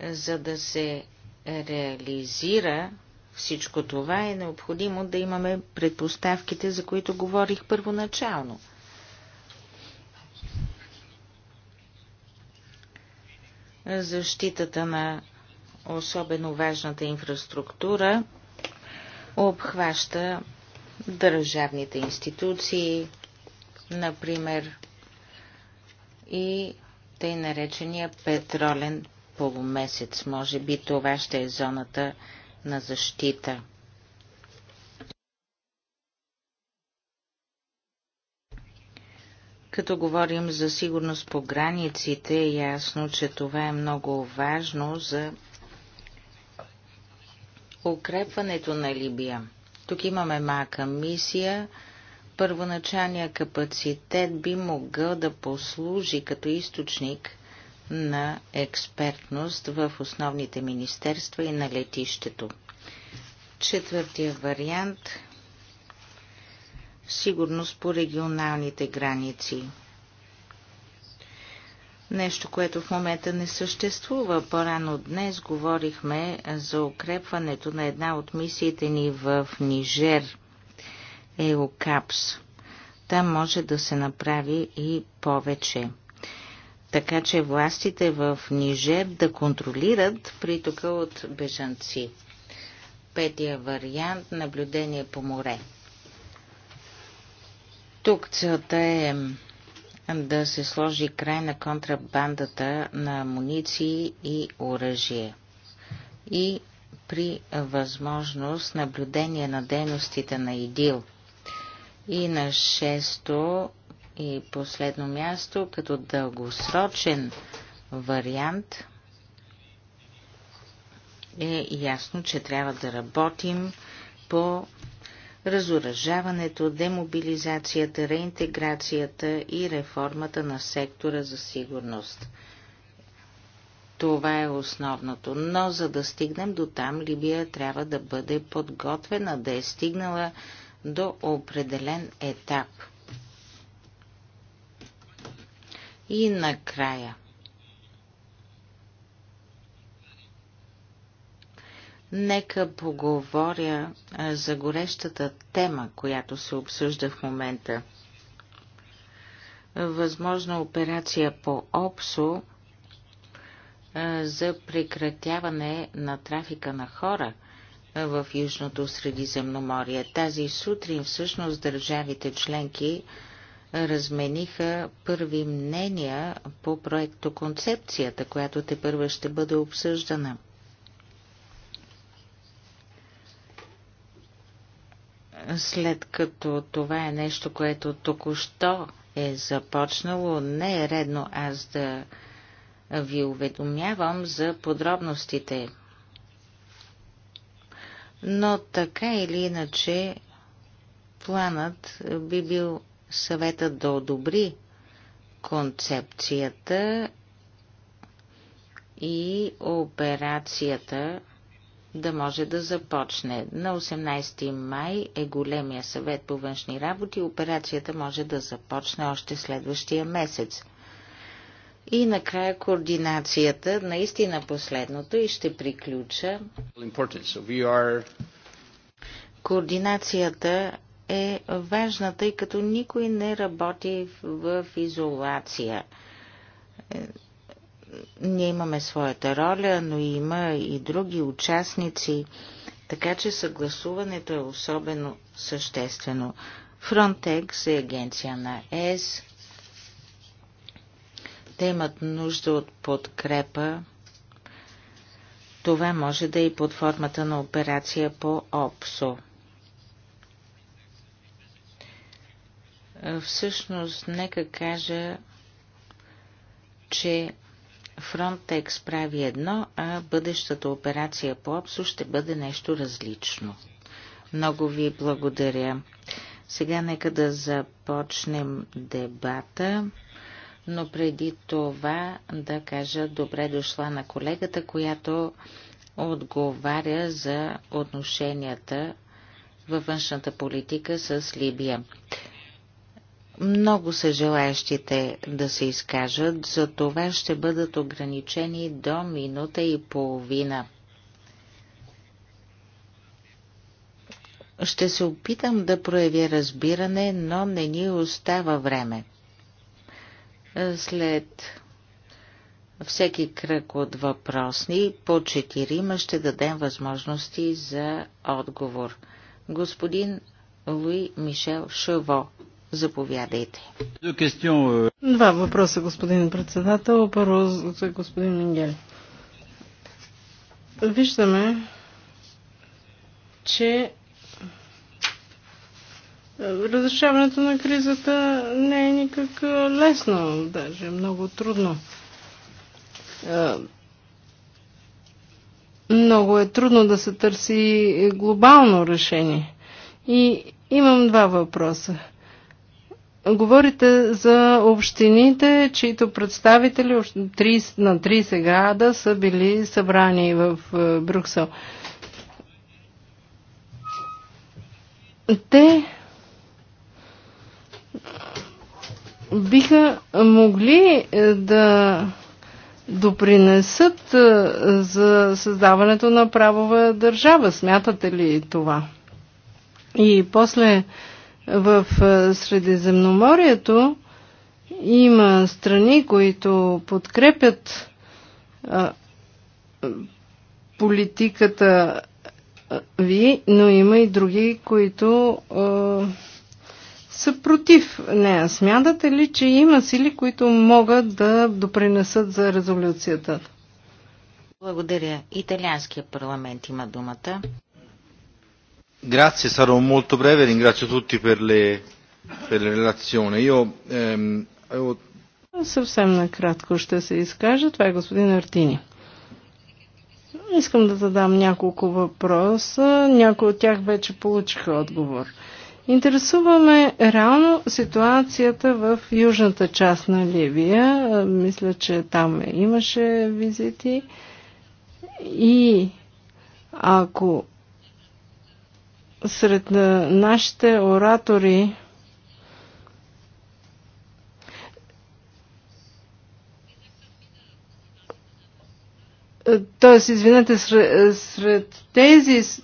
за да се реализира всичко това е необходимо да имаме предпоставките, за които говорих първоначално. Защитата на особено важната инфраструктура обхваща държавните институции, например и тъй наречения петролен полумесец. Може би това ще е зоната на защита. Като говорим за сигурност по границите, е ясно, че това е много важно за укрепването на Либия. Тук имаме мака мисия. Първоначалният капацитет би могъл да послужи като източник на експертност в основните министерства и на летището. Четвъртия вариант – сигурност по регионалните граници. Нещо, което в момента не съществува. По-рано днес говорихме за укрепването на една от мисиите ни в Нижер, ЕОКАПС. Там може да се направи и повече. Така че властите в Нижер да контролират притока от бежанци. Петия вариант – наблюдение по море. Тук целта е да се сложи край на контрабандата на амуниции и оръжие. И при възможност наблюдение на дейностите на ИДИЛ. И на шесто и последно място, като дългосрочен вариант, е ясно, че трябва да работим по разоръжаването, демобилизацията, реинтеграцията и реформата на сектора за сигурност. Това е основното. Но за да стигнем до там, Либия трябва да бъде подготвена, да е стигнала до определен етап. И накрая – Нека поговоря за горещата тема, която се обсъжда в момента. Възможна операция по ОПСО за прекратяване на трафика на хора в Южното Средиземноморие. Тази сутрин всъщност държавите членки размениха първи мнения по концепцията, която те първа ще бъде обсъждана. След като това е нещо, което току-що е започнало, не е редно аз да ви уведомявам за подробностите. Но така или иначе, планът би бил съветът да одобри концепцията и операцията да може да започне. На 18 май е големия съвет по външни работи. Операцията може да започне още следващия месец. И накрая координацията, наистина последното и ще приключа. Координацията е важна, тъй като никой не работи в изолация ние имаме своята роля, но има и други участници, така че съгласуването е особено съществено. Frontex е агенция на ЕС. Те имат нужда от подкрепа. Това може да е и под формата на операция по ОПСО. Всъщност, нека кажа, че Frontex прави едно, а бъдещата операция по ОПСО ще бъде нещо различно. Много ви благодаря. Сега нека да започнем дебата, но преди това да кажа добре дошла на колегата, която отговаря за отношенията във външната политика с Либия. Много са желаящите да се изкажат, за това ще бъдат ограничени до минута и половина. Ще се опитам да проявя разбиране, но не ни остава време. След всеки кръг от въпросни по четирима ще дадем възможности за отговор. Господин Луи Мишел Шово Заповядайте. Два въпроса, господин председател. Първо за господин Мингели. Виждаме, че разрешаването на кризата не е никак лесно, даже много трудно. Много е трудно да се търси глобално решение. И имам два въпроса. Говорите за общините, чието представители на 30 града са били събрани в е, Брюксел. Те биха могли е, да допринесат е, за създаването на правова държава. Смятате ли това? И после в Средиземноморието има страни, които подкрепят политиката ви, но има и други, които а, са против нея. Смятате ли, че има сили, които могат да допринесат за резолюцията? Благодаря. Италианския парламент има думата. Grazie, sarò molto breve, ringrazio tutti per le, per le relazioni. Io, ehm, avevo... Съвсем накратко ще се изкажа. Това е господин Артини. Искам да задам няколко въпроса. Някои от тях вече получиха отговор. Интересуваме реално ситуацията в южната част на Ливия. Мисля, че там имаше визити. И ако сред нашите оратори т.е. извинете, сред, сред тези,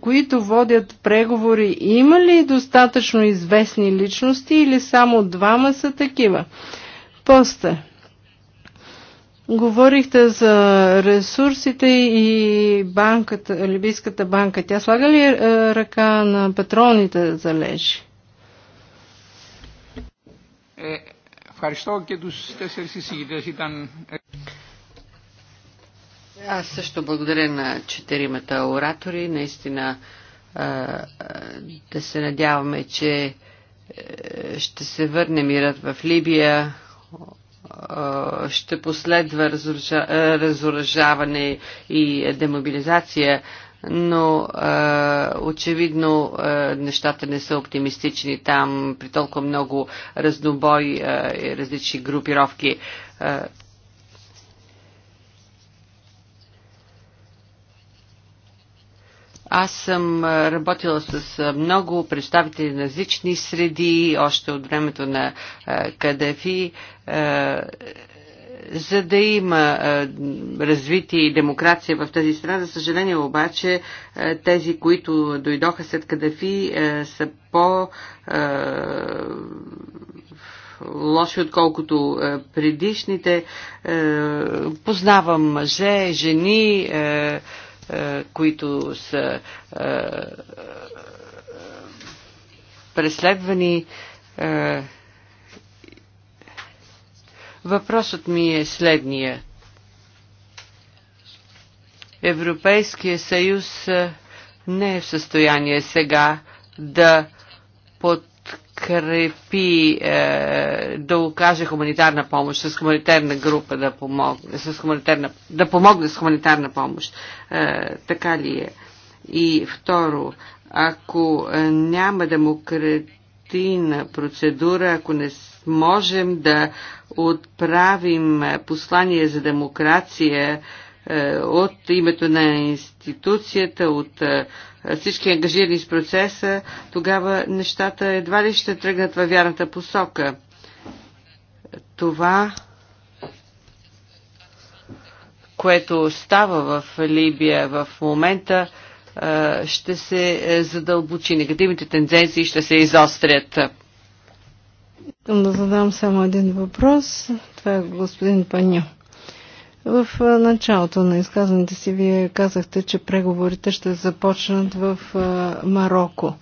които водят преговори, има ли достатъчно известни личности или само двама са такива? После, Говорихте за ресурсите и банката, Либийската банка. Тя слага ли е, ръка на петролните залежи? Е, е. Аз също благодаря на четиримата оратори. Наистина да се надяваме, че ще се върне мирът в Либия ще последва разоръжаване и демобилизация, но очевидно нещата не са оптимистични там при толкова много разнобой и различни групировки. Аз съм работила с много представители на различни среди, още от времето на Кадафи, за да има развитие и демокрация в тази страна. За съжаление обаче, тези, които дойдоха след Кадафи, са по лоши, отколкото предишните. Познавам мъже, жени, е, които са е, преследвани. Е, въпросът ми е следния. Европейския съюз не е в състояние сега да под подкрепи, е, да окаже хуманитарна помощ, с хуманитарна група да помогне, с хуманитарна, да помогне с хуманитарна помощ. Е, така ли е? И второ, ако е, няма демократична процедура, ако не можем да отправим е, послание за демокрация, е, от името на институцията, от е, всички ангажирани с процеса, тогава нещата едва ли ще тръгнат във вярната посока. Това, което става в Либия в момента, е, ще се задълбочи. Негативните тенденции ще се изострят. Искам да задам само един въпрос. Това е господин Паню. В началото на изказването си вие казахте, че преговорите ще започнат в Марокко.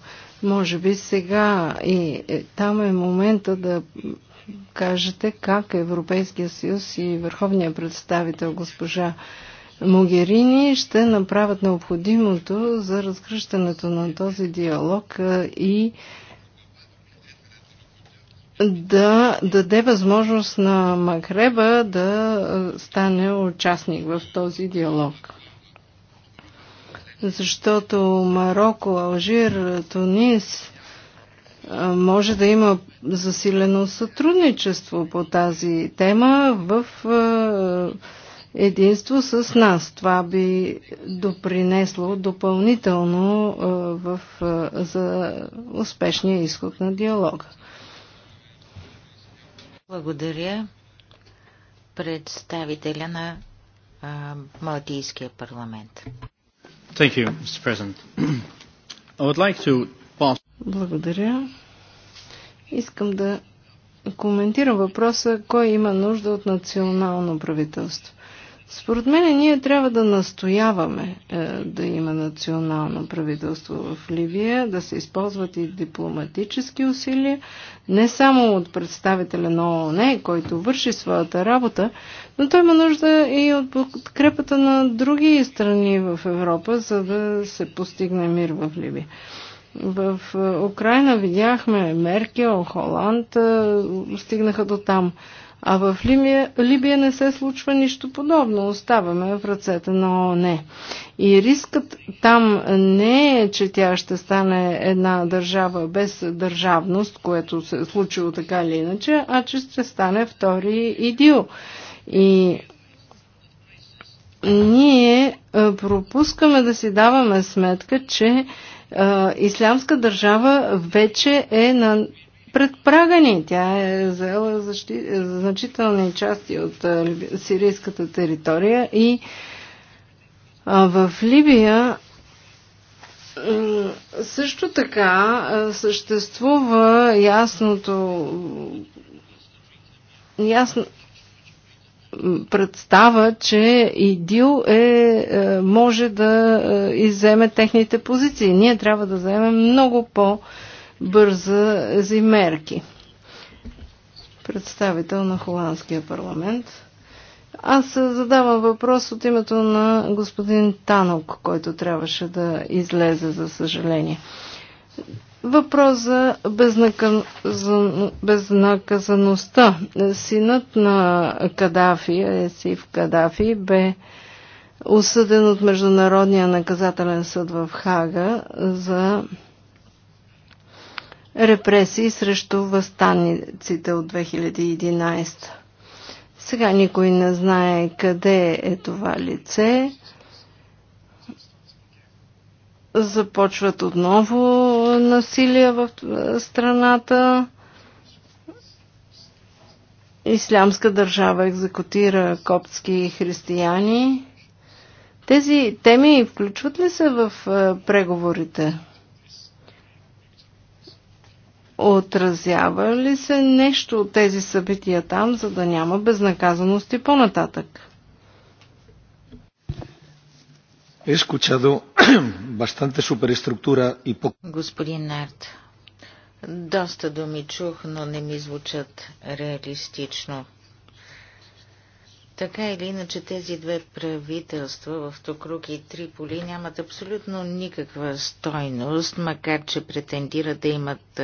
Може би сега и е, там е момента да кажете как Европейския съюз и върховния представител госпожа Могерини ще направят необходимото за разкръщането на този диалог и да даде възможност на Макреба да стане участник в този диалог. Защото Марокко, Алжир, Тунис може да има засилено сътрудничество по тази тема в единство с нас. Това би допринесло допълнително в, за успешния изход на диалога. Благодаря представителя на а, Малтийския парламент. Thank you, Mr. President. I would like to Благодаря. Искам да коментирам въпроса кой има нужда от национално правителство. Според мен ние трябва да настояваме е, да има национално правителство в Ливия, да се използват и дипломатически усилия, не само от представителя на ООН, който върши своята работа, но той има нужда и от подкрепата на други страни в Европа, за да се постигне мир в Ливия. В е, Украина видяхме Меркел, Холанд, е, стигнаха до там. А в Либия, Либия не се случва нищо подобно. Оставаме в ръцете на ООН. И рискът там не е, че тя ще стане една държава без държавност, което се е случило така или иначе, а че ще стане втори идил. И ние пропускаме да си даваме сметка, че Ислямска държава вече е на пред прага ни. Тя е заела защи... значителни части от сирийската територия и в Либия също така съществува ясното ясно представа, че ИДИЛ е, е може да е, изземе техните позиции. Ние трябва да вземем много по- бърза за мерки. Представител на Холандския парламент. Аз задавам въпрос от името на господин Танок, който трябваше да излезе, за съжаление. Въпрос за за... безнаказаността. Синът на Кадафи, Есив Кадафи, бе осъден от Международния наказателен съд в Хага за репресии срещу възстанниците от 2011. Сега никой не знае къде е това лице. Започват отново насилия в страната. Ислямска държава екзекутира коптски християни. Тези теми включват ли се в е, преговорите? Отразява ли се нещо от тези събития там, за да няма безнаказаност и по-нататък? Господин Нарт, доста думи чух, но не ми звучат реалистично. Така или иначе тези две правителства в Токрук и Триполи нямат абсолютно никаква стойност, макар че претендират да имат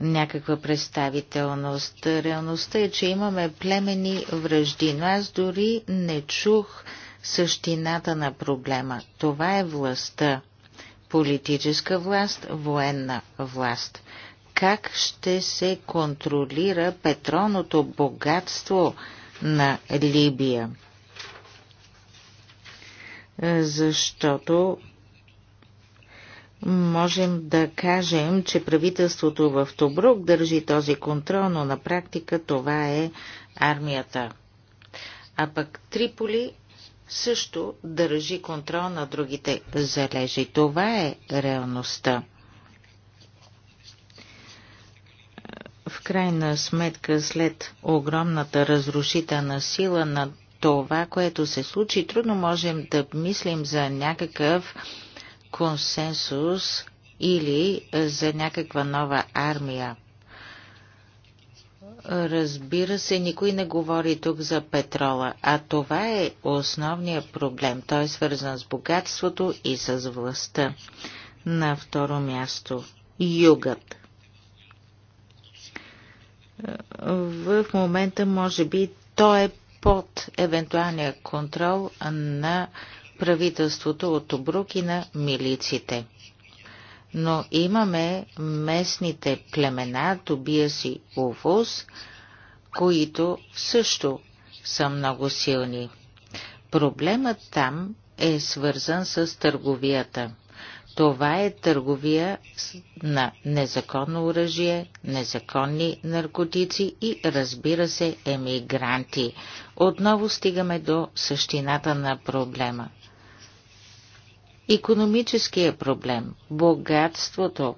някаква представителност. Реалността е, че имаме племени връжди, но аз дори не чух същината на проблема. Това е властта. Политическа власт, военна власт. Как ще се контролира петролното богатство – на Либия. Е, защото можем да кажем, че правителството в Тобрук държи този контрол, но на практика това е армията. А пък Триполи също държи контрол на другите залежи. Това е реалността. в крайна сметка след огромната разрушителна сила на това, което се случи, трудно можем да мислим за някакъв консенсус или е, за някаква нова армия. Разбира се, никой не говори тук за петрола, а това е основният проблем. Той е свързан с богатството и с властта. На второ място – югът в момента може би то е под евентуалния контрол на правителството от Обрук и на милиците. Но имаме местните племена Тобиас и Увус, които също са много силни. Проблемът там е свързан с търговията – това е търговия на незаконно оръжие, незаконни наркотици и, разбира се, емигранти. Отново стигаме до същината на проблема. Економическия проблем, богатството.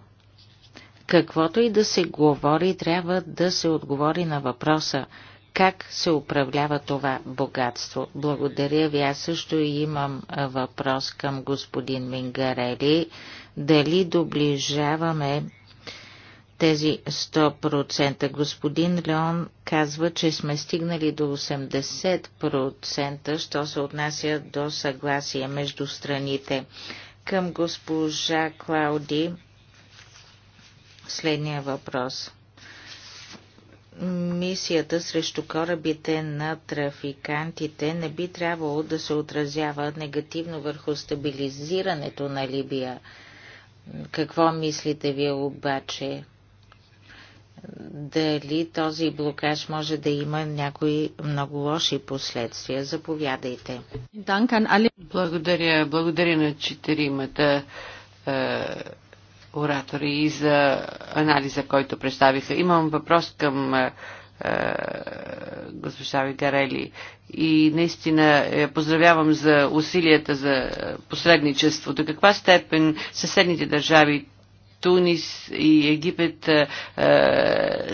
Каквото и да се говори, трябва да се отговори на въпроса – как се управлява това богатство. Благодаря ви. Аз също имам въпрос към господин Мингарели. Дали доближаваме тези 100%. Господин Леон казва, че сме стигнали до 80%, що се отнася до съгласие между страните. Към госпожа Клауди следния въпрос мисията срещу корабите на трафикантите не би трябвало да се отразява негативно върху стабилизирането на Либия. Какво мислите вие обаче? Дали този блокаж може да има някои много лоши последствия? Заповядайте. Благодаря. Благодаря на четиримата е, оратори и за анализа, който представиха. Имам въпрос към е, е госпожа Вигарели и наистина е, поздравявам за усилията за е, посредничество. До каква степен съседните държави Тунис и Египет е,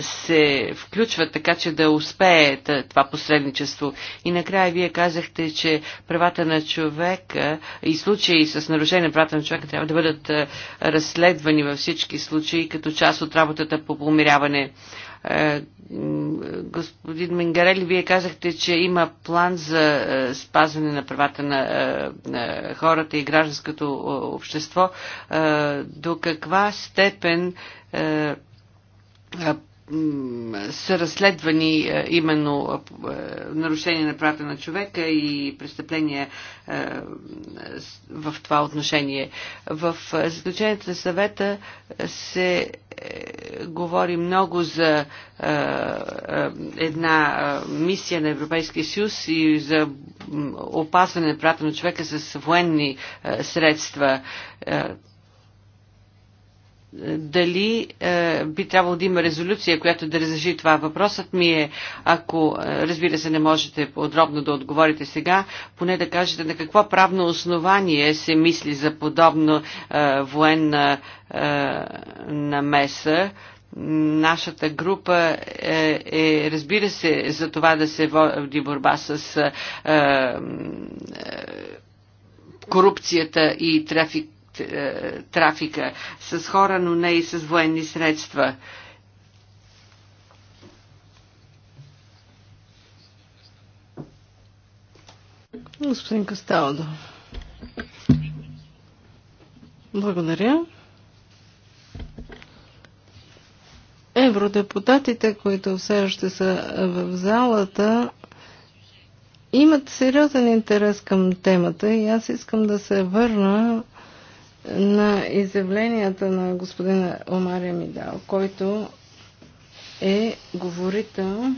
се включват така, че да успее това посредничество. И накрая вие казахте, че правата на човека и случаи с нарушение на правата на човека трябва да бъдат е, разследвани във всички случаи като част от работата по помиряване. Е, господин Менгарели, вие казахте, че има план за е, спазване на правата на е, хората и гражданското общество. До каква степен са разследвани е, именно е, нарушения на правата на човека и престъпления е, в това отношение. В заключението на съвета се говори много за една мисия на Европейския съюз и за опазване на правата на човека с военни средства дали е, би трябвало да има резолюция, която да разреши това. Въпросът ми е, ако е, разбира се не можете подробно да отговорите сега, поне да кажете на какво правно основание се мисли за подобно е, военна е, намеса. Нашата група е, е, разбира се, за това да се води борба с е, е, корупцията и трафик е, трафика с хора, но не и с военни средства. Господин Касталдо. Благодаря. Евродепутатите, които все още са в залата, имат сериозен интерес към темата и аз искам да се върна на изявленията на господин Омария Мидал, който е говорител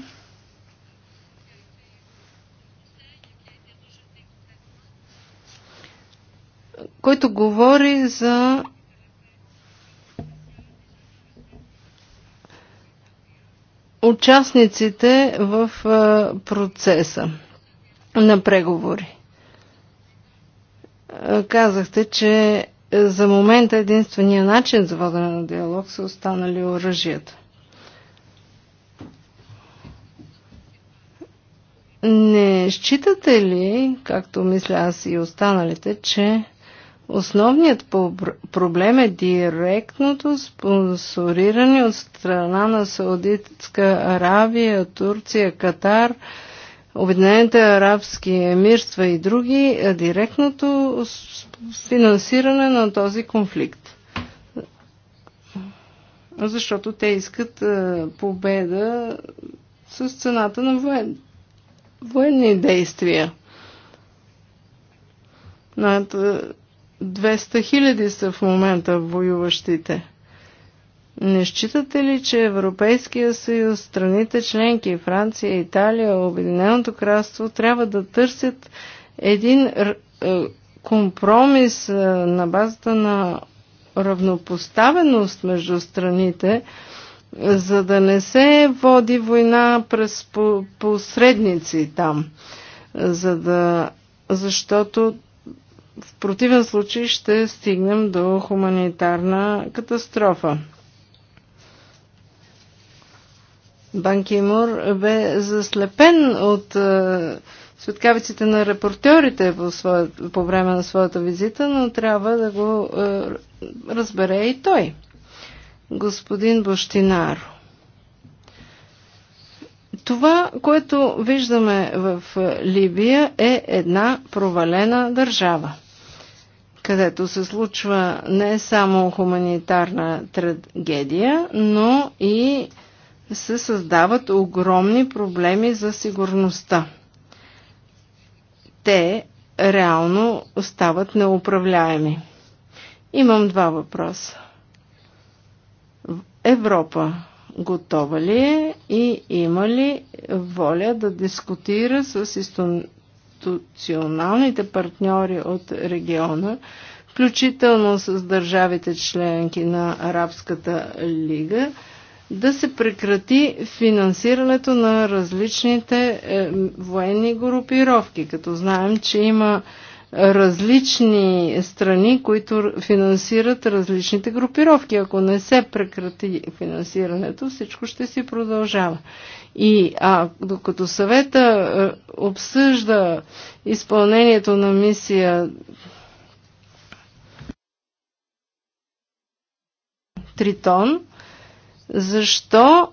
който говори за участниците в процеса на преговори. Казахте, че за момента единствения начин за водене на диалог са останали оръжията. Не считате ли, както мисля аз и останалите, че основният проблем е директното спонсориране от страна на Саудитска Аравия, Турция, Катар – Обединените арабски емирства и други е, директното финансиране на този конфликт. Защото те искат е, победа с цената на воен... военни действия. Над 200 е, хиляди са в момента воюващите. Не считате ли, че Европейския съюз, страните членки, Франция, Италия, Обединеното кралство трябва да търсят един е, компромис е, на базата на равнопоставеност между страните, за да не се води война през посредници там, за да, защото в противен случай ще стигнем до хуманитарна катастрофа. Банкимур бе заслепен от е, светкавиците на репортерите по, своя, по време на своята визита, но трябва да го е, разбере и той. Господин Бощинаро. Това, което виждаме в е, Либия е една провалена държава, където се случва не само хуманитарна трагедия, но и се създават огромни проблеми за сигурността. Те реално остават неуправляеми. Имам два въпроса. Европа готова ли е и има ли воля да дискутира с институционалните партньори от региона, включително с държавите членки на Арабската лига, да се прекрати финансирането на различните е, военни групировки, като знаем, че има различни страни, които финансират различните групировки. Ако не се прекрати финансирането, всичко ще си продължава. И а, докато съвета е, обсъжда изпълнението на мисия Тритон, защо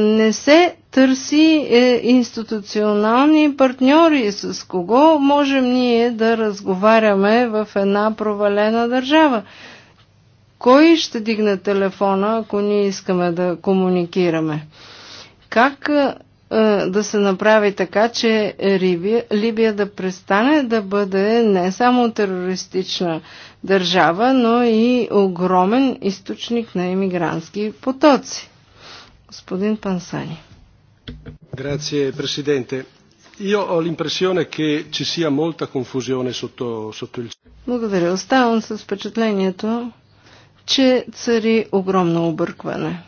не се търси е, институционални партньори, с кого можем ние да разговаряме в една провалена държава. Кой ще дигне телефона, ако ние искаме да комуникираме? Как да се направи така, че Либия, Либия да престане да бъде не само терористична държава, но и огромен източник на емигрантски потоци. Господин Пансани. Grazie Presidente. Io ho l'impressione che ci sia molta confusione sotto, sotto il... Благодаря. Оставам с впечатлението, че цари огромно объркване.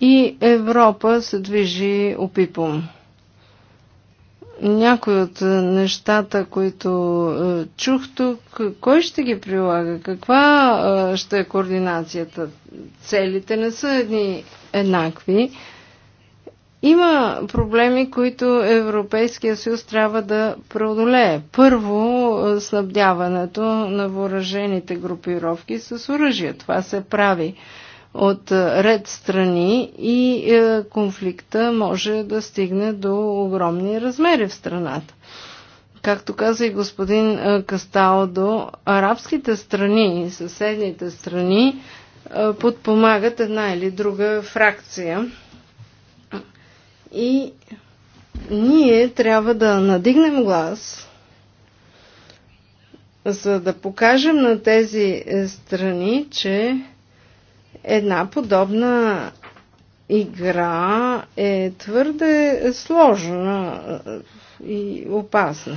И Европа се движи опипом някои от е, нещата, които е, чух тук, кой ще ги прилага? Каква е, ще е координацията? Целите не са едни еднакви. Има проблеми, които Европейския съюз трябва да преодолее. Първо, снабдяването на въоръжените групировки с оръжие. Това се прави от е, ред страни и е, конфликта може да стигне до огромни размери в страната. Както каза и господин е, Касталдо, арабските страни и съседните страни подпомагат една или друга фракция. И ние трябва да надигнем глас, за да покажем на тези страни, че Една подобна игра е твърде сложна и опасна.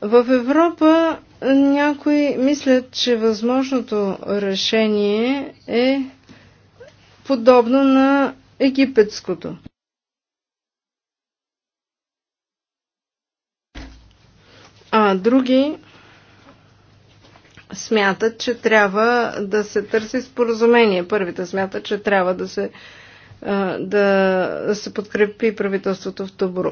В Европа някои мислят, че възможното решение е подобно на египетското. А други смятат, че трябва да се търси споразумение. Първите смятат, че трябва да се, да се подкрепи правителството в Тобру.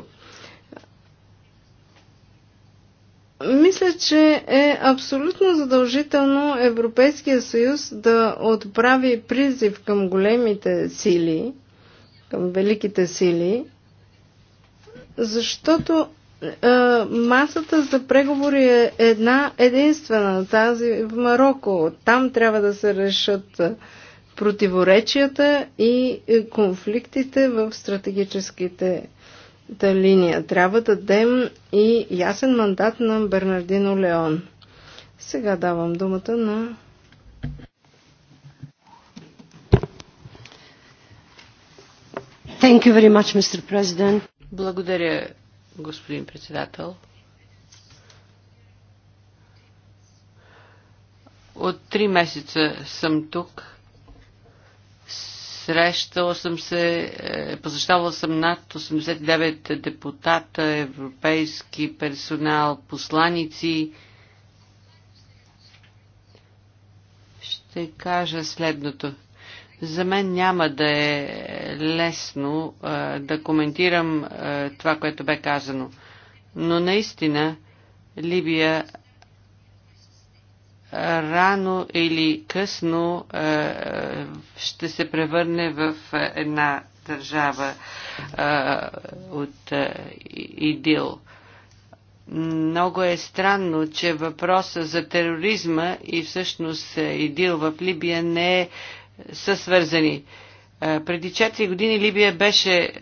Мисля, че е абсолютно задължително Европейския съюз да отправи призив към големите сили, към великите сили, защото е, масата за преговори е една единствена, тази в Марокко. Там трябва да се решат противоречията и конфликтите в стратегическите линия. Трябва да дадем и ясен мандат на Бернардино Леон. Сега давам думата на Thank you very much, Mr. President. Благодаря, господин председател. От три месеца съм тук. Срещал съм се, е, посещавал съм над 89 депутата, европейски персонал, посланици. Ще кажа следното. За мен няма да е лесно а, да коментирам а, това, което бе казано. Но наистина Либия рано или късно а, ще се превърне в една държава а, от а, ИДИЛ. Много е странно, че въпроса за тероризма и всъщност ИДИЛ в Либия не е са свързани. Преди 4 години Либия беше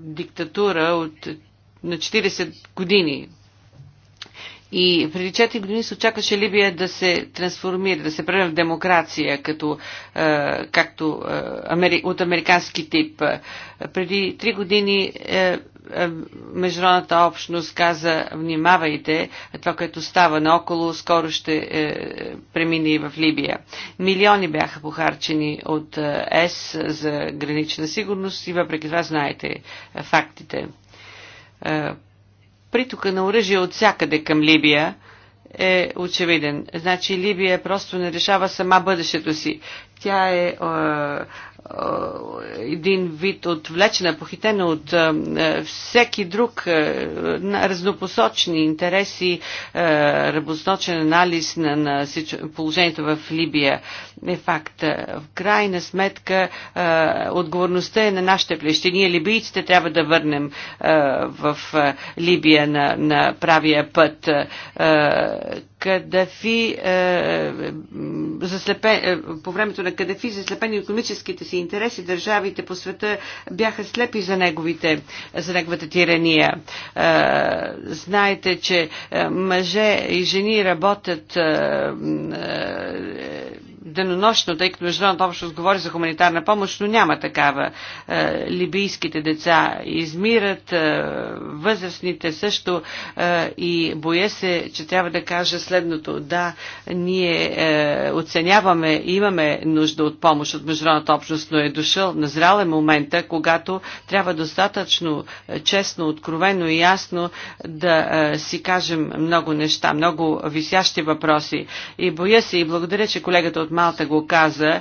диктатура от, на 40 години и преди 4 години се очакваше Либия да се трансформира, да се превърне в демокрация, като, е, както е, от американски тип. Преди 3 години е, е, международната общност каза внимавайте това, което става наоколо, скоро ще е, премине и в Либия. Милиони бяха похарчени от ЕС за гранична сигурност и въпреки това знаете е, фактите е, Притока на оръжие от всякъде към Либия е очевиден. Значи Либия просто не решава сама бъдещето си. Тя е, е е, един вид отвлечена, похитена от е, е, всеки друг разнопосочни интереси, разнопосочен анализ на, на положението в Либия е факт. В крайна сметка отговорността е на нашите плещи. Ние либийците трябва да върнем в Либия на, на правия път Кадафи, е, е, заслепен, е, по времето на Кадафи, заслепени економическите си интереси, държавите по света бяха слепи за, неговите, за неговата тирания. знаете, че мъже и жени работят денонощно, тъй като международната общност говори за хуманитарна помощ, но няма такава. Е, либийските деца измират, е, възрастните също е, и боя се, че трябва да кажа следното. Да, ние оценяваме и имаме нужда от помощ от международната общност, но е дошъл, назрял е момента, когато трябва достатъчно честно, откровено и ясно да си кажем много неща, много висящи въпроси. И боя се и благодаря, че колегата от от Малта го каза,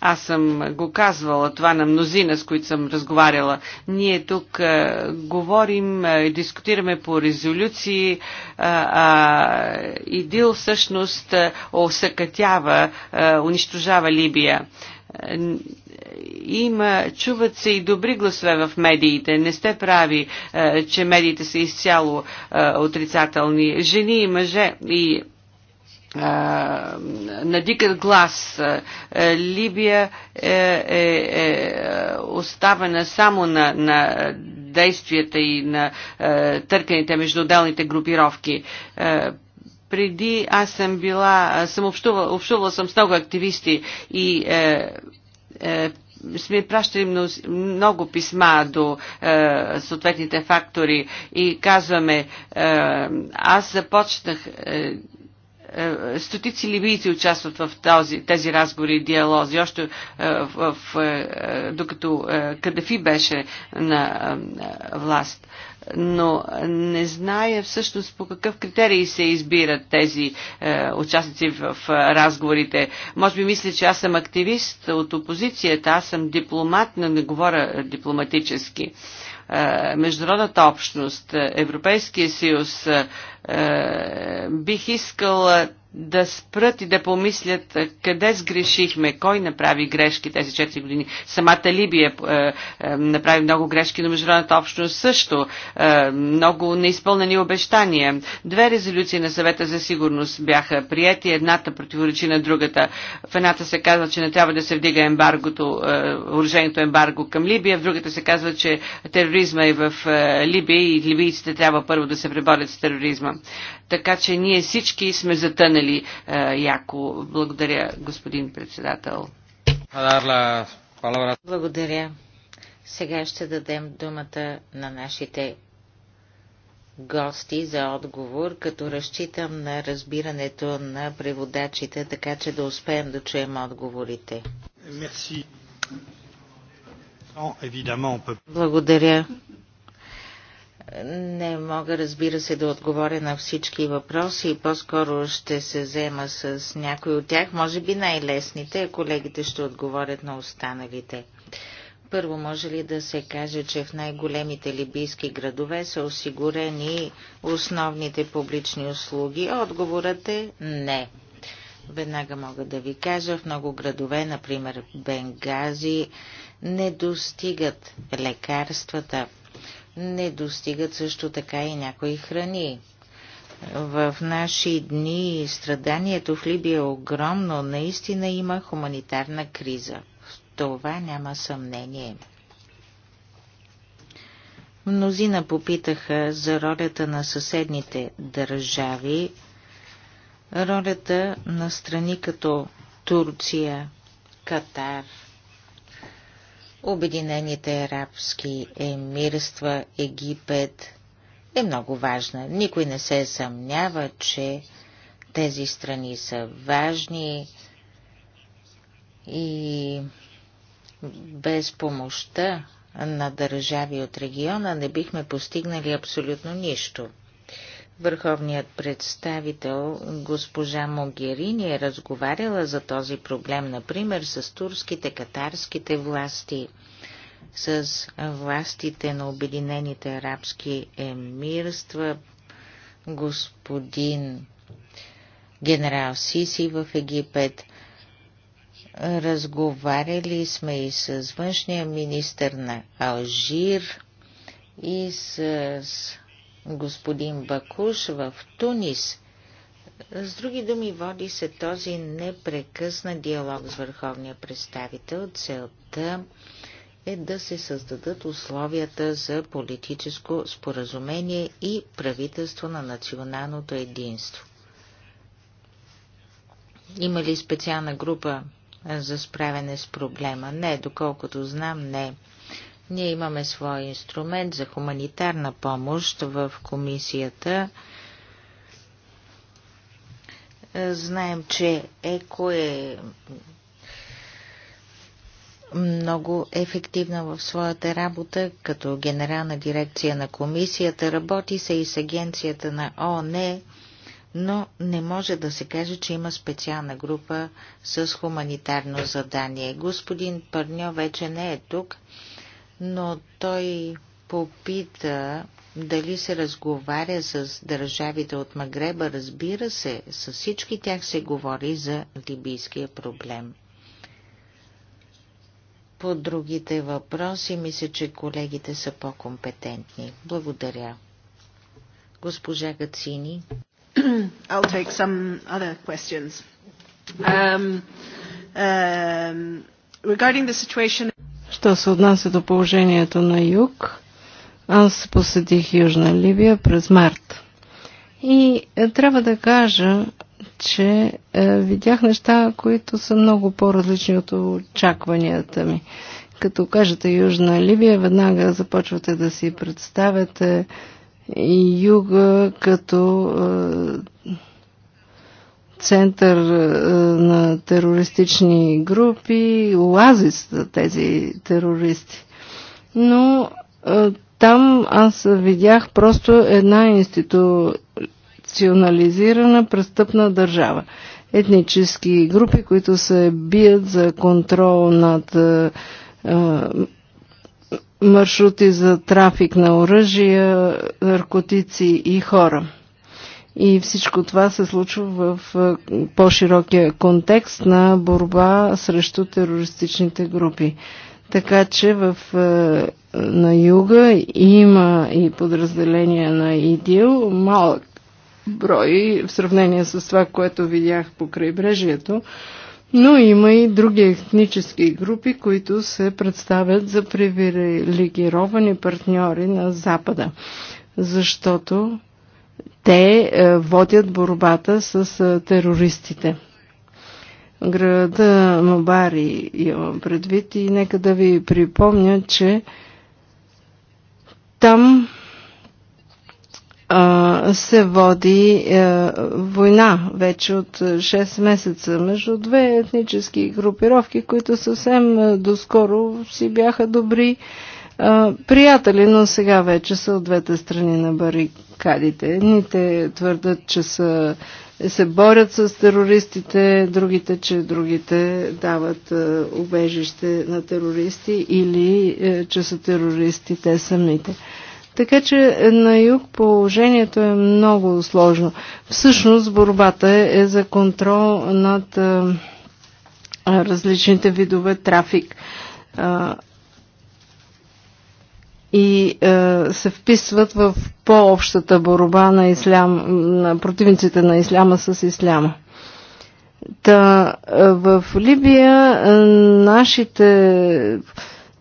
аз съм го казвала това на мнозина, с които съм разговаряла. Ние тук а, говорим, е, дискутираме по резолюции, а, а и Дил всъщност осъкътява, унищожава Либия. има, чуват се и добри гласове в медиите. Не сте прави, а, че медиите са изцяло а, отрицателни. Жени и мъже и на дикът глас. Либия е, е, е оставена само на, на действията и на е, търканите между отделните групировки. Е, преди аз съм била, съм общувала, общувала съм с много активисти и е, е, сме пращали много, много писма до е, съответните фактори и казваме, е, аз започнах е, е, стотици либийци участват в този, тези разговори и диалози. Още е, в, в, е, докато Кадафи беше на власт но не зная всъщност по какъв критерий се избират тези е, участници в, в разговорите. Може би мисля, че аз съм активист от опозицията, аз съм дипломат, но не говоря дипломатически. Е, международната общност, Европейския съюз, е, е, бих искал да спрат и да помислят къде сгрешихме, кой направи грешки тези 4 години. Самата Либия е, е, направи много грешки, но международната общност също. Е, много неизпълнени обещания. Две резолюции на съвета за сигурност бяха прияти, едната противоречи на другата. В едната се казва, че не трябва да се вдига ембаргото, е, оръженото ембарго към Либия, в другата се казва, че тероризма е в е, Либия и либийците трябва първо да се преборят с тероризма. Така че ние всички сме затънали спечели е, яко. Благодаря, господин председател. Благодаря. Сега ще дадем думата на нашите гости за отговор, като разчитам на разбирането на преводачите, така че да успеем да чуем отговорите. Благодаря. Не мога, разбира се, да отговоря на всички въпроси и по-скоро ще се взема с някой от тях. Може би най-лесните, колегите ще отговорят на останалите. Първо, може ли да се каже, че в най-големите либийски градове са осигурени основните публични услуги? Отговорът е не. Веднага мога да ви кажа, в много градове, например Бенгази, не достигат лекарствата, не достигат също така и някои храни. В наши дни страданието в Либия е огромно, наистина има хуманитарна криза. В това няма съмнение. Мнозина попитаха за ролята на съседните държави, ролята на страни като Турция, Катар – Обединените арабски емирства, Египет е много важна. Никой не се съмнява, че тези страни са важни и без помощта на държави от региона не бихме постигнали абсолютно нищо. Върховният представител госпожа Могерини е разговаряла за този проблем, например, с турските, катарските власти, с властите на Обединените арабски емирства, господин генерал Сиси в Египет. Разговаряли сме и с външния министр на Алжир и с господин Бакуш в Тунис. С други думи, води се този непрекъснат диалог с върховния представител. Целта е да се създадат условията за политическо споразумение и правителство на националното единство. Има ли специална група за справяне с проблема? Не, доколкото знам, не. Ние имаме свой инструмент за хуманитарна помощ в комисията. Знаем, че ЕКО е много ефективна в своята работа, като генерална дирекция на комисията, работи се и с агенцията на ООН, но не може да се каже, че има специална група с хуманитарно задание. Господин Пърньо вече не е тук, но той попита дали се разговаря с държавите от Магреба. Разбира се, с всички тях се говори за либийския проблем. По другите въпроси мисля, че колегите са по-компетентни. Благодаря. Госпожа Гацини. I'll take some other questions. Um, um, regarding the situation Що се отнася до положението на юг, аз посетих Южна Ливия през март. И е, трябва да кажа, че е, видях неща, които са много по-различни от очакванията ми. Като кажете Южна Ливия, веднага започвате да си представяте и юга като е, център е, на терористични групи, оазис за тези терористи. Но е, там аз видях просто една институционализирана престъпна държава. Етнически групи, които се бият за контрол над е, маршрути за трафик на оръжия, наркотици и хора. И всичко това се случва в е, по-широкия контекст на борба срещу терористичните групи. Така че в, е, на юга има и подразделения на ИДИЛ, малък брой в сравнение с това, което видях по крайбрежието, но има и други етнически групи, които се представят за привилегировани партньори на Запада, защото те е, водят борбата с е, терористите. Града Мобари имам предвид и нека да ви припомня, че там се води е, война вече от 6 месеца между две етнически групировки, които съвсем доскоро си бяха добри приятели, но сега вече са от двете страни на барикадите. Едните твърдят, че са, се борят с терористите, другите, че другите дават убежище на терористи или е, че са терористи те самите. Така че на юг положението е много сложно. Всъщност борбата е, е за контрол над различните видове трафик и е, се вписват в по-общата борба на, ислям, на противниците на исляма с исляма. Та, е, в Либия е, нашите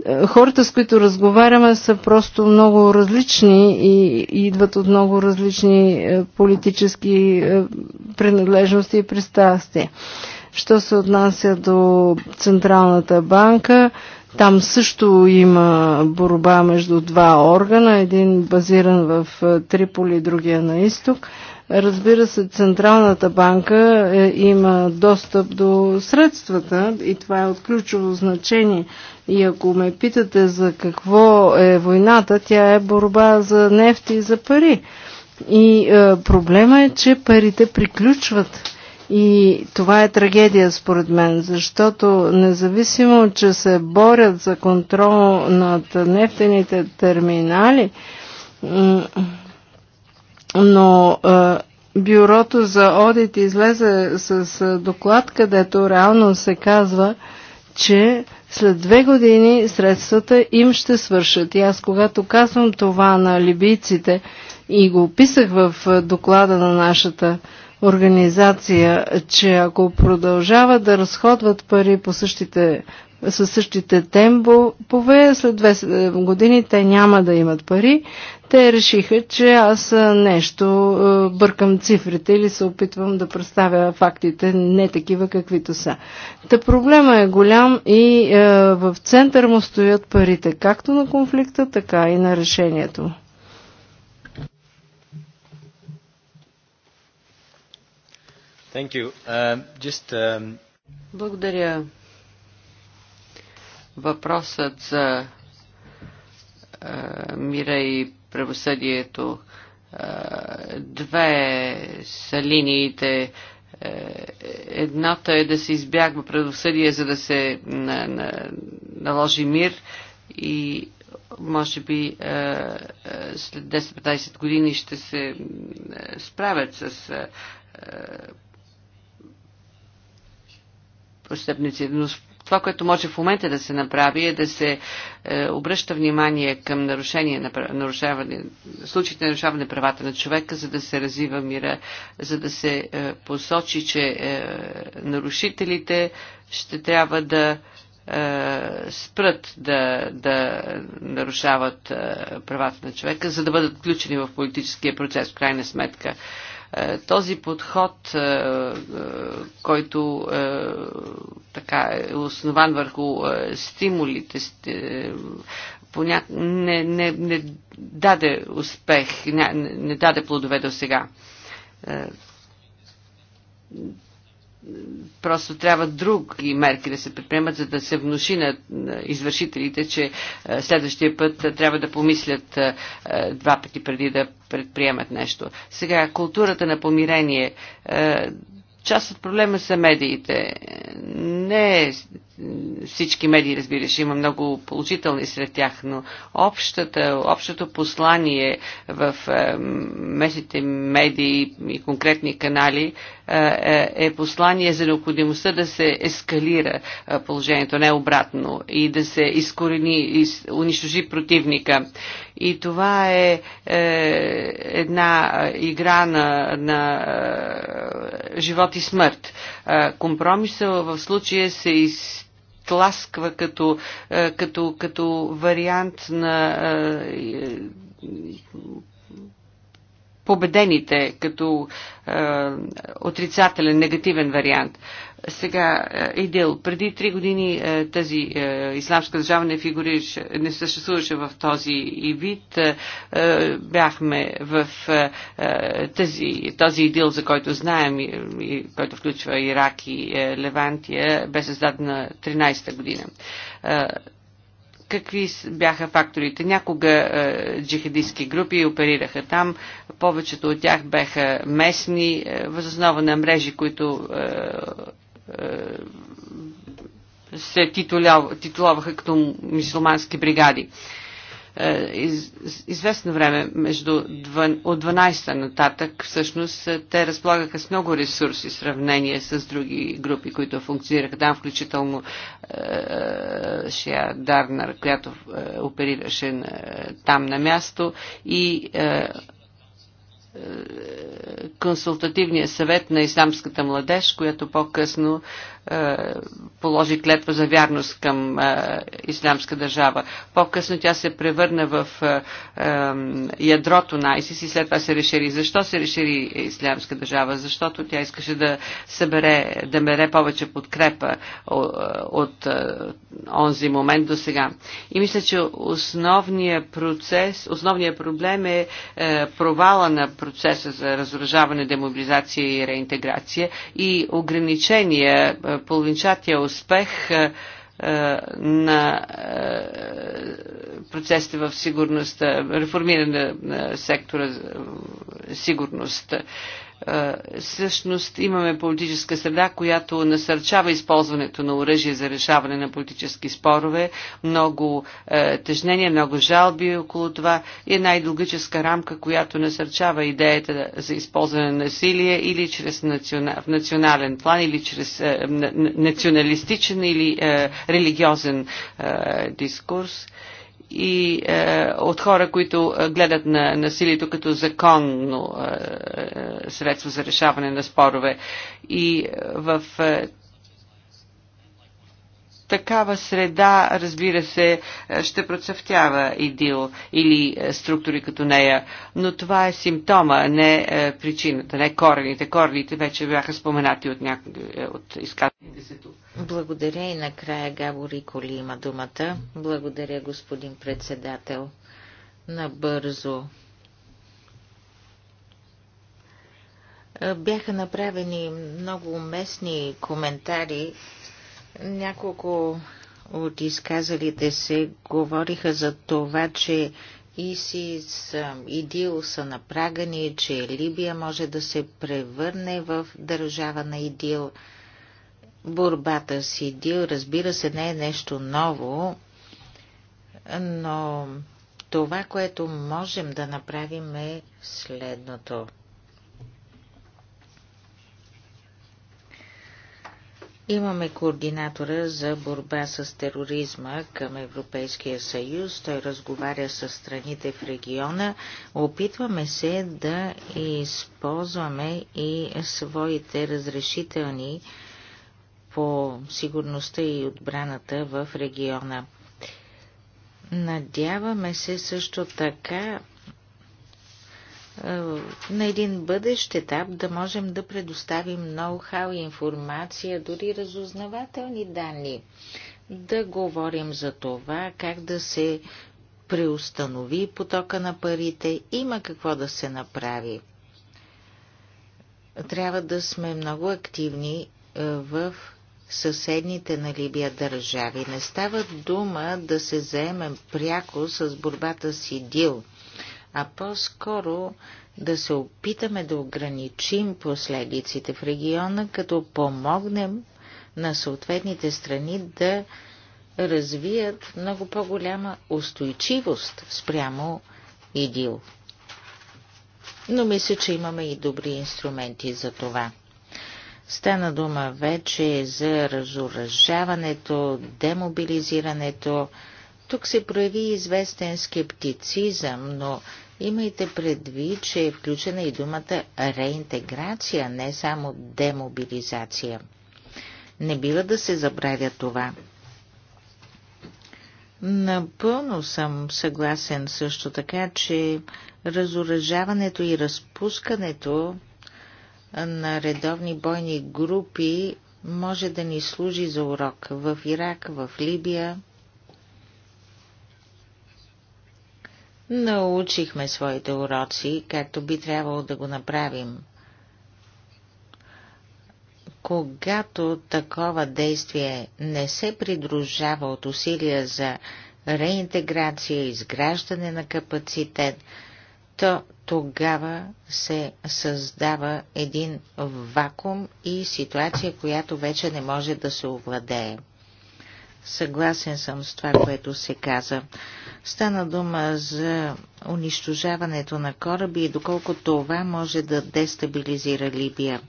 е, хората, с които разговаряме, са просто много различни и идват от много различни политически принадлежности и пристрастия. Що се отнася до Централната банка, там също има борба между два органа, един базиран в е, Триполи, другия на изток. Разбира се, Централната банка е, има достъп до средствата и това е от ключово значение. И ако ме питате за какво е войната, тя е борба за нефти и за пари. И е, проблема е, че парите приключват и това е трагедия според мен, защото независимо, че се борят за контрол над нефтените терминали, но бюрото за одит излезе с доклад, където реално се казва, че след две години средствата им ще свършат. И аз когато казвам това на либийците и го описах в доклада на нашата организация, че ако продължават да разходват пари по същите, със същите пове след две е, години те няма да имат пари, те решиха, че аз е, нещо е, бъркам цифрите или се опитвам да представя фактите не такива каквито са. Та проблема е голям и е, в център му стоят парите, както на конфликта, така и на решението. Thank you. Um, just, um... Благодаря. Въпросът за uh, мира и правосъдието. Uh, две са линиите. Uh, едната е да се избягва правосъдие, за да се на, на, наложи мир и може би след 10-15 години ще се справят с престъпници. Но това, което може в момента да се направи е да се е, обръща внимание към нарушение на, нарушаване, случаите на нарушаване правата на човека, за да се развива мира, за да се е, посочи, че е, нарушителите ще трябва да е, спрат да, да нарушават е, правата на човека, за да бъдат включени в политическия процес, в крайна сметка. Е, този подход, е, е, който така е основан върху стимулите, поня... не, не, не даде успех, не, не даде плодове до сега просто трябва други мерки да се предприемат, за да се внуши на извършителите, че е, следващия път трябва да помислят е, е, два пъти преди да предприемат нещо. Сега, културата на помирение. Част от проблема са медиите. Не всички медии, разбира се, има много положителни сред тях, но общата, общото послание в е, местните медии и конкретни канали е, е, е послание за необходимостта да се ескалира положението, не обратно, и да се изкорени, из, унищожи противника. И това е, е една игра на, на живот и смърт. Компромиса в случая се из тласква като, като, като вариант на победените, като отрицателен, негативен вариант. Сега, е, Идил, преди три години е, тази е, исламска държава не, фигурираше, не съществуваше в този и вид. Бяхме в тази, този Идил, за който знаем, и, който включва Ирак и Левантия, бе създадена 13-та година какви бяха факторите. Някога джихадистски групи оперираха там, повечето от тях бяха местни, възоснова на мрежи, които е, се титулаваха като мисулмански бригади. Е, из, известно време, между 12, от 12-та нататък, всъщност, е, те разполагаха с много ресурси в сравнение с други групи, които функционираха там, включително е, Шия Дарнар, която е, оперираше е, там на място и е, консултативния съвет на исламската младеж, която по-късно е, положи клетва за вярност към е, ислямска държава. По-късно тя се превърна в е, ядрото на ИСИС и след това се решери. Защо се решери ислямска държава? Защото тя искаше да събере, да мере повече подкрепа от онзи момент до сега. И мисля, че основният процес, основният проблем е провала на процеса за разоръжаване, демобилизация и реинтеграция и ограничения половинчатия успех е, е, на е, процесите в сигурността, реформиране на сектора сигурност. Е, всъщност имаме политическа среда, която насърчава използването на оръжие за решаване на политически спорове, много е, тежнения, много жалби около това и една идеологическа рамка, която насърчава идеята за използване на насилие или чрез национа, в национален план, или чрез е, националистичен или религиозен дискурс и е, от хора, които е, гледат на насилието като законно е, е, средство за решаване на спорове. И е, в е, такава среда, разбира се, е, ще процъфтява идил или е, структури като нея, но това е симптома, не е, причината, не корените. Корените вече бяха споменати от, няко... от изказаните се тук. Благодаря и накрая Габори Коли има думата. Благодаря, господин председател. Набързо. Бяха направени много уместни коментари няколко от изказалите се говориха за това, че ИСИС, ИДИЛ са на че Либия може да се превърне в държава на ИДИЛ. Борбата с ИДИЛ, разбира се, не е нещо ново, но това, което можем да направим е следното – Имаме координатора за борба с тероризма към Европейския съюз. Той разговаря с страните в региона. Опитваме се да използваме и своите разрешителни по сигурността и отбраната в региона. Надяваме се също така е, на един бъдещ етап да можем да предоставим ноу-хау, информация, дори разузнавателни данни. Да говорим за това, как да се преустанови потока на парите, има какво да се направи. Трябва да сме много активни е, в съседните на Либия държави. Не става дума да се заемем пряко с борбата с ИДИЛ – а по-скоро да се опитаме да ограничим последиците в региона, като помогнем на съответните страни да развият много по-голяма устойчивост спрямо ИДИЛ. Но мисля, че имаме и добри инструменти за това. Стана дума вече за разоръжаването, демобилизирането. Тук се прояви известен скептицизъм, но Имайте предвид, че е включена и думата реинтеграция, не само демобилизация. Не бива да се забравя това. Напълно съм съгласен също така, че разоръжаването и разпускането на редовни бойни групи може да ни служи за урок в Ирак, в Либия, научихме своите уроци, както би трябвало да го направим. Когато такова действие не се придружава от усилия за реинтеграция, изграждане на капацитет, то тогава се създава един вакуум и ситуация, която вече не може да се овладее. Съгласен съм с това, което се каза. Стана дума за унищожаването на кораби и доколко това може да дестабилизира Либия.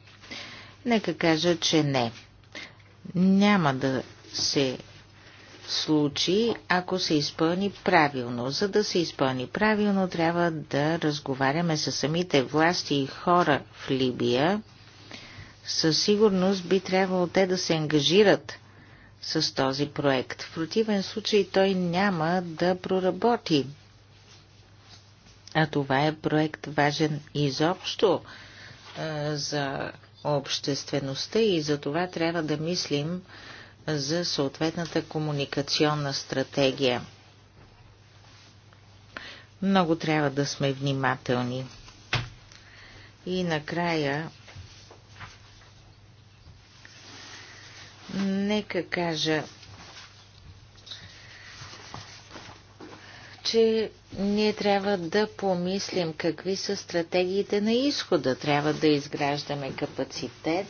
Нека кажа, че не. Няма да се случи, ако се изпълни правилно. За да се изпълни правилно, трябва да разговаряме с самите власти и хора в Либия. Със сигурност би трябвало те да се ангажират – с този проект. В противен случай той няма да проработи. А това е проект важен изобщо а, за обществеността и за това трябва да мислим за съответната комуникационна стратегия. Много трябва да сме внимателни. И накрая Нека кажа, че ние трябва да помислим какви са стратегиите на изхода. Трябва да изграждаме капацитет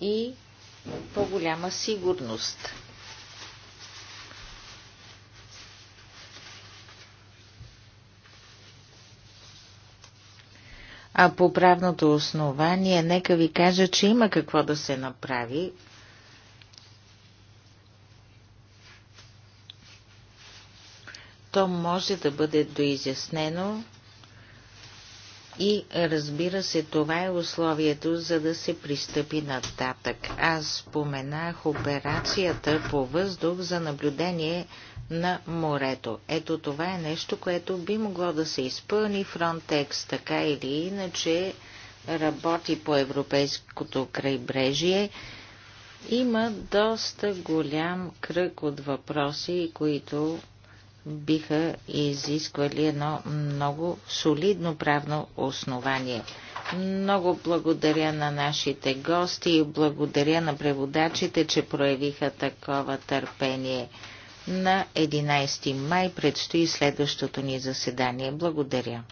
и по-голяма сигурност. А по правното основание, нека ви кажа, че има какво да се направи. То може да бъде доизяснено и разбира се, това е условието, за да се пристъпи нататък. Аз споменах операцията по въздух за наблюдение на морето. Ето това е нещо, което би могло да се изпълни Frontex, така или иначе работи по европейското крайбрежие. Има доста голям кръг от въпроси, които биха изисквали едно много солидно правно основание. Много благодаря на нашите гости и благодаря на преводачите, че проявиха такова търпение. На 11 май предстои следващото ни заседание. Благодаря.